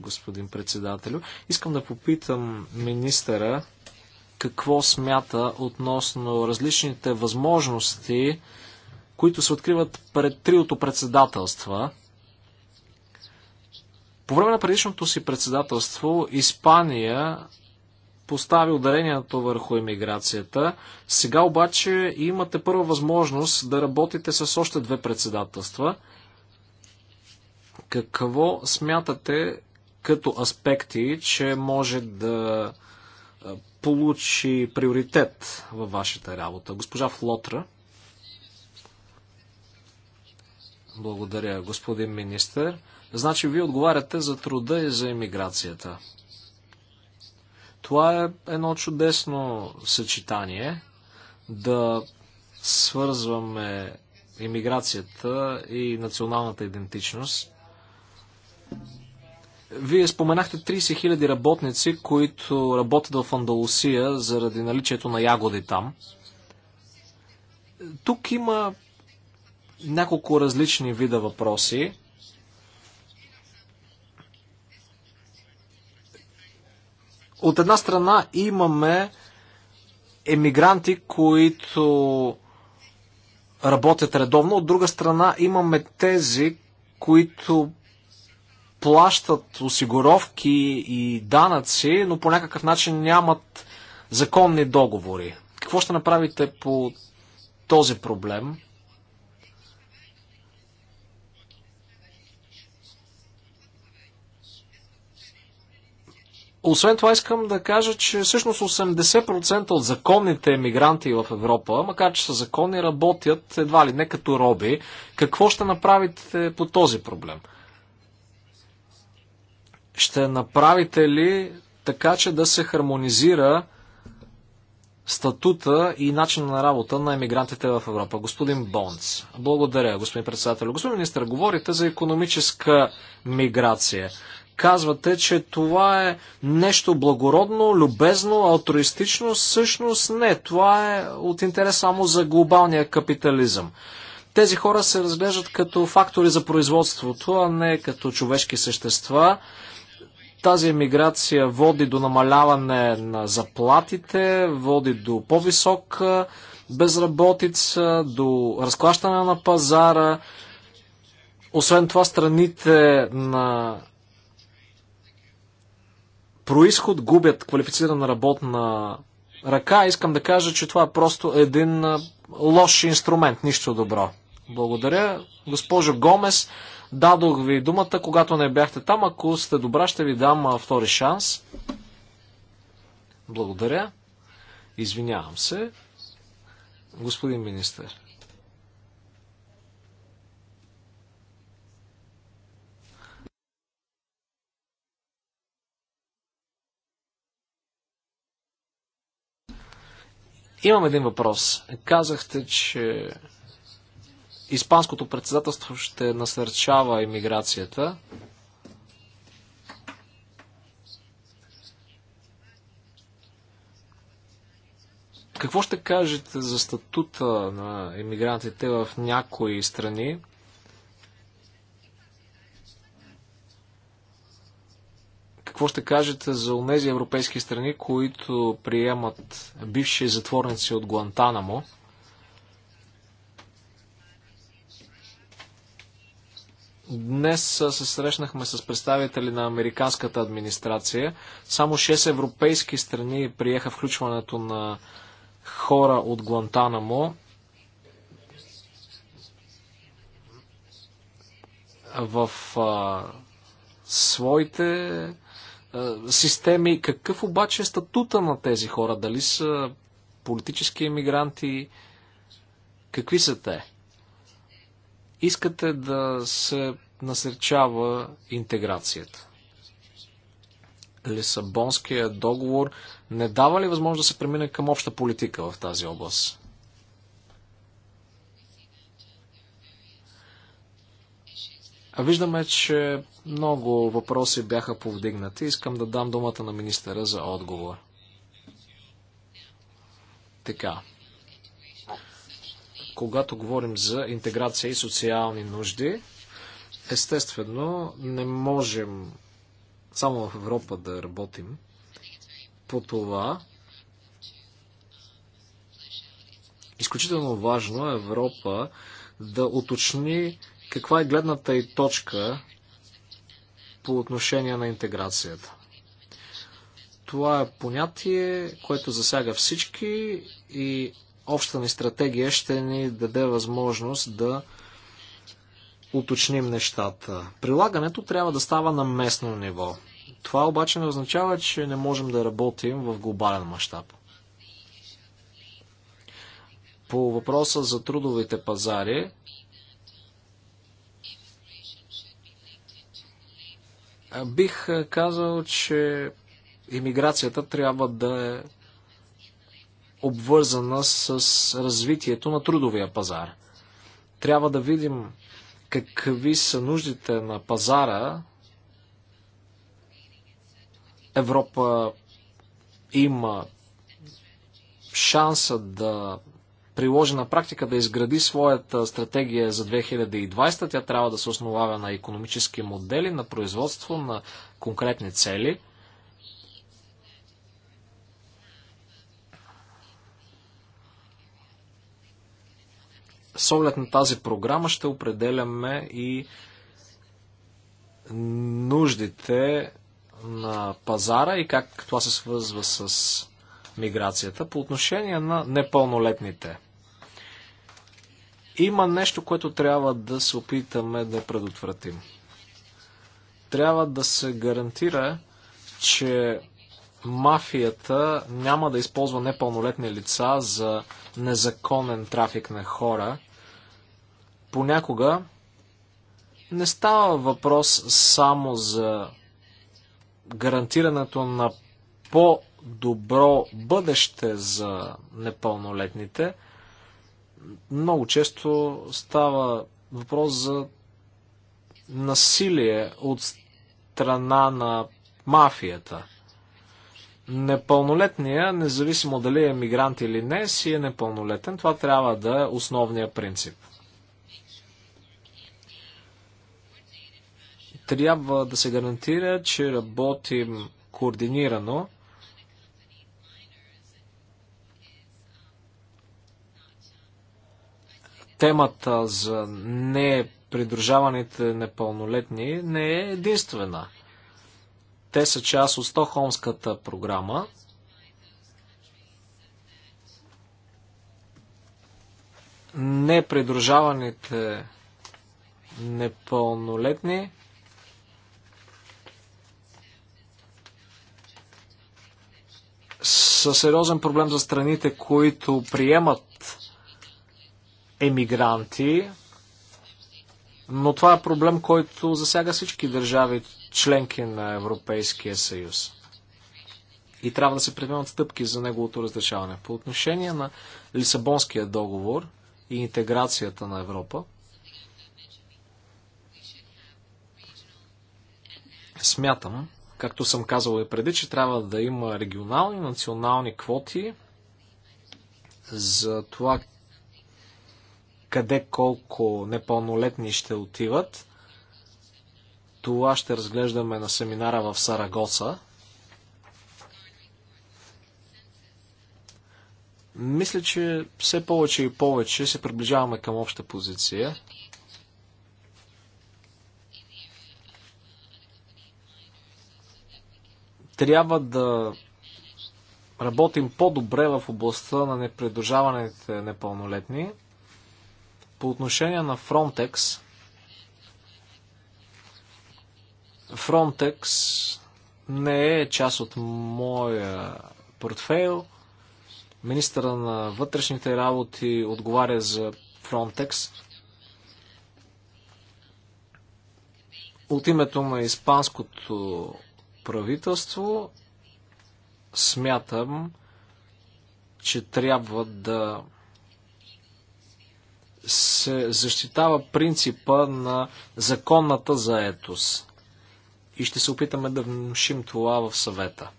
господин председателю. Искам да попитам министъра какво смята относно различните възможности, които се откриват пред триото председателства. По време на предишното си председателство Испания постави ударението върху емиграцията. Сега обаче имате първа възможност да работите с още две председателства. Какво смятате като аспекти, че може да получи приоритет във вашата работа? Госпожа Флотра. Благодаря, господин министър. Значи, вие отговаряте за труда и за емиграцията. Това е едно чудесно съчетание да свързваме иммиграцията и националната идентичност. Вие споменахте 30 000 работници, които работят в Андалусия заради наличието на ягоди там. Тук има няколко различни вида въпроси. От една страна имаме емигранти, които работят редовно, от друга страна имаме тези, които плащат осигуровки и данъци, но по някакъв начин нямат законни договори. Какво ще направите по този проблем? Освен това искам да кажа, че всъщност 80% от законните емигранти в Европа, макар че са законни, работят едва ли не като роби. Какво ще направите по този проблем? Ще направите ли така, че да се хармонизира статута и начина на работа на емигрантите в Европа. Господин Бонц. Благодаря, господин председател. Господин министр, говорите за економическа миграция казвате, че това е нещо благородно, любезно, алтруистично. Всъщност не, това е от интерес само за глобалния капитализъм. Тези хора се разглеждат като фактори за производството, а не като човешки същества. Тази емиграция води до намаляване на заплатите, води до по-висок безработица, до разклащане на пазара. Освен това, страните на происход губят квалифицирана работна ръка. Искам да кажа, че това е просто един лош инструмент, нищо добро. Благодаря. Госпожо Гомес, дадох ви думата, когато не бяхте там. Ако сте добра, ще ви дам втори шанс. Благодаря. Извинявам се. Господин министър. Имам един въпрос. Казахте, че Испанското председателство ще насърчава иммиграцията. Какво ще кажете за статута на иммигрантите в някои страни? Какво ще кажете за тези европейски страни, които приемат бивши затворници от Гуантанамо? Днес се срещнахме с представители на американската администрация. Само 6 европейски страни приеха включването на хора от Гуантанамо. В а, своите е, системи. Какъв обаче е статута на тези хора? Дали са политически емигранти? Какви са те? Искате да се насърчава интеграцията. Лисабонският договор не дава ли възможност да се премине към обща политика в тази област? Виждаме, че много въпроси бяха повдигнати. Искам да дам думата на министъра за отговор. Така. Когато говорим за интеграция и социални нужди, естествено не можем само в Европа да работим по това. Изключително важно е Европа да уточни каква е гледната и точка по отношение на интеграцията? Това е понятие, което засяга всички и общата ни стратегия ще ни даде възможност да уточним нещата. Прилагането трябва да става на местно ниво. Това обаче не означава, че не можем да работим в глобален мащаб. По въпроса за трудовите пазари, Бих казал, че иммиграцията трябва да е обвързана с развитието на трудовия пазар. Трябва да видим какви са нуждите на пазара. Европа има шанса да приложи на практика да изгради своята стратегия за 2020. Тя трябва да се основава на економически модели, на производство, на конкретни цели. С оглед на тази програма ще определяме и нуждите на пазара и как това се свързва с миграцията. По отношение на непълнолетните. Има нещо, което трябва да се опитаме да предотвратим. Трябва да се гарантира, че мафията няма да използва непълнолетни лица за незаконен трафик на хора. Понякога не става въпрос само за гарантирането на по-добро бъдеще за непълнолетните – много често става въпрос за насилие от страна на мафията. Непълнолетния, независимо дали е мигрант или не, си е непълнолетен. Това трябва да е основния принцип. Трябва да се гарантира, че работим координирано темата за непридружаваните непълнолетни не е единствена. Те са част от Стохолмската програма. Непридружаваните непълнолетни са сериозен проблем за страните, които приемат емигранти, но това е проблем, който засяга всички държави, членки на Европейския съюз. И трябва да се предприемат стъпки за неговото разрешаване. По отношение на Лисабонския договор и интеграцията на Европа, смятам, както съм казал и преди, че трябва да има регионални, национални квоти за това къде колко непълнолетни ще отиват. Това ще разглеждаме на семинара в Сарагоса. Мисля, че все повече и повече се приближаваме към обща позиция. Трябва да работим по-добре в областта на непредържаваните непълнолетни. По отношение на Frontex, Frontex не е част от моя портфейл. Министъра на вътрешните работи отговаря за Frontex. От името на испанското правителство смятам, че трябва да се защитава принципа на законната заетост. И ще се опитаме да внушим това в съвета.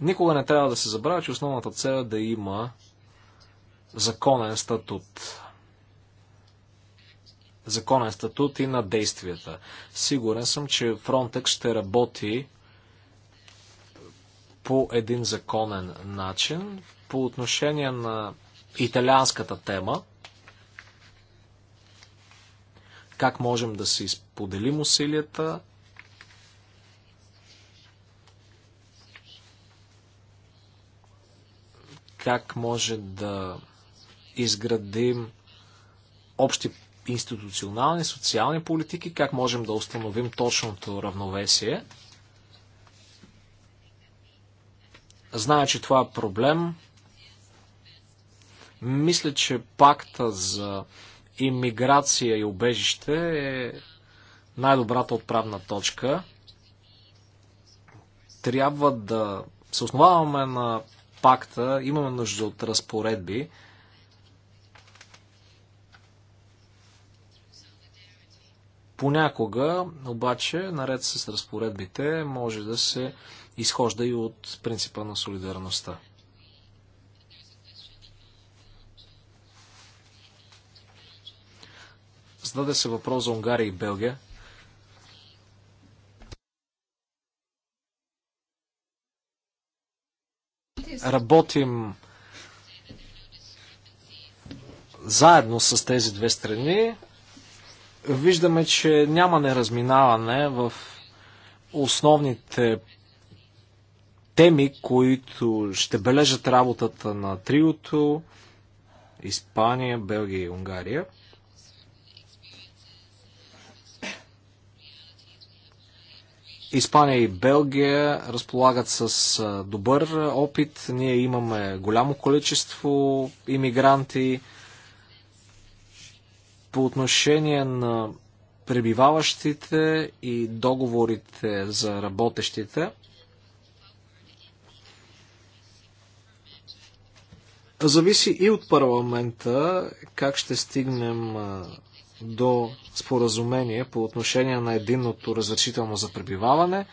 Никога не трябва да се забравя, че основната цел е да има законен статут. Законен статут и на действията. Сигурен съм, че Frontex ще работи по един законен начин. По отношение на италианската тема, как можем да си споделим усилията, как може да изградим общи институционални, социални политики, как можем да установим точното равновесие – Зная, че това е проблем. Мисля, че пакта за иммиграция и убежище е най-добрата отправна точка. Трябва да се основаваме на пакта, имаме нужда от разпоредби. Понякога, обаче, наред с разпоредбите, може да се изхожда и от принципа на солидарността. Зададе се въпрос за Унгария и Белгия. Работим заедно с тези две страни. Виждаме, че няма неразминаване в основните теми, които ще бележат работата на триото Испания, Белгия и Унгария. Испания и Белгия разполагат с добър опит. Ние имаме голямо количество иммигранти. По отношение на пребиваващите и договорите за работещите – Зависи и от парламента как ще стигнем до споразумение по отношение на единното разрешително за пребиваване.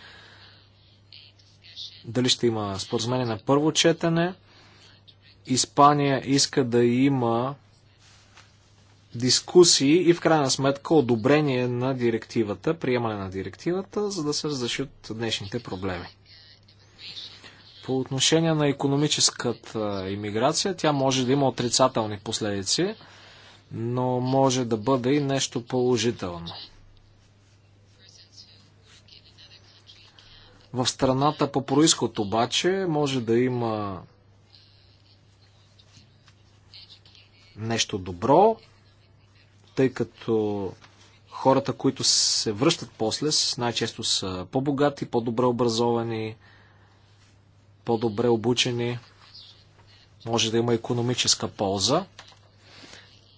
Дали ще има споразумение на първо четене. Испания иска да има дискусии и в крайна сметка одобрение на директивата, приемане на директивата, за да се разрешат днешните проблеми. По отношение на економическата иммиграция, тя може да има отрицателни последици, но може да бъде и нещо положително. В страната по происход обаче може да има нещо добро, тъй като хората, които се връщат после, най-често са по-богати, по-добре образовани, по-добре обучени. Може да има економическа полза.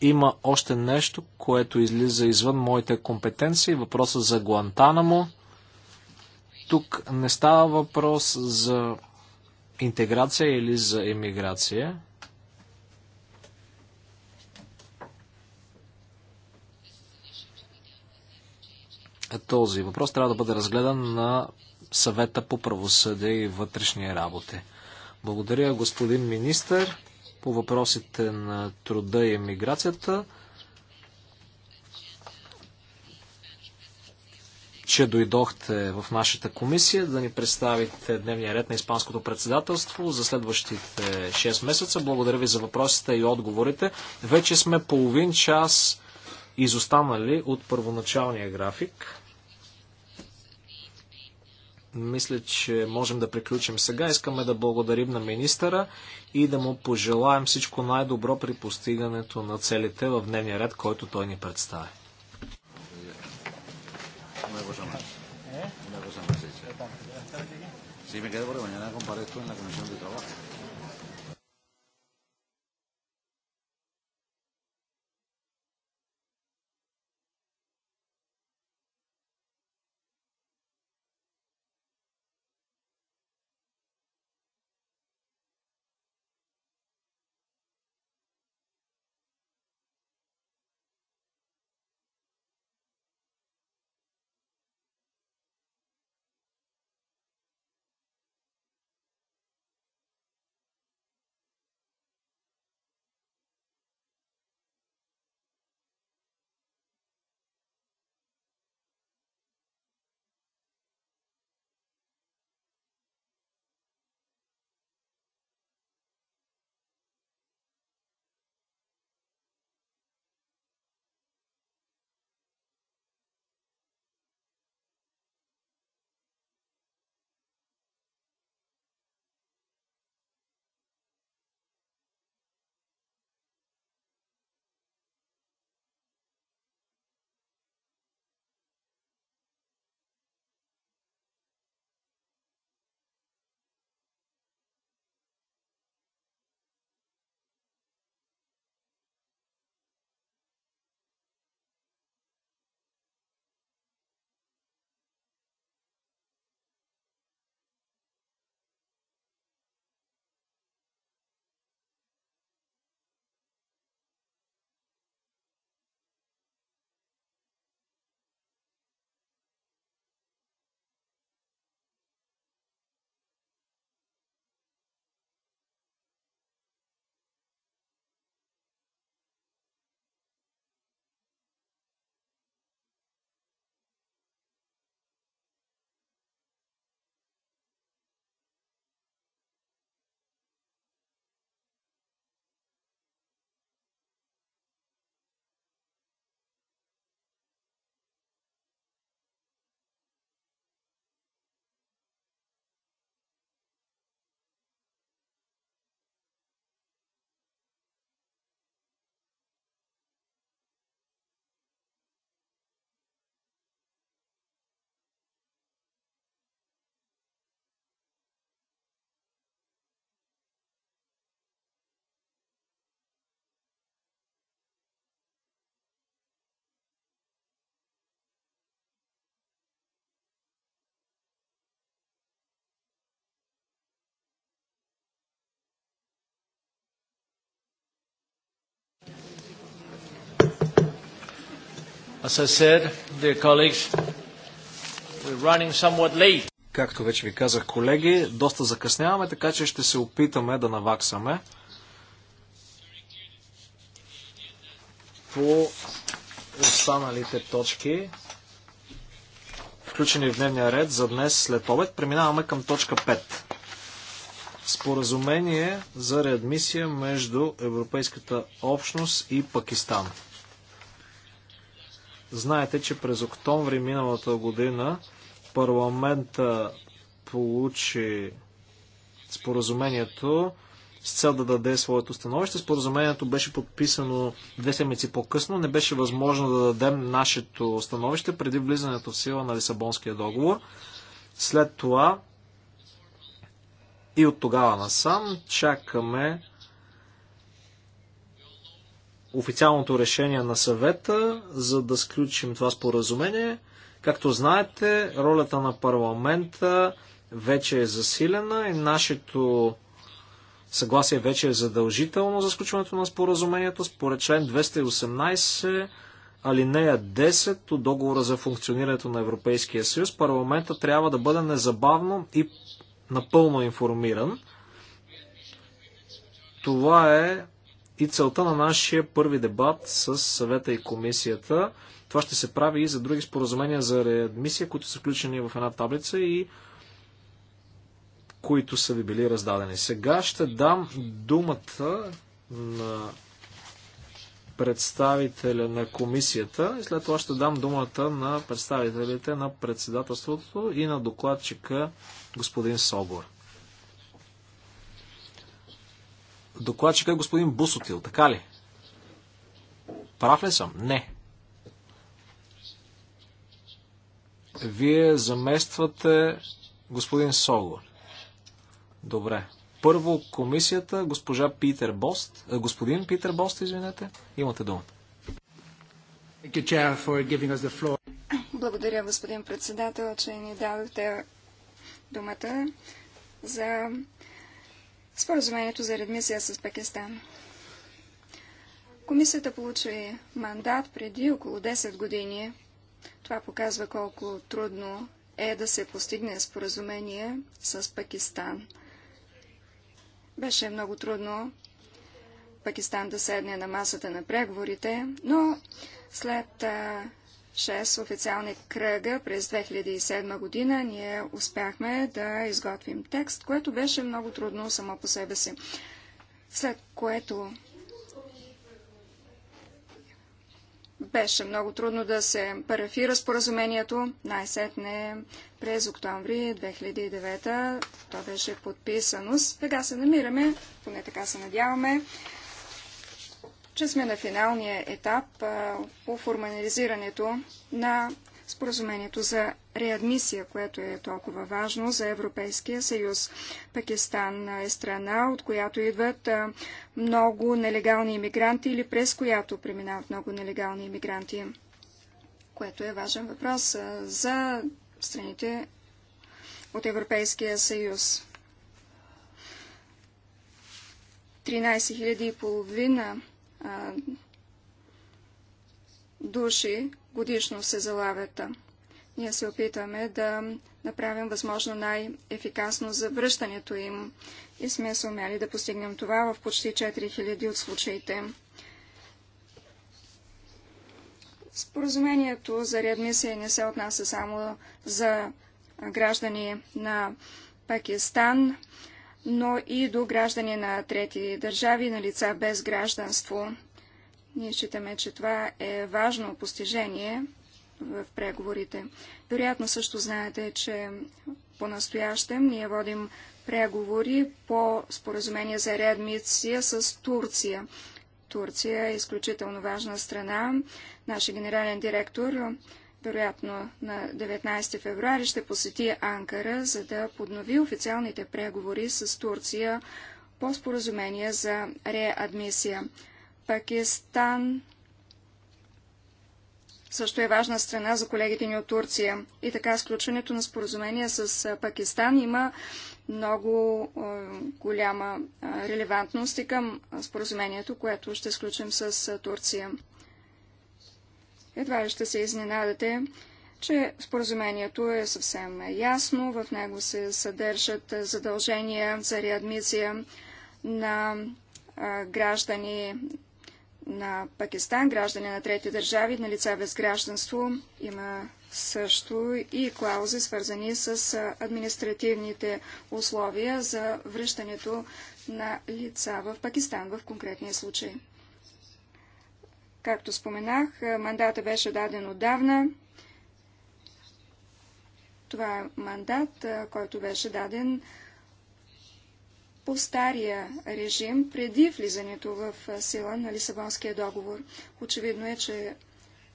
Има още нещо, което излиза извън моите компетенции. Въпросът за Гуантанамо. Тук не става въпрос за интеграция или за емиграция. Този въпрос трябва да бъде разгледан на съвета по правосъдие и вътрешни работи. Благодаря, господин министър, по въпросите на труда и емиграцията, че дойдохте в нашата комисия да ни представите дневния ред на Испанското председателство за следващите 6 месеца. Благодаря ви за въпросите и отговорите. Вече сме половин час изостанали от първоначалния график. Мисля, че можем да приключим сега. Искаме да благодарим на министъра и да му пожелаем всичко най-добро при постигането на целите в дневния ред, който той ни представи. Е? Е, sí, me quedo porque mañana comparezco en la Comisión de Trabajo. As I said, dear colleagues, we're running somewhat late. Както вече ви казах, колеги, доста закъсняваме, така че ще се опитаме да наваксаме. По останалите точки, включени в дневния ред за днес след обед, преминаваме към точка 5. Споразумение за реадмисия между Европейската общност и Пакистан. Знаете, че през октомври миналата година парламента получи споразумението с цел да даде своето становище. Споразумението беше подписано две седмици по-късно. Не беше възможно да дадем нашето становище преди влизането в сила на Лисабонския договор. След това и от тогава насам чакаме официалното решение на съвета, за да сключим това споразумение. Както знаете, ролята на парламента вече е засилена и нашето съгласие вече е задължително за сключването на споразумението според член 218 алинея 10 от договора за функционирането на Европейския съюз. Парламента трябва да бъде незабавно и напълно информиран. Това е и целта на нашия първи дебат с съвета и комисията. Това ще се прави и за други споразумения за реадмисия, които са включени в една таблица и които са ви били раздадени. Сега ще дам думата на представителя на комисията и след това ще дам думата на представителите на председателството и на докладчика господин Собор. Докладчика е господин Бусотил, така ли? Прав ли съм? Не. Вие замествате господин Сого. Добре. Първо комисията, госпожа Питер Бост, е, господин Питер Бост, извинете, имате думата. Благодаря, господин председател, че ни дадохте думата за споразумението за редмисия с Пакистан. Комисията получи мандат преди около 10 години. Това показва колко трудно е да се постигне споразумение с Пакистан. Беше много трудно Пакистан да седне на масата на преговорите, но след 6 официални кръга през 2007 година ние успяхме да изготвим текст, което беше много трудно само по себе си. След което беше много трудно да се парафира споразумението. Най-сетне през октомври 2009 то беше подписано. Сега се намираме, поне така се надяваме, че сме на финалния етап по формализирането на споразумението за реадмисия, което е толкова важно за Европейския съюз. Пакистан е страна, от която идват много нелегални иммигранти или през която преминават много нелегални иммигранти, което е важен въпрос за страните от Европейския съюз. 13 000 и половина а, души годишно се залавят. Ние се опитваме да направим възможно най-ефикасно за връщането им и сме се умели да постигнем това в почти 4000 от случаите. Споразумението за реадмисия не се отнася само за граждани на Пакистан, но и до граждани на трети държави, на лица без гражданство. Ние считаме, че това е важно постижение в преговорите. Вероятно също знаете, че по-настоящем ние водим преговори по споразумение за редмиция с Турция. Турция е изключително важна страна. Нашия генерален директор вероятно на 19 февруари ще посети Анкара, за да поднови официалните преговори с Турция по споразумение за реадмисия. Пакистан също е важна страна за колегите ни от Турция. И така, сключването на споразумение с Пакистан има много е, голяма релевантност и към споразумението, което ще сключим с Турция. Едва ли ще се изненадате, че споразумението е съвсем ясно. В него се съдържат задължения за реадмисия на граждани на Пакистан, граждани на трети държави, на лица без гражданство. Има също и клаузи, свързани с административните условия за връщането на лица в Пакистан в конкретния случай. Както споменах, е, мандата беше даден отдавна. Това е мандат, е, който беше даден по стария режим преди влизането в е, сила на Лисабонския договор. Очевидно е, че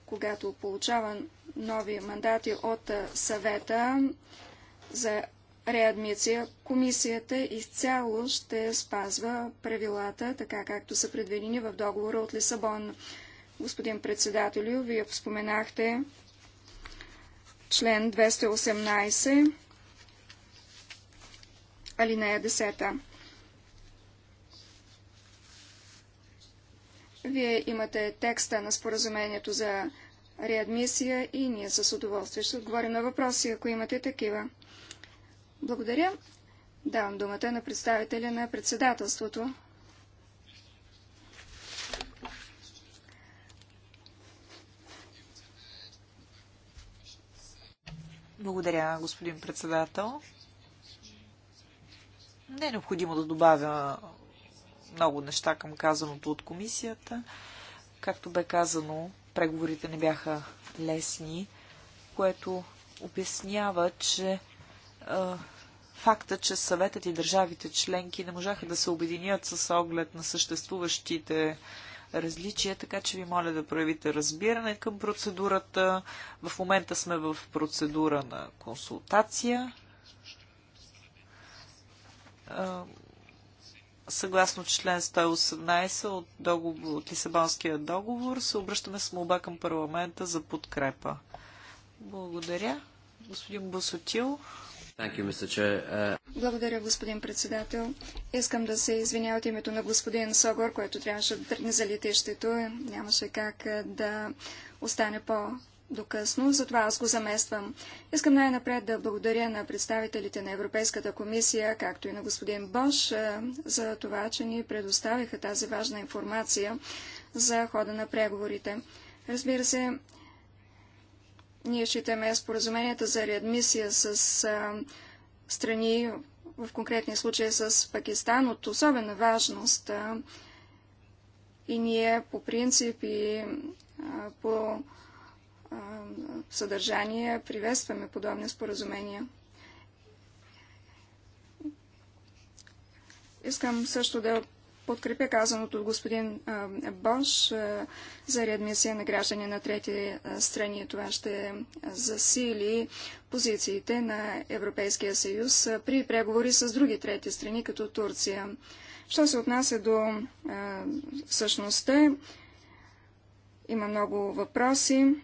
когато получава нови мандати от съвета за реадмиция, комисията изцяло ще спазва правилата, така както са предвидени в договора от Лисабон. Господин председателю, вие споменахте член 218, алинея 10. Вие имате текста на споразумението за реадмисия и ние с удоволствие ще отговорим на въпроси, ако имате такива. Благодаря. Давам думата на представителя на председателството. Благодаря, господин председател. Не е необходимо да добавя много неща към казаното от комисията. Както бе казано, преговорите не бяха лесни, което обяснява, че е, факта, че съветът и държавите членки не можаха да се обединят с оглед на съществуващите различия, така че ви моля да проявите разбиране към процедурата. В момента сме в процедура на консултация. Съгласно член 118 от, договор, от Лисабонския договор се обръщаме с молба към парламента за подкрепа. Благодаря. Господин Босотил. Uh, благодаря, господин председател. Искам да се извиня от името на господин Согор, който трябваше да тръгне за летището. Нямаше как да остане по докъсно, затова аз го замествам. Искам най-напред да благодаря на представителите на Европейската комисия, както и на господин Бош, за това, че ни предоставиха тази важна информация за хода на преговорите. Разбира се, ние считаме споразуменията за реадмисия с а, страни, в конкретния случай с Пакистан, от особена важност. А, и ние по принцип и а, по а, съдържание приветстваме подобни споразумения. Искам също да подкрепя казаното от господин Бош за реадмисия на граждани на трети страни. Това ще засили позициите на Европейския съюз при преговори с други трети страни, като Турция. Що се отнася до същността, има много въпроси.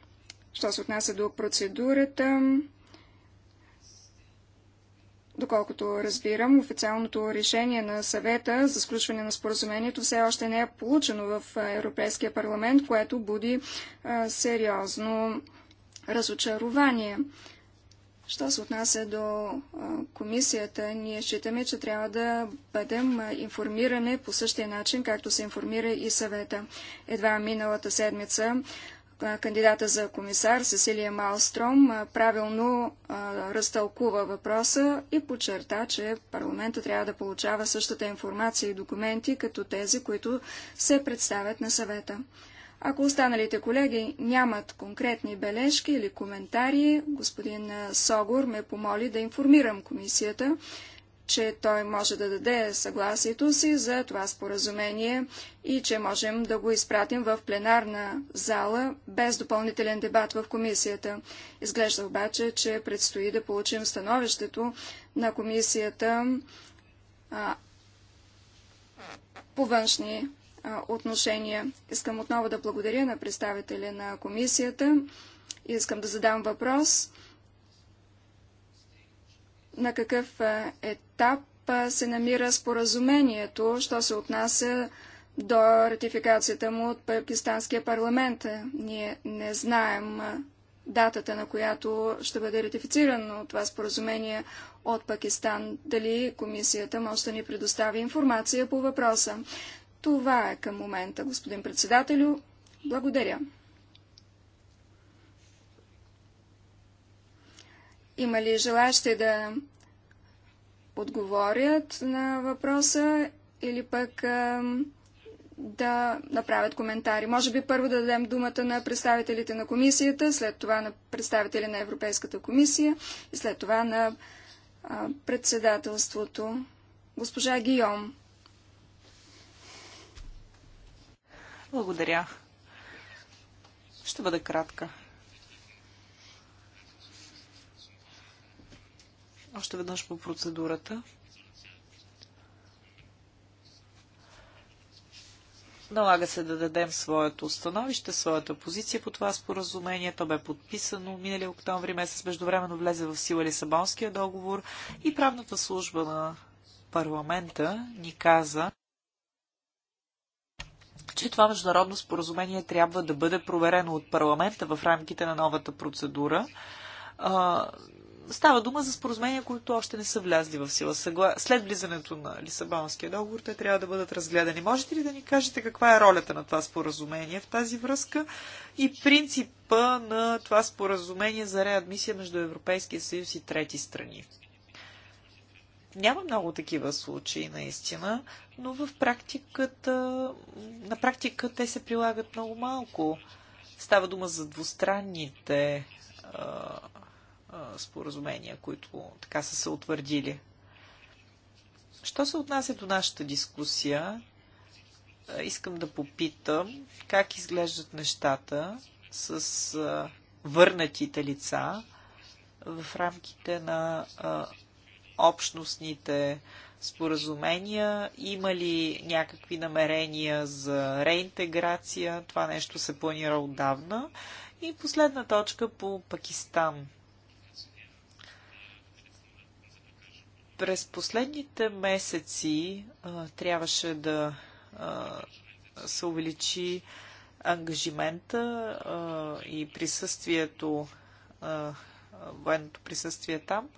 Що се отнася до процедурата, Доколкото разбирам, официалното решение на съвета за сключване на споразумението все още не е получено в Европейския парламент, което буди а, сериозно разочарование. Що се отнася до комисията, ние считаме, че трябва да бъдем информирани по същия начин, както се информира и съвета. Едва миналата седмица кандидата за комисар Сесилия Малстром правилно разтълкува въпроса и подчерта, че парламента трябва да получава същата информация и документи, като тези, които се представят на съвета. Ако останалите колеги нямат конкретни бележки или коментари, господин Согор ме помоли да информирам комисията, че той може да даде съгласието си за това споразумение и че можем да го изпратим в пленарна зала без допълнителен дебат в комисията. Изглежда обаче, че предстои да получим становището на комисията а, по външни а, отношения. Искам отново да благодаря на представителя на комисията. Искам да задам въпрос на какъв етап етап се намира споразумението, що се отнася до ратификацията му от Пакистанския парламент. Ние не знаем датата, на която ще бъде ратифицирано това споразумение от Пакистан. Дали комисията може да ни предостави информация по въпроса? Това е към момента, господин председателю. Благодаря. Има ли желащи да отговорят на въпроса или пък да направят коментари. Може би първо да дадем думата на представителите на комисията, след това на представители на Европейската комисия и след това на председателството. Госпожа Гийом. Благодаря. Ще бъда кратка. Още веднъж по процедурата. Налага се да дадем своето становище, своята позиция по това споразумение. То бе подписано миналия октомври месец. Междувременно влезе в сила Лисабонския договор и правната служба на парламента ни каза, че това международно споразумение трябва да бъде проверено от парламента в рамките на новата процедура става дума за споразумения, които още не са влязли в сила. След влизането на Лисабонския договор, те трябва да бъдат разгледани. Можете ли да ни кажете каква е ролята на това споразумение в тази връзка и принципа на това споразумение за реадмисия между Европейския съюз и трети страни? Няма много такива случаи, наистина, но в практиката, на практика те се прилагат много малко. Става дума за двустранните споразумения, които така са се утвърдили. Що се отнася до нашата дискусия, искам да попитам как изглеждат нещата с върнатите лица в рамките на общностните споразумения? Има ли някакви намерения за реинтеграция? Това нещо се планира отдавна. И последна точка по Пакистан. През последните месеци а, трябваше да а, се увеличи ангажимента а, и присъствието, а, военното присъствие там.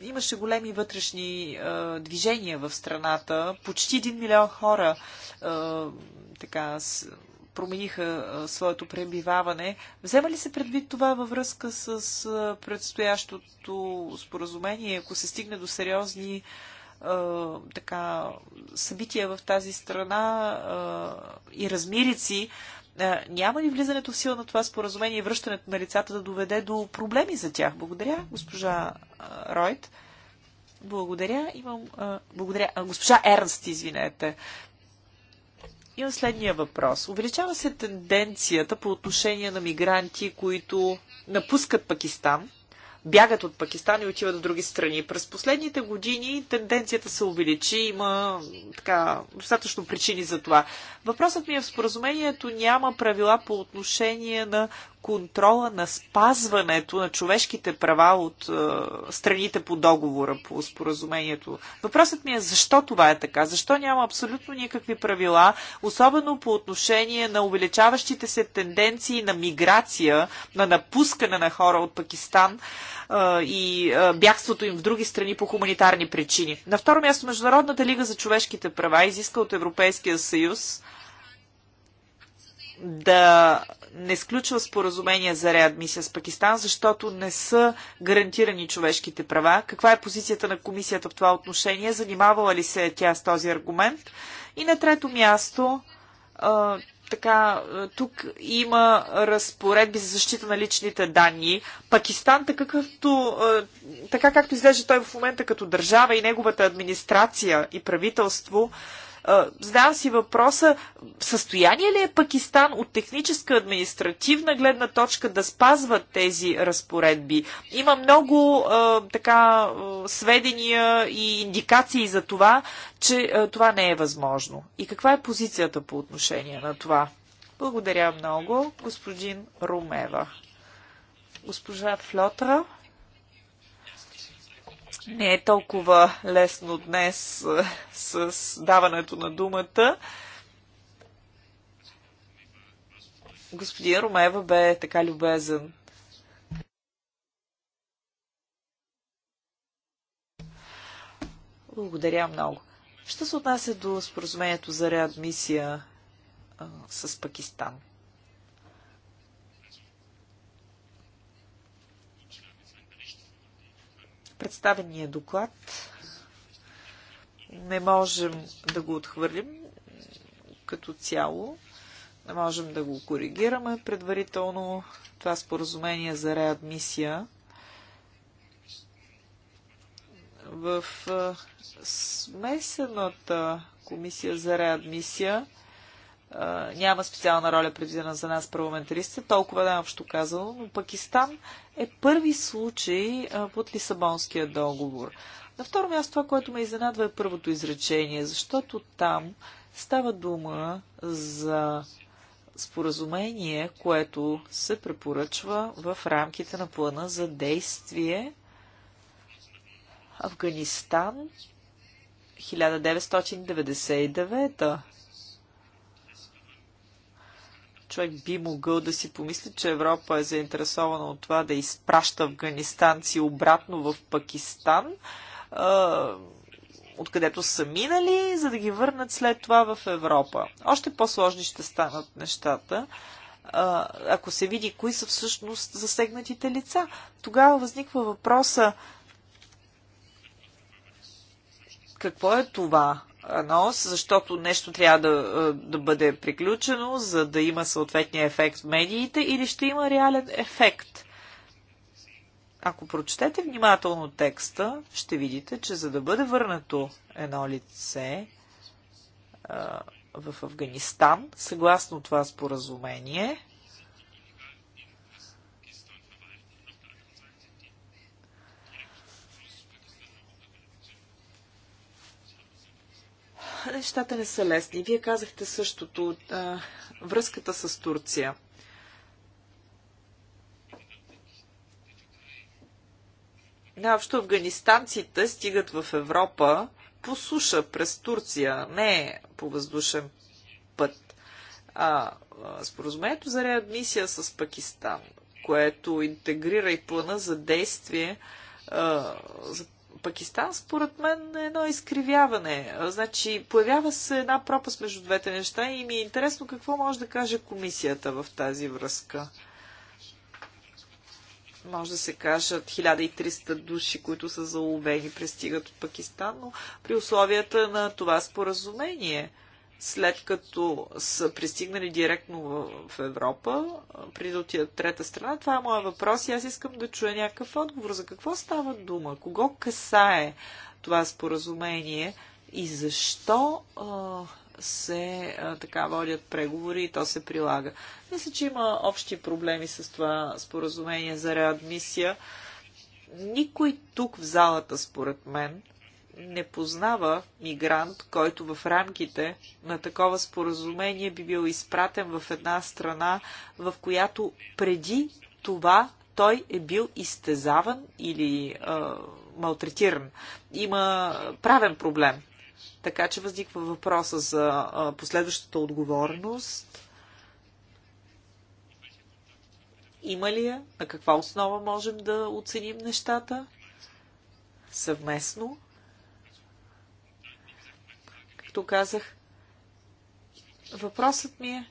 Имаше големи вътрешни а, движения в страната. Почти един милион хора а, така, промениха своето пребиваване. Взема ли се предвид това във връзка с предстоящото споразумение, ако се стигне до сериозни така, събития в тази страна и размирици, няма ли влизането в сила на това споразумение и връщането на лицата да доведе до проблеми за тях? Благодаря, госпожа Ройт. Благодаря. Имам. А, благодаря. А, госпожа Ернст, извинете. Имам следния въпрос. Увеличава се тенденцията по отношение на мигранти, които напускат Пакистан, бягат от Пакистан и отиват в други страни. През последните години тенденцията се увеличи, има така, достатъчно причини за това. Въпросът ми е в споразумението няма правила по отношение на контрола на спазването на човешките права от е, страните по договора, по споразумението. Въпросът ми е защо това е така? Защо няма абсолютно никакви правила, особено по отношение на увеличаващите се тенденции на миграция, на напускане на хора от Пакистан е, и е, бягството им в други страни по хуманитарни причини? На второ място, Международната лига за човешките права изиска от Европейския съюз да не сключва споразумения за реадмисия с Пакистан, защото не са гарантирани човешките права. Каква е позицията на комисията в това отношение? Занимавала ли се е тя с този аргумент? И на трето място, а, така, тук има разпоредби за защита на личните данни. Пакистан, така, както, така както изглежда той в момента като държава и неговата администрация и правителство, Задавам си въпроса, състояние ли е Пакистан от техническа административна гледна точка да спазва тези разпоредби? Има много така сведения и индикации за това, че това не е възможно. И каква е позицията по отношение на това? Благодаря много, господин Румева. Госпожа Флотра не е толкова лесно днес с даването на думата. Господин Ромева бе така любезен. Благодаря много. Що се отнася до споразумението за реадмисия с Пакистан? представения доклад. Не можем да го отхвърлим като цяло. Не можем да го коригираме предварително. Това споразумение за реадмисия в смесената комисия за реадмисия няма специална роля предвидена за нас парламентаристите, толкова да е общо казано, но Пакистан е първи случай под Лисабонския договор. На второ място това, което ме изненадва е първото изречение, защото там става дума за споразумение, което се препоръчва в рамките на плана за действие Афганистан 1999 човек би могъл да си помисли, че Европа е заинтересована от това да изпраща афганистанци обратно в Пакистан, откъдето са минали, за да ги върнат след това в Европа. Още по-сложни ще станат нещата, ако се види кои са всъщност засегнатите лица. Тогава възниква въпроса какво е това? анонс, защото нещо трябва да, е, да бъде приключено, за да има съответния ефект в медиите или ще има реален ефект. Ако прочетете внимателно текста, ще видите, че за да бъде върнато едно лице а, е, в Афганистан, съгласно това споразумение, нещата не са лесни. Вие казахте същото, а, връзката с Турция. Наобщо афганистанците стигат в Европа по суша през Турция, не по въздушен път. А, споразумението за реадмисия с Пакистан, което интегрира и плана за действие а, за Пакистан, според мен, е едно изкривяване. Значи, появява се една пропаст между двете неща и ми е интересно какво може да каже комисията в тази връзка. Може да се кажат 1300 души, които са заловени, пристигат от Пакистан, но при условията на това споразумение – след като са пристигнали директно в Европа, при да отидат трета страна? Това е моят въпрос и аз искам да чуя някакъв отговор. За какво става дума? Кого касае това споразумение и защо а, се а, така водят преговори и то се прилага? Мисля, че има общи проблеми с това споразумение за реадмисия. Никой тук в залата, според мен, не познава мигрант, който в рамките на такова споразумение би бил изпратен в една страна, в която преди това той е бил изтезаван или а, малтретиран. Има правен проблем. Така че възниква въпроса за а, последващата отговорност. Има ли я? На каква основа можем да оценим нещата? Съвместно? както казах. Въпросът ми е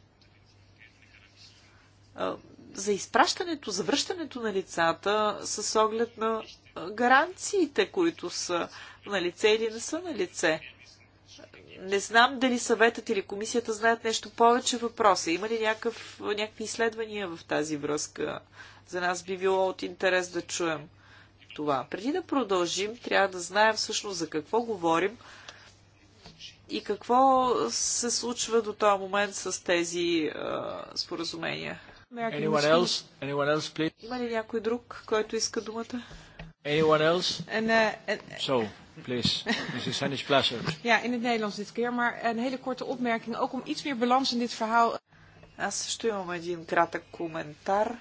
за изпращането, за връщането на лицата с оглед на гаранциите, които са на лице или не са на лице. Не знам дали съветът или комисията знаят нещо повече въпроса. Има ли някакъв, някакви изследвания в тази връзка? За нас би било от интерес да чуем това. Преди да продължим, трябва да знаем всъщност за какво говорим, и какво се случва до този момент с тези а, споразумения? Anyone else? Anyone else, Има ли някой друг, който иска думата? Anyone else? uh, please. Mrs. Plasser. Ja, in het Nederlands dit keer, maar een hele korte opmerking. Ook om iets meer balans in dit verhaal. Аз също имам един кратък коментар.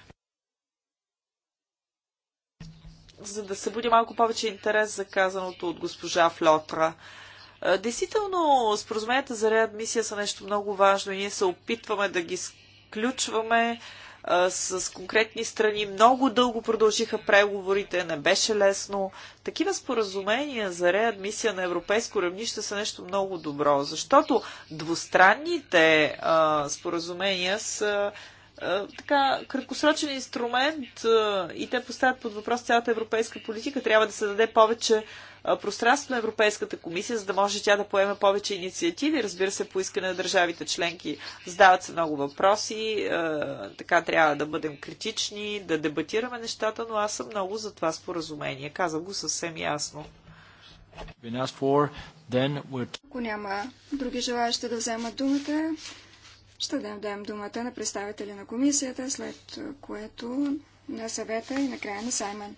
За да събуди малко повече интерес за казаното от госпожа Флотра. Uh, Действително, споразуменията за реадмисия са нещо много важно и ние се опитваме да ги сключваме с конкретни страни. Много дълго продължиха преговорите, не беше лесно. Такива споразумения за реадмисия на европейско равнище са нещо много добро, защото двустранните споразумения са така краткосрочен инструмент и те поставят под въпрос цялата европейска политика. Трябва да се даде повече пространство на Европейската комисия, за да може тя да поеме повече инициативи. Разбира се, по искане на държавите членки задават се много въпроси, така трябва да бъдем критични, да дебатираме нещата, но аз съм много за това споразумение. Казвам го съвсем ясно. Ако няма други желаящи да вземат думата, ще дадем думата на представители на комисията, след което на съвета и накрая на Саймън.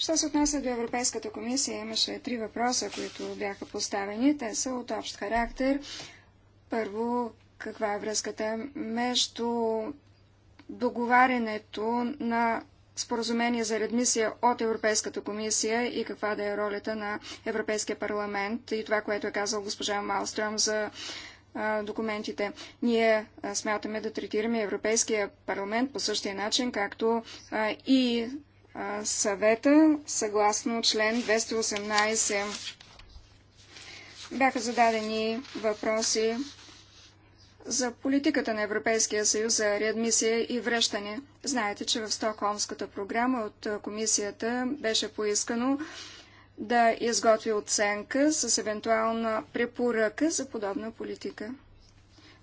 Що се отнася до Европейската комисия, имаше три въпроса, които бяха поставени. Те са от общ характер. Първо, каква е връзката между договарянето на споразумение за редмисия от Европейската комисия и каква да е ролята на Европейския парламент и това, което е казал госпожа Малстрам за документите. Ние смятаме да третираме Европейския парламент по същия начин, както и съвета, съгласно член 218. Бяха зададени въпроси за политиката на Европейския съюз за реадмисия и връщане. Знаете, че в Стокхолмската програма от комисията беше поискано да изготви оценка с евентуална препоръка за подобна политика.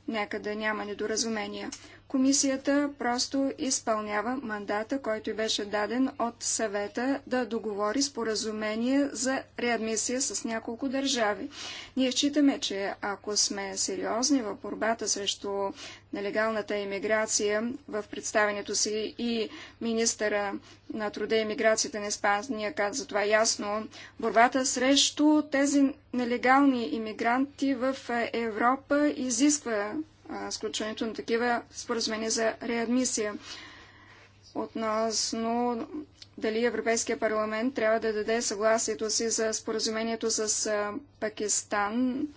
Нека да няма недоразумения. Комисията просто изпълнява мандата, който беше даден от съвета да договори споразумение за реадмисия с няколко държави. Ние считаме, че ако сме сериозни в борбата срещу нелегалната иммиграция, в представенето си и министъра на труда и иммиграцията на Испания каза това ясно, борбата срещу тези нелегални иммигранти в Европа изисква сключването на такива споразумения за реадмисия. Относно дали Европейския парламент трябва да даде съгласието си за споразумението с Пакистан.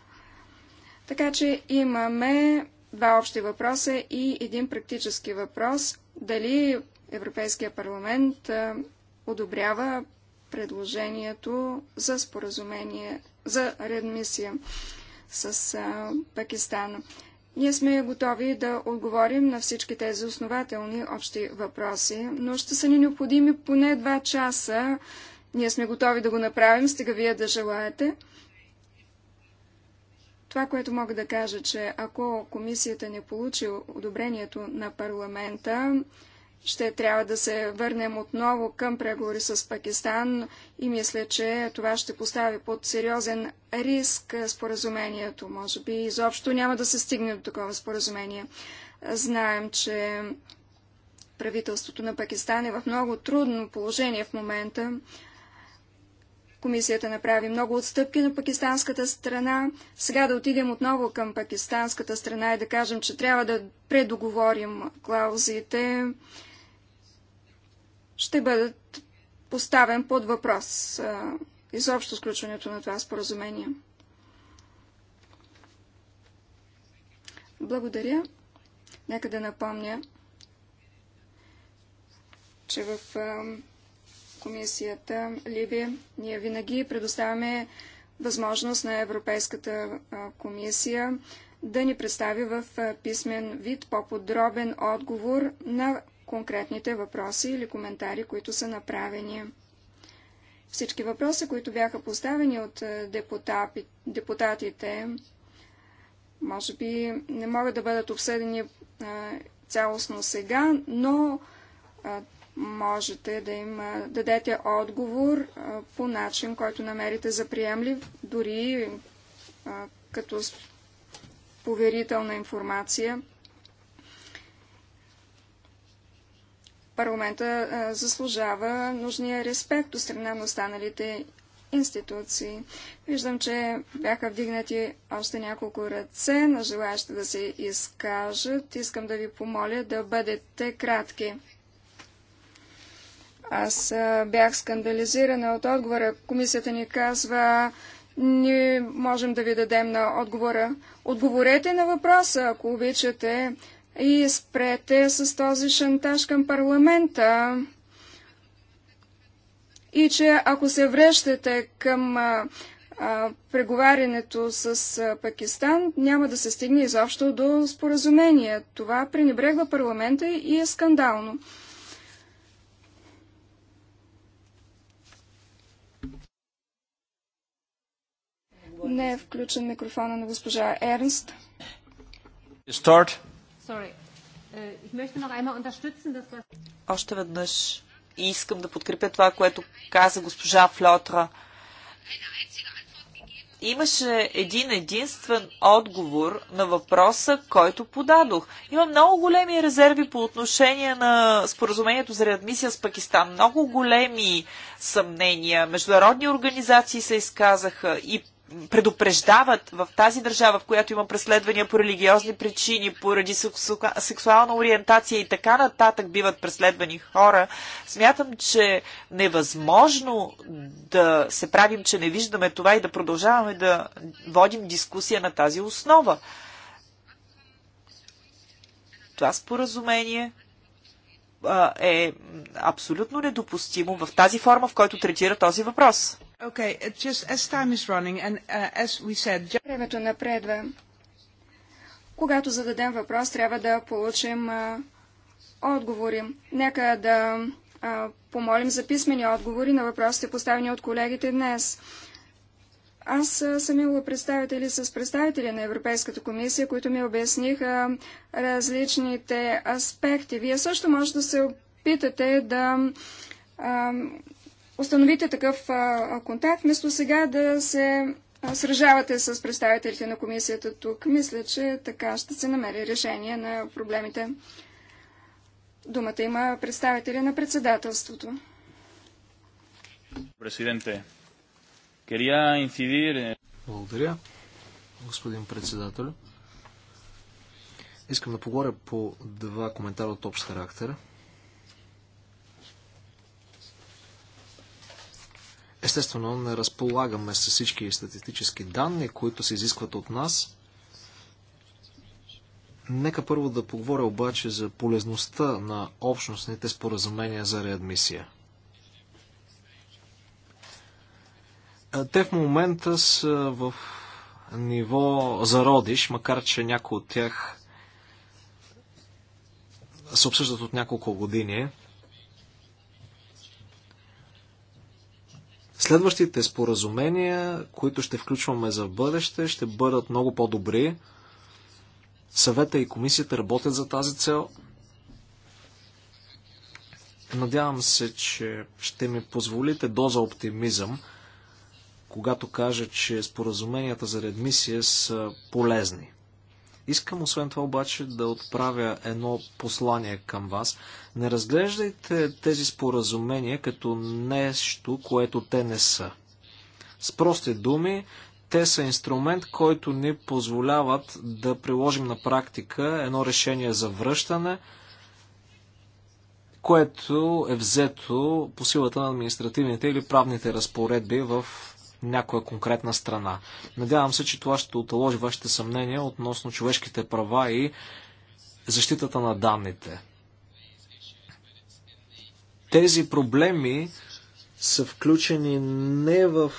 Така че имаме два общи въпроса и един практически въпрос. Дали Европейския парламент одобрява предложението за споразумение за редмисия с Пакистан. Ние сме готови да отговорим на всички тези основателни общи въпроси, но ще са ни необходими поне два часа. Ние сме готови да го направим, стига вие да желаете. Това, което мога да кажа, че ако комисията не получи одобрението на парламента, ще трябва да се върнем отново към преговори с Пакистан и мисля, че това ще постави под сериозен риск споразумението. Може би изобщо няма да се стигне до такова споразумение. Знаем, че правителството на Пакистан е в много трудно положение в момента. Комисията направи много отстъпки на пакистанската страна. Сега да отидем отново към пакистанската страна и да кажем, че трябва да предоговорим клаузите, ще бъдат поставен под въпрос а, изобщо сключването на това споразумение. Благодаря. Нека да напомня, че в а, комисията Либия ние винаги предоставяме възможност на Европейската а, комисия да ни представи в писмен вид по-подробен отговор на конкретните въпроси или коментари, които са направени. Всички въпроси, които бяха поставени от е, депутатите, може би не могат да бъдат обсъдени е, цялостно сега, но е, можете да им дадете отговор по начин, който намерите за приемлив, дори като поверителна информация. парламента заслужава нужния респект от страна на останалите институции. Виждам, че бяха вдигнати още няколко ръце на желаящи да се изкажат. Искам да ви помоля да бъдете кратки. Аз бях скандализирана от отговора. Комисията ни казва, ние можем да ви дадем на отговора. Отговорете на въпроса, ако обичате и спрете с този шантаж към парламента. И че ако се връщате към а, а, преговарянето с а, Пакистан, няма да се стигне изобщо до споразумение. Това пренебрегва парламента и е скандално. Не е включен микрофона на госпожа Ернст. Е, Още веднъж искам да подкрепя това, което каза госпожа Флотра. Имаше един единствен отговор на въпроса, който подадох. Има много големи резерви по отношение на споразумението за реадмисия с Пакистан. Много големи съмнения. Международни организации се изказаха и предупреждават в тази държава, в която има преследвания по религиозни причини, поради сексуална ориентация и така нататък биват преследвани хора, смятам, че невъзможно да се правим, че не виждаме това и да продължаваме да водим дискусия на тази основа. Това споразумение е абсолютно недопустимо в тази форма, в който третира този въпрос. Okay, running, and, uh, said... Времето напредва. Когато зададем въпрос, трябва да получим отговори. Нека да помолим за писмени отговори на въпросите, поставени от колегите днес. Аз съм имала представители с представители на Европейската комисия, които ми обясниха различните аспекти. Вие също може да се опитате да а, установите такъв контакт, вместо сега да се сражавате с представителите на комисията тук. Мисля, че така ще се намери решение на проблемите. Думата има представители на председателството. Президенте, Кария инцидир... Благодаря, господин председател. Искам да поговоря по два коментара от общ характер. Естествено, не разполагаме с всички статистически данни, които се изискват от нас. Нека първо да поговоря обаче за полезността на общностните споразумения за реадмисия. Те в момента са в ниво зародиш, макар че някои от тях се обсъждат от няколко години. Следващите споразумения, които ще включваме за бъдеще, ще бъдат много по-добри. Съвета и комисията работят за тази цел. Надявам се, че ще ми позволите доза оптимизъм, когато кажа, че споразуменията за редмисия са полезни Искам освен това обаче да отправя едно послание към вас. Не разглеждайте тези споразумения като нещо, което те не са. С прости думи, те са инструмент, който ни позволяват да приложим на практика едно решение за връщане, което е взето по силата на административните или правните разпоредби в някоя конкретна страна. Надявам се, че това ще отложи вашите съмнения относно човешките права и защитата на данните. Тези проблеми са включени не в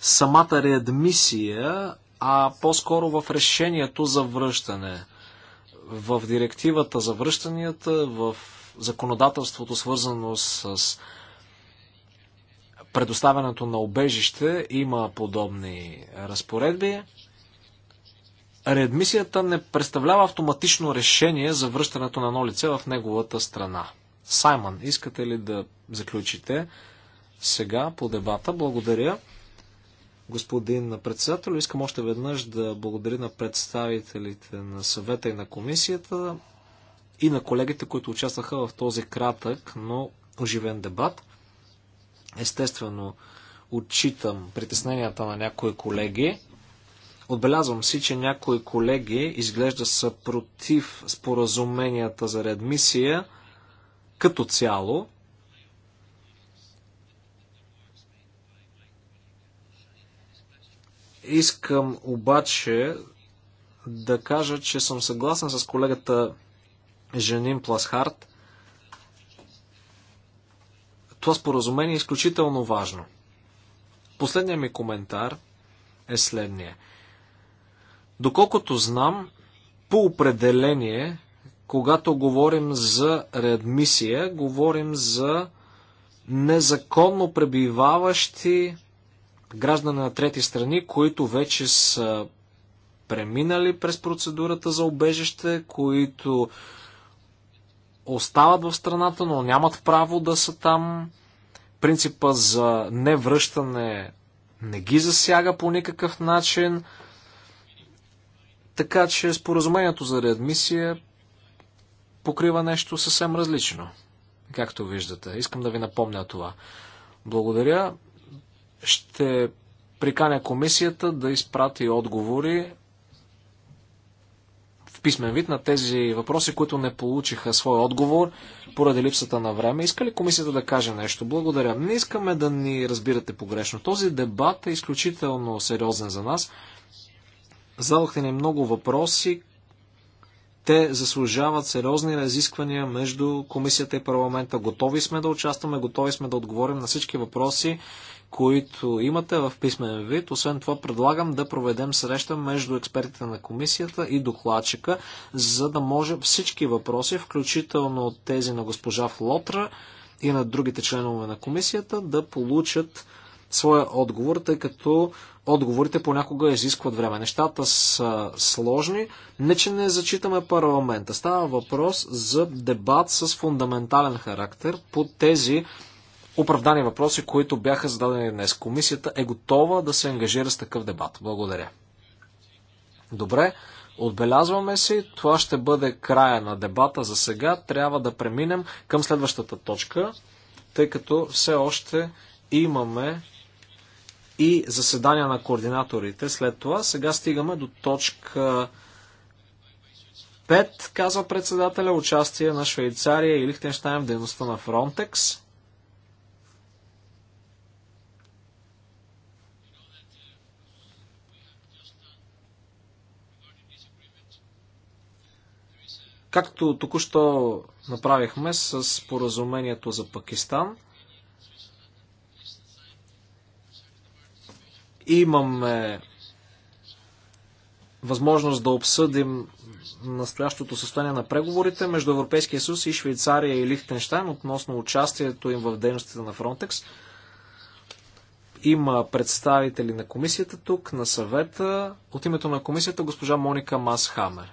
самата реадмисия, а по-скоро в решението за връщане. В директивата за връщанията, в законодателството свързано с предоставянето на обежище има подобни разпоредби. Реадмисията не представлява автоматично решение за връщането на едно лице в неговата страна. Саймън, искате ли да заключите сега по дебата? Благодаря. Господин председател, искам още веднъж да благодаря на представителите на съвета и на комисията и на колегите, които участваха в този кратък, но оживен дебат. Естествено, отчитам притесненията на някои колеги. Отбелязвам си, че някои колеги изглежда са против споразуменията за редмисия като цяло. Искам обаче да кажа, че съм съгласен с колегата Женин Пласхарт – това споразумение е изключително важно. Последният ми коментар е следния. Доколкото знам, по определение, когато говорим за реадмисия, говорим за незаконно пребиваващи граждани на трети страни, които вече са преминали през процедурата за обежище, които остават в страната, но нямат право да са там. Принципа за невръщане не ги засяга по никакъв начин. Така че споразумението за реадмисия покрива нещо съвсем различно. Както виждате. Искам да ви напомня това. Благодаря. Ще приканя комисията да изпрати отговори писмен вид на тези въпроси, които не получиха своя отговор поради липсата на време. Иска ли комисията да каже нещо? Благодаря. Не искаме да ни разбирате погрешно. Този дебат е изключително сериозен за нас. Задохте ни много въпроси. Те заслужават сериозни разисквания между комисията и парламента. Готови сме да участваме, готови сме да отговорим на всички въпроси които имате в писмен вид. Освен това, предлагам да проведем среща между експертите на комисията и докладчика, за да може всички въпроси, включително тези на госпожа Флотра и на другите членове на комисията, да получат своя отговор, тъй като отговорите понякога изискват време. Нещата са сложни. Не, че не зачитаме парламента. Става въпрос за дебат с фундаментален характер по тези оправдани въпроси, които бяха зададени днес. Комисията е готова да се ангажира с такъв дебат. Благодаря. Добре, отбелязваме си. Това ще бъде края на дебата за сега. Трябва да преминем към следващата точка, тъй като все още имаме и заседания на координаторите. След това сега стигаме до точка 5, казва председателя, участие на Швейцария и Лихтенштайн в дейността на Фронтекс. Както току-що направихме с споразумението за Пакистан, имаме възможност да обсъдим настоящото състояние на преговорите между Европейския съюз и Швейцария и Лихтенштайн относно участието им в дейностите на Фронтекс. Има представители на комисията тук, на съвета. От името на комисията госпожа Моника Масхамер.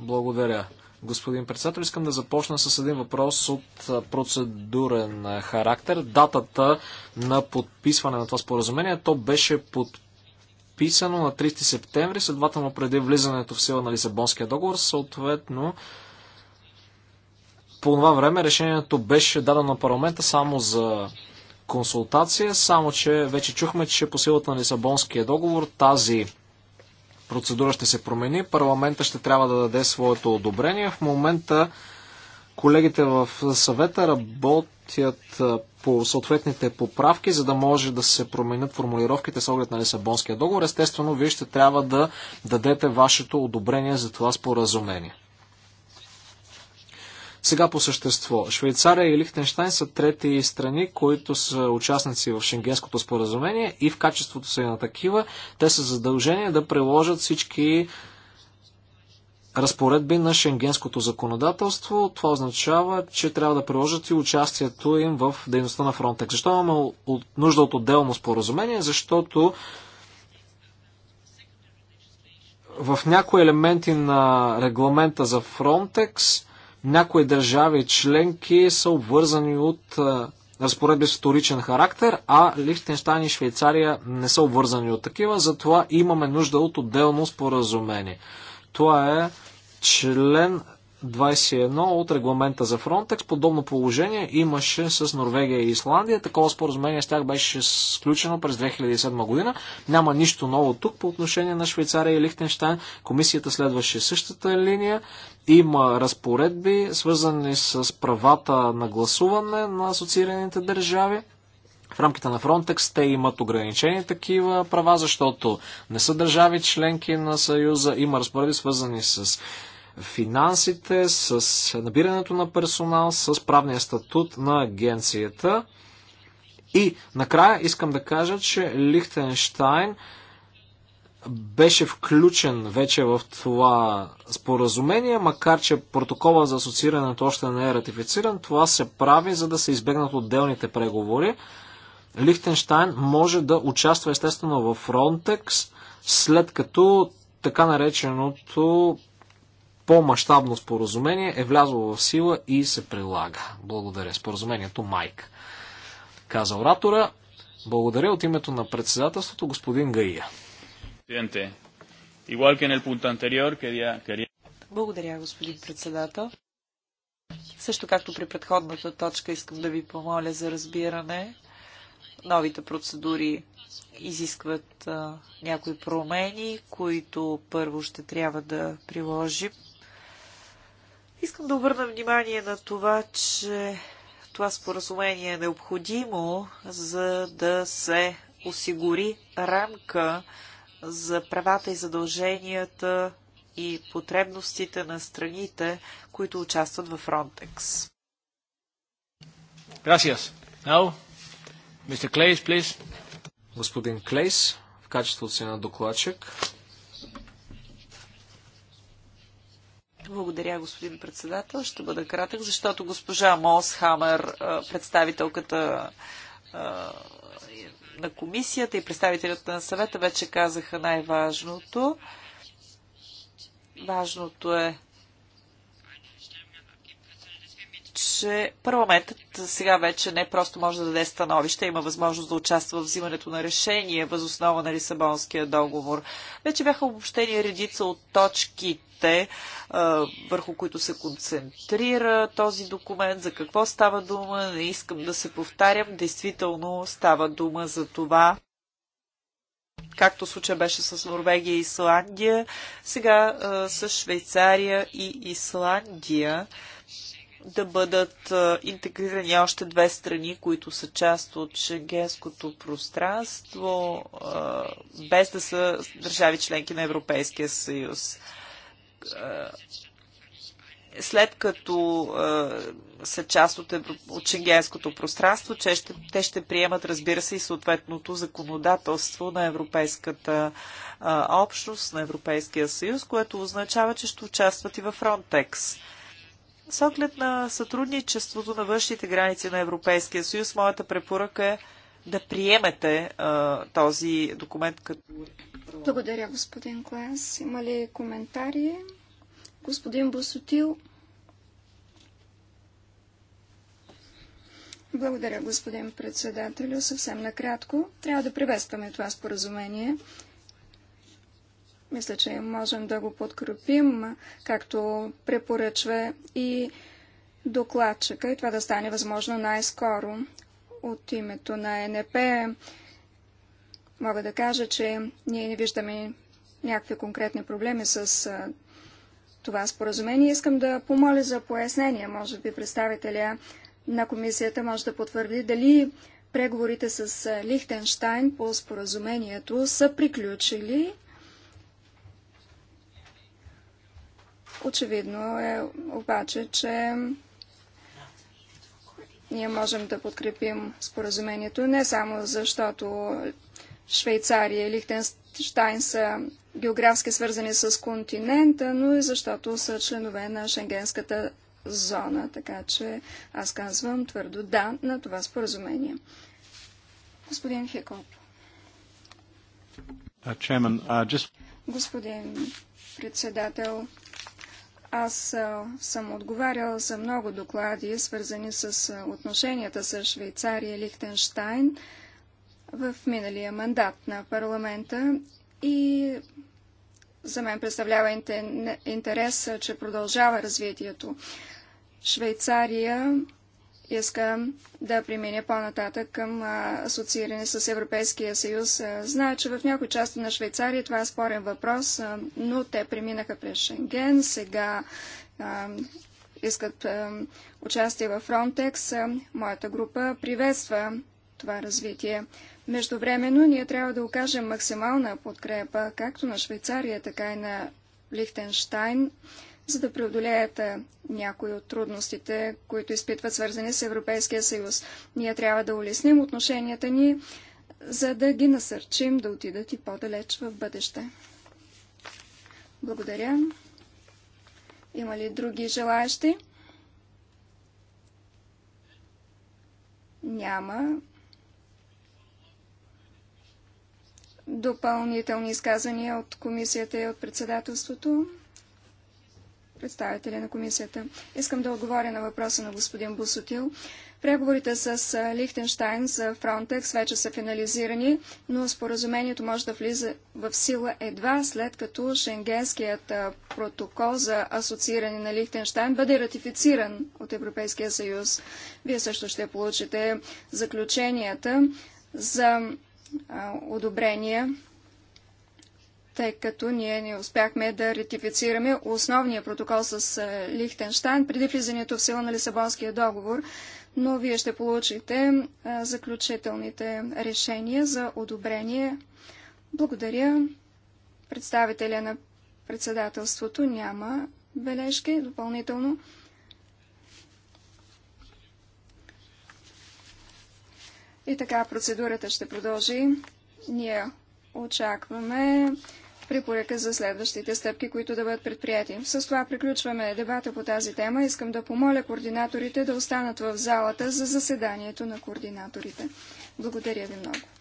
Благодаря, господин председател. Искам да започна с един въпрос от процедурен характер. Датата на подписване на това споразумение, то беше подписано на 30 септември, следователно преди влизането в сила на Лисабонския договор, съответно по това време решението беше дадено на парламента само за консултация, само че вече чухме, че по силата на Лисабонския договор тази процедура ще се промени. Парламента ще трябва да даде своето одобрение. В момента колегите в съвета работят по съответните поправки, за да може да се променят формулировките с оглед на Лисабонския договор. Естествено, вие ще трябва да дадете вашето одобрение за това споразумение. Сега по същество. Швейцария и Лихтенштайн са трети страни, които са участници в Шенгенското споразумение и в качеството и на такива, те са задължени да приложат всички разпоредби на шенгенското законодателство. Това означава, че трябва да приложат и участието им в дейността на Фронтекс. Защо имаме нужда от отделно споразумение? Защото в някои елементи на регламента за Фронтекс някои държави членки са обвързани от разпоредби с вторичен характер, а Лихтенштайн и Швейцария не са обвързани от такива, затова имаме нужда от отделно споразумение. Това е член 21 от регламента за Фронтекс. Подобно положение имаше с Норвегия и Исландия. Такова споразумение с тях беше сключено през 2007 година. Няма нищо ново тук по отношение на Швейцария и Лихтенштайн. Комисията следваше същата линия. Има разпоредби, свързани с правата на гласуване на асоциираните държави. В рамките на Frontex те имат ограничени такива права, защото не са държави членки на Съюза. Има разпоредби, свързани с финансите, с набирането на персонал, с правния статут на агенцията. И накрая искам да кажа, че Лихтенштайн беше включен вече в това споразумение, макар че протокола за асоциирането още не е ратифициран, това се прави, за да се избегнат отделните преговори. Лихтенштайн може да участва естествено в Frontex, след като така нареченото по-масштабно споразумение е влязло в сила и се прилага. Благодаря. Споразумението Майк. Каза оратора. Благодаря от името на председателството господин Гаия. Благодаря, господин председател. Също както при предходната точка искам да ви помоля за разбиране. Новите процедури изискват а, някои промени, които първо ще трябва да приложим. Искам да обърна внимание на това, че това споразумение е необходимо, за да се осигури рамка за правата и задълженията и потребностите на страните, които участват в Frontex. Gracias. Now, Mr. Clays, please. Господин Клейс, в качеството си на докладчик. Благодаря, господин председател. Ще бъда кратък, защото госпожа Мосхамер, представителката на комисията и представителят на съвета вече казаха най-важното. Важното е че парламентът сега вече не просто може да даде становище, има възможност да участва в взимането на решение възоснова на Лисабонския договор. Вече бяха обобщени редица от точките, върху които се концентрира този документ, за какво става дума, не искам да се повтарям, действително става дума за това както случай беше с Норвегия и Исландия, сега а, с Швейцария и Исландия да бъдат интегрирани още две страни, които са част от шенгенското пространство, без да са държави членки на Европейския съюз. След като са част от, Евро... от шенгенското пространство, че ще... те ще приемат, разбира се, и съответното законодателство на Европейската общност, на Европейския съюз, което означава, че ще участват и в Фронтекс. С оглед на сътрудничеството на външните граници на Европейския съюз, моята препоръка е да приемете а, този документ като. Благодаря, господин Клас. Има ли коментари? Господин Босотил. Благодаря, господин председателю. Съвсем накратко. Трябва да приветстваме това споразумение. Мисля, че можем да го подкрепим, както препоръчва и докладчика и това да стане възможно най-скоро. От името на НП мога да кажа, че ние не виждаме някакви конкретни проблеми с това споразумение. Искам да помоля за пояснение. Може би представителя на комисията може да потвърди дали преговорите с Лихтенштайн по споразумението са приключили Очевидно е обаче, че ние можем да подкрепим споразумението не само защото Швейцария и Лихтенштайн са географски свързани с континента, но и защото са членове на Шенгенската зона. Така че аз казвам твърдо да на това споразумение. Господин Хекоп. Uh, uh, Господин председател, аз съм отговарял за много доклади, свързани с отношенията с Швейцария и Лихтенштайн в миналия мандат на парламента и за мен представлява интерес, че продължава развитието. Швейцария искам да преминя по-нататък към асоцииране с Европейския съюз. Знае, че в някои части на Швейцария това е спорен въпрос, но те преминаха през Шенген, сега искат участие в Frontex. Моята група приветства това развитие. Междувременно ние трябва да окажем максимална подкрепа както на Швейцария, така и на Лихтенштайн за да преодолеят някои от трудностите, които изпитват свързани с Европейския съюз. Ние трябва да улесним отношенията ни, за да ги насърчим да отидат и по-далеч в бъдеще. Благодаря. Има ли други желаящи? Няма. Допълнителни изказвания от комисията и от председателството. Представители на комисията. Искам да отговоря на въпроса на господин Бусотил. Преговорите с Лихтенштайн за Фронтекс вече са финализирани, но споразумението може да влиза в сила едва след като Шенгенският протокол за асоцииране на Лихтенштайн бъде ратифициран от Европейския съюз. Вие също ще получите заключенията за одобрение тъй като ние не успяхме да ратифицираме основния протокол с е, Лихтенштайн преди влизането в сила на Лисабонския договор, но вие ще получите е, заключителните решения за одобрение. Благодаря. Представителя на председателството няма бележки допълнително. И така процедурата ще продължи. Ние очакваме препоръка за следващите стъпки, които да бъдат предприяти. С това приключваме дебата по тази тема. Искам да помоля координаторите да останат в залата за заседанието на координаторите. Благодаря ви много.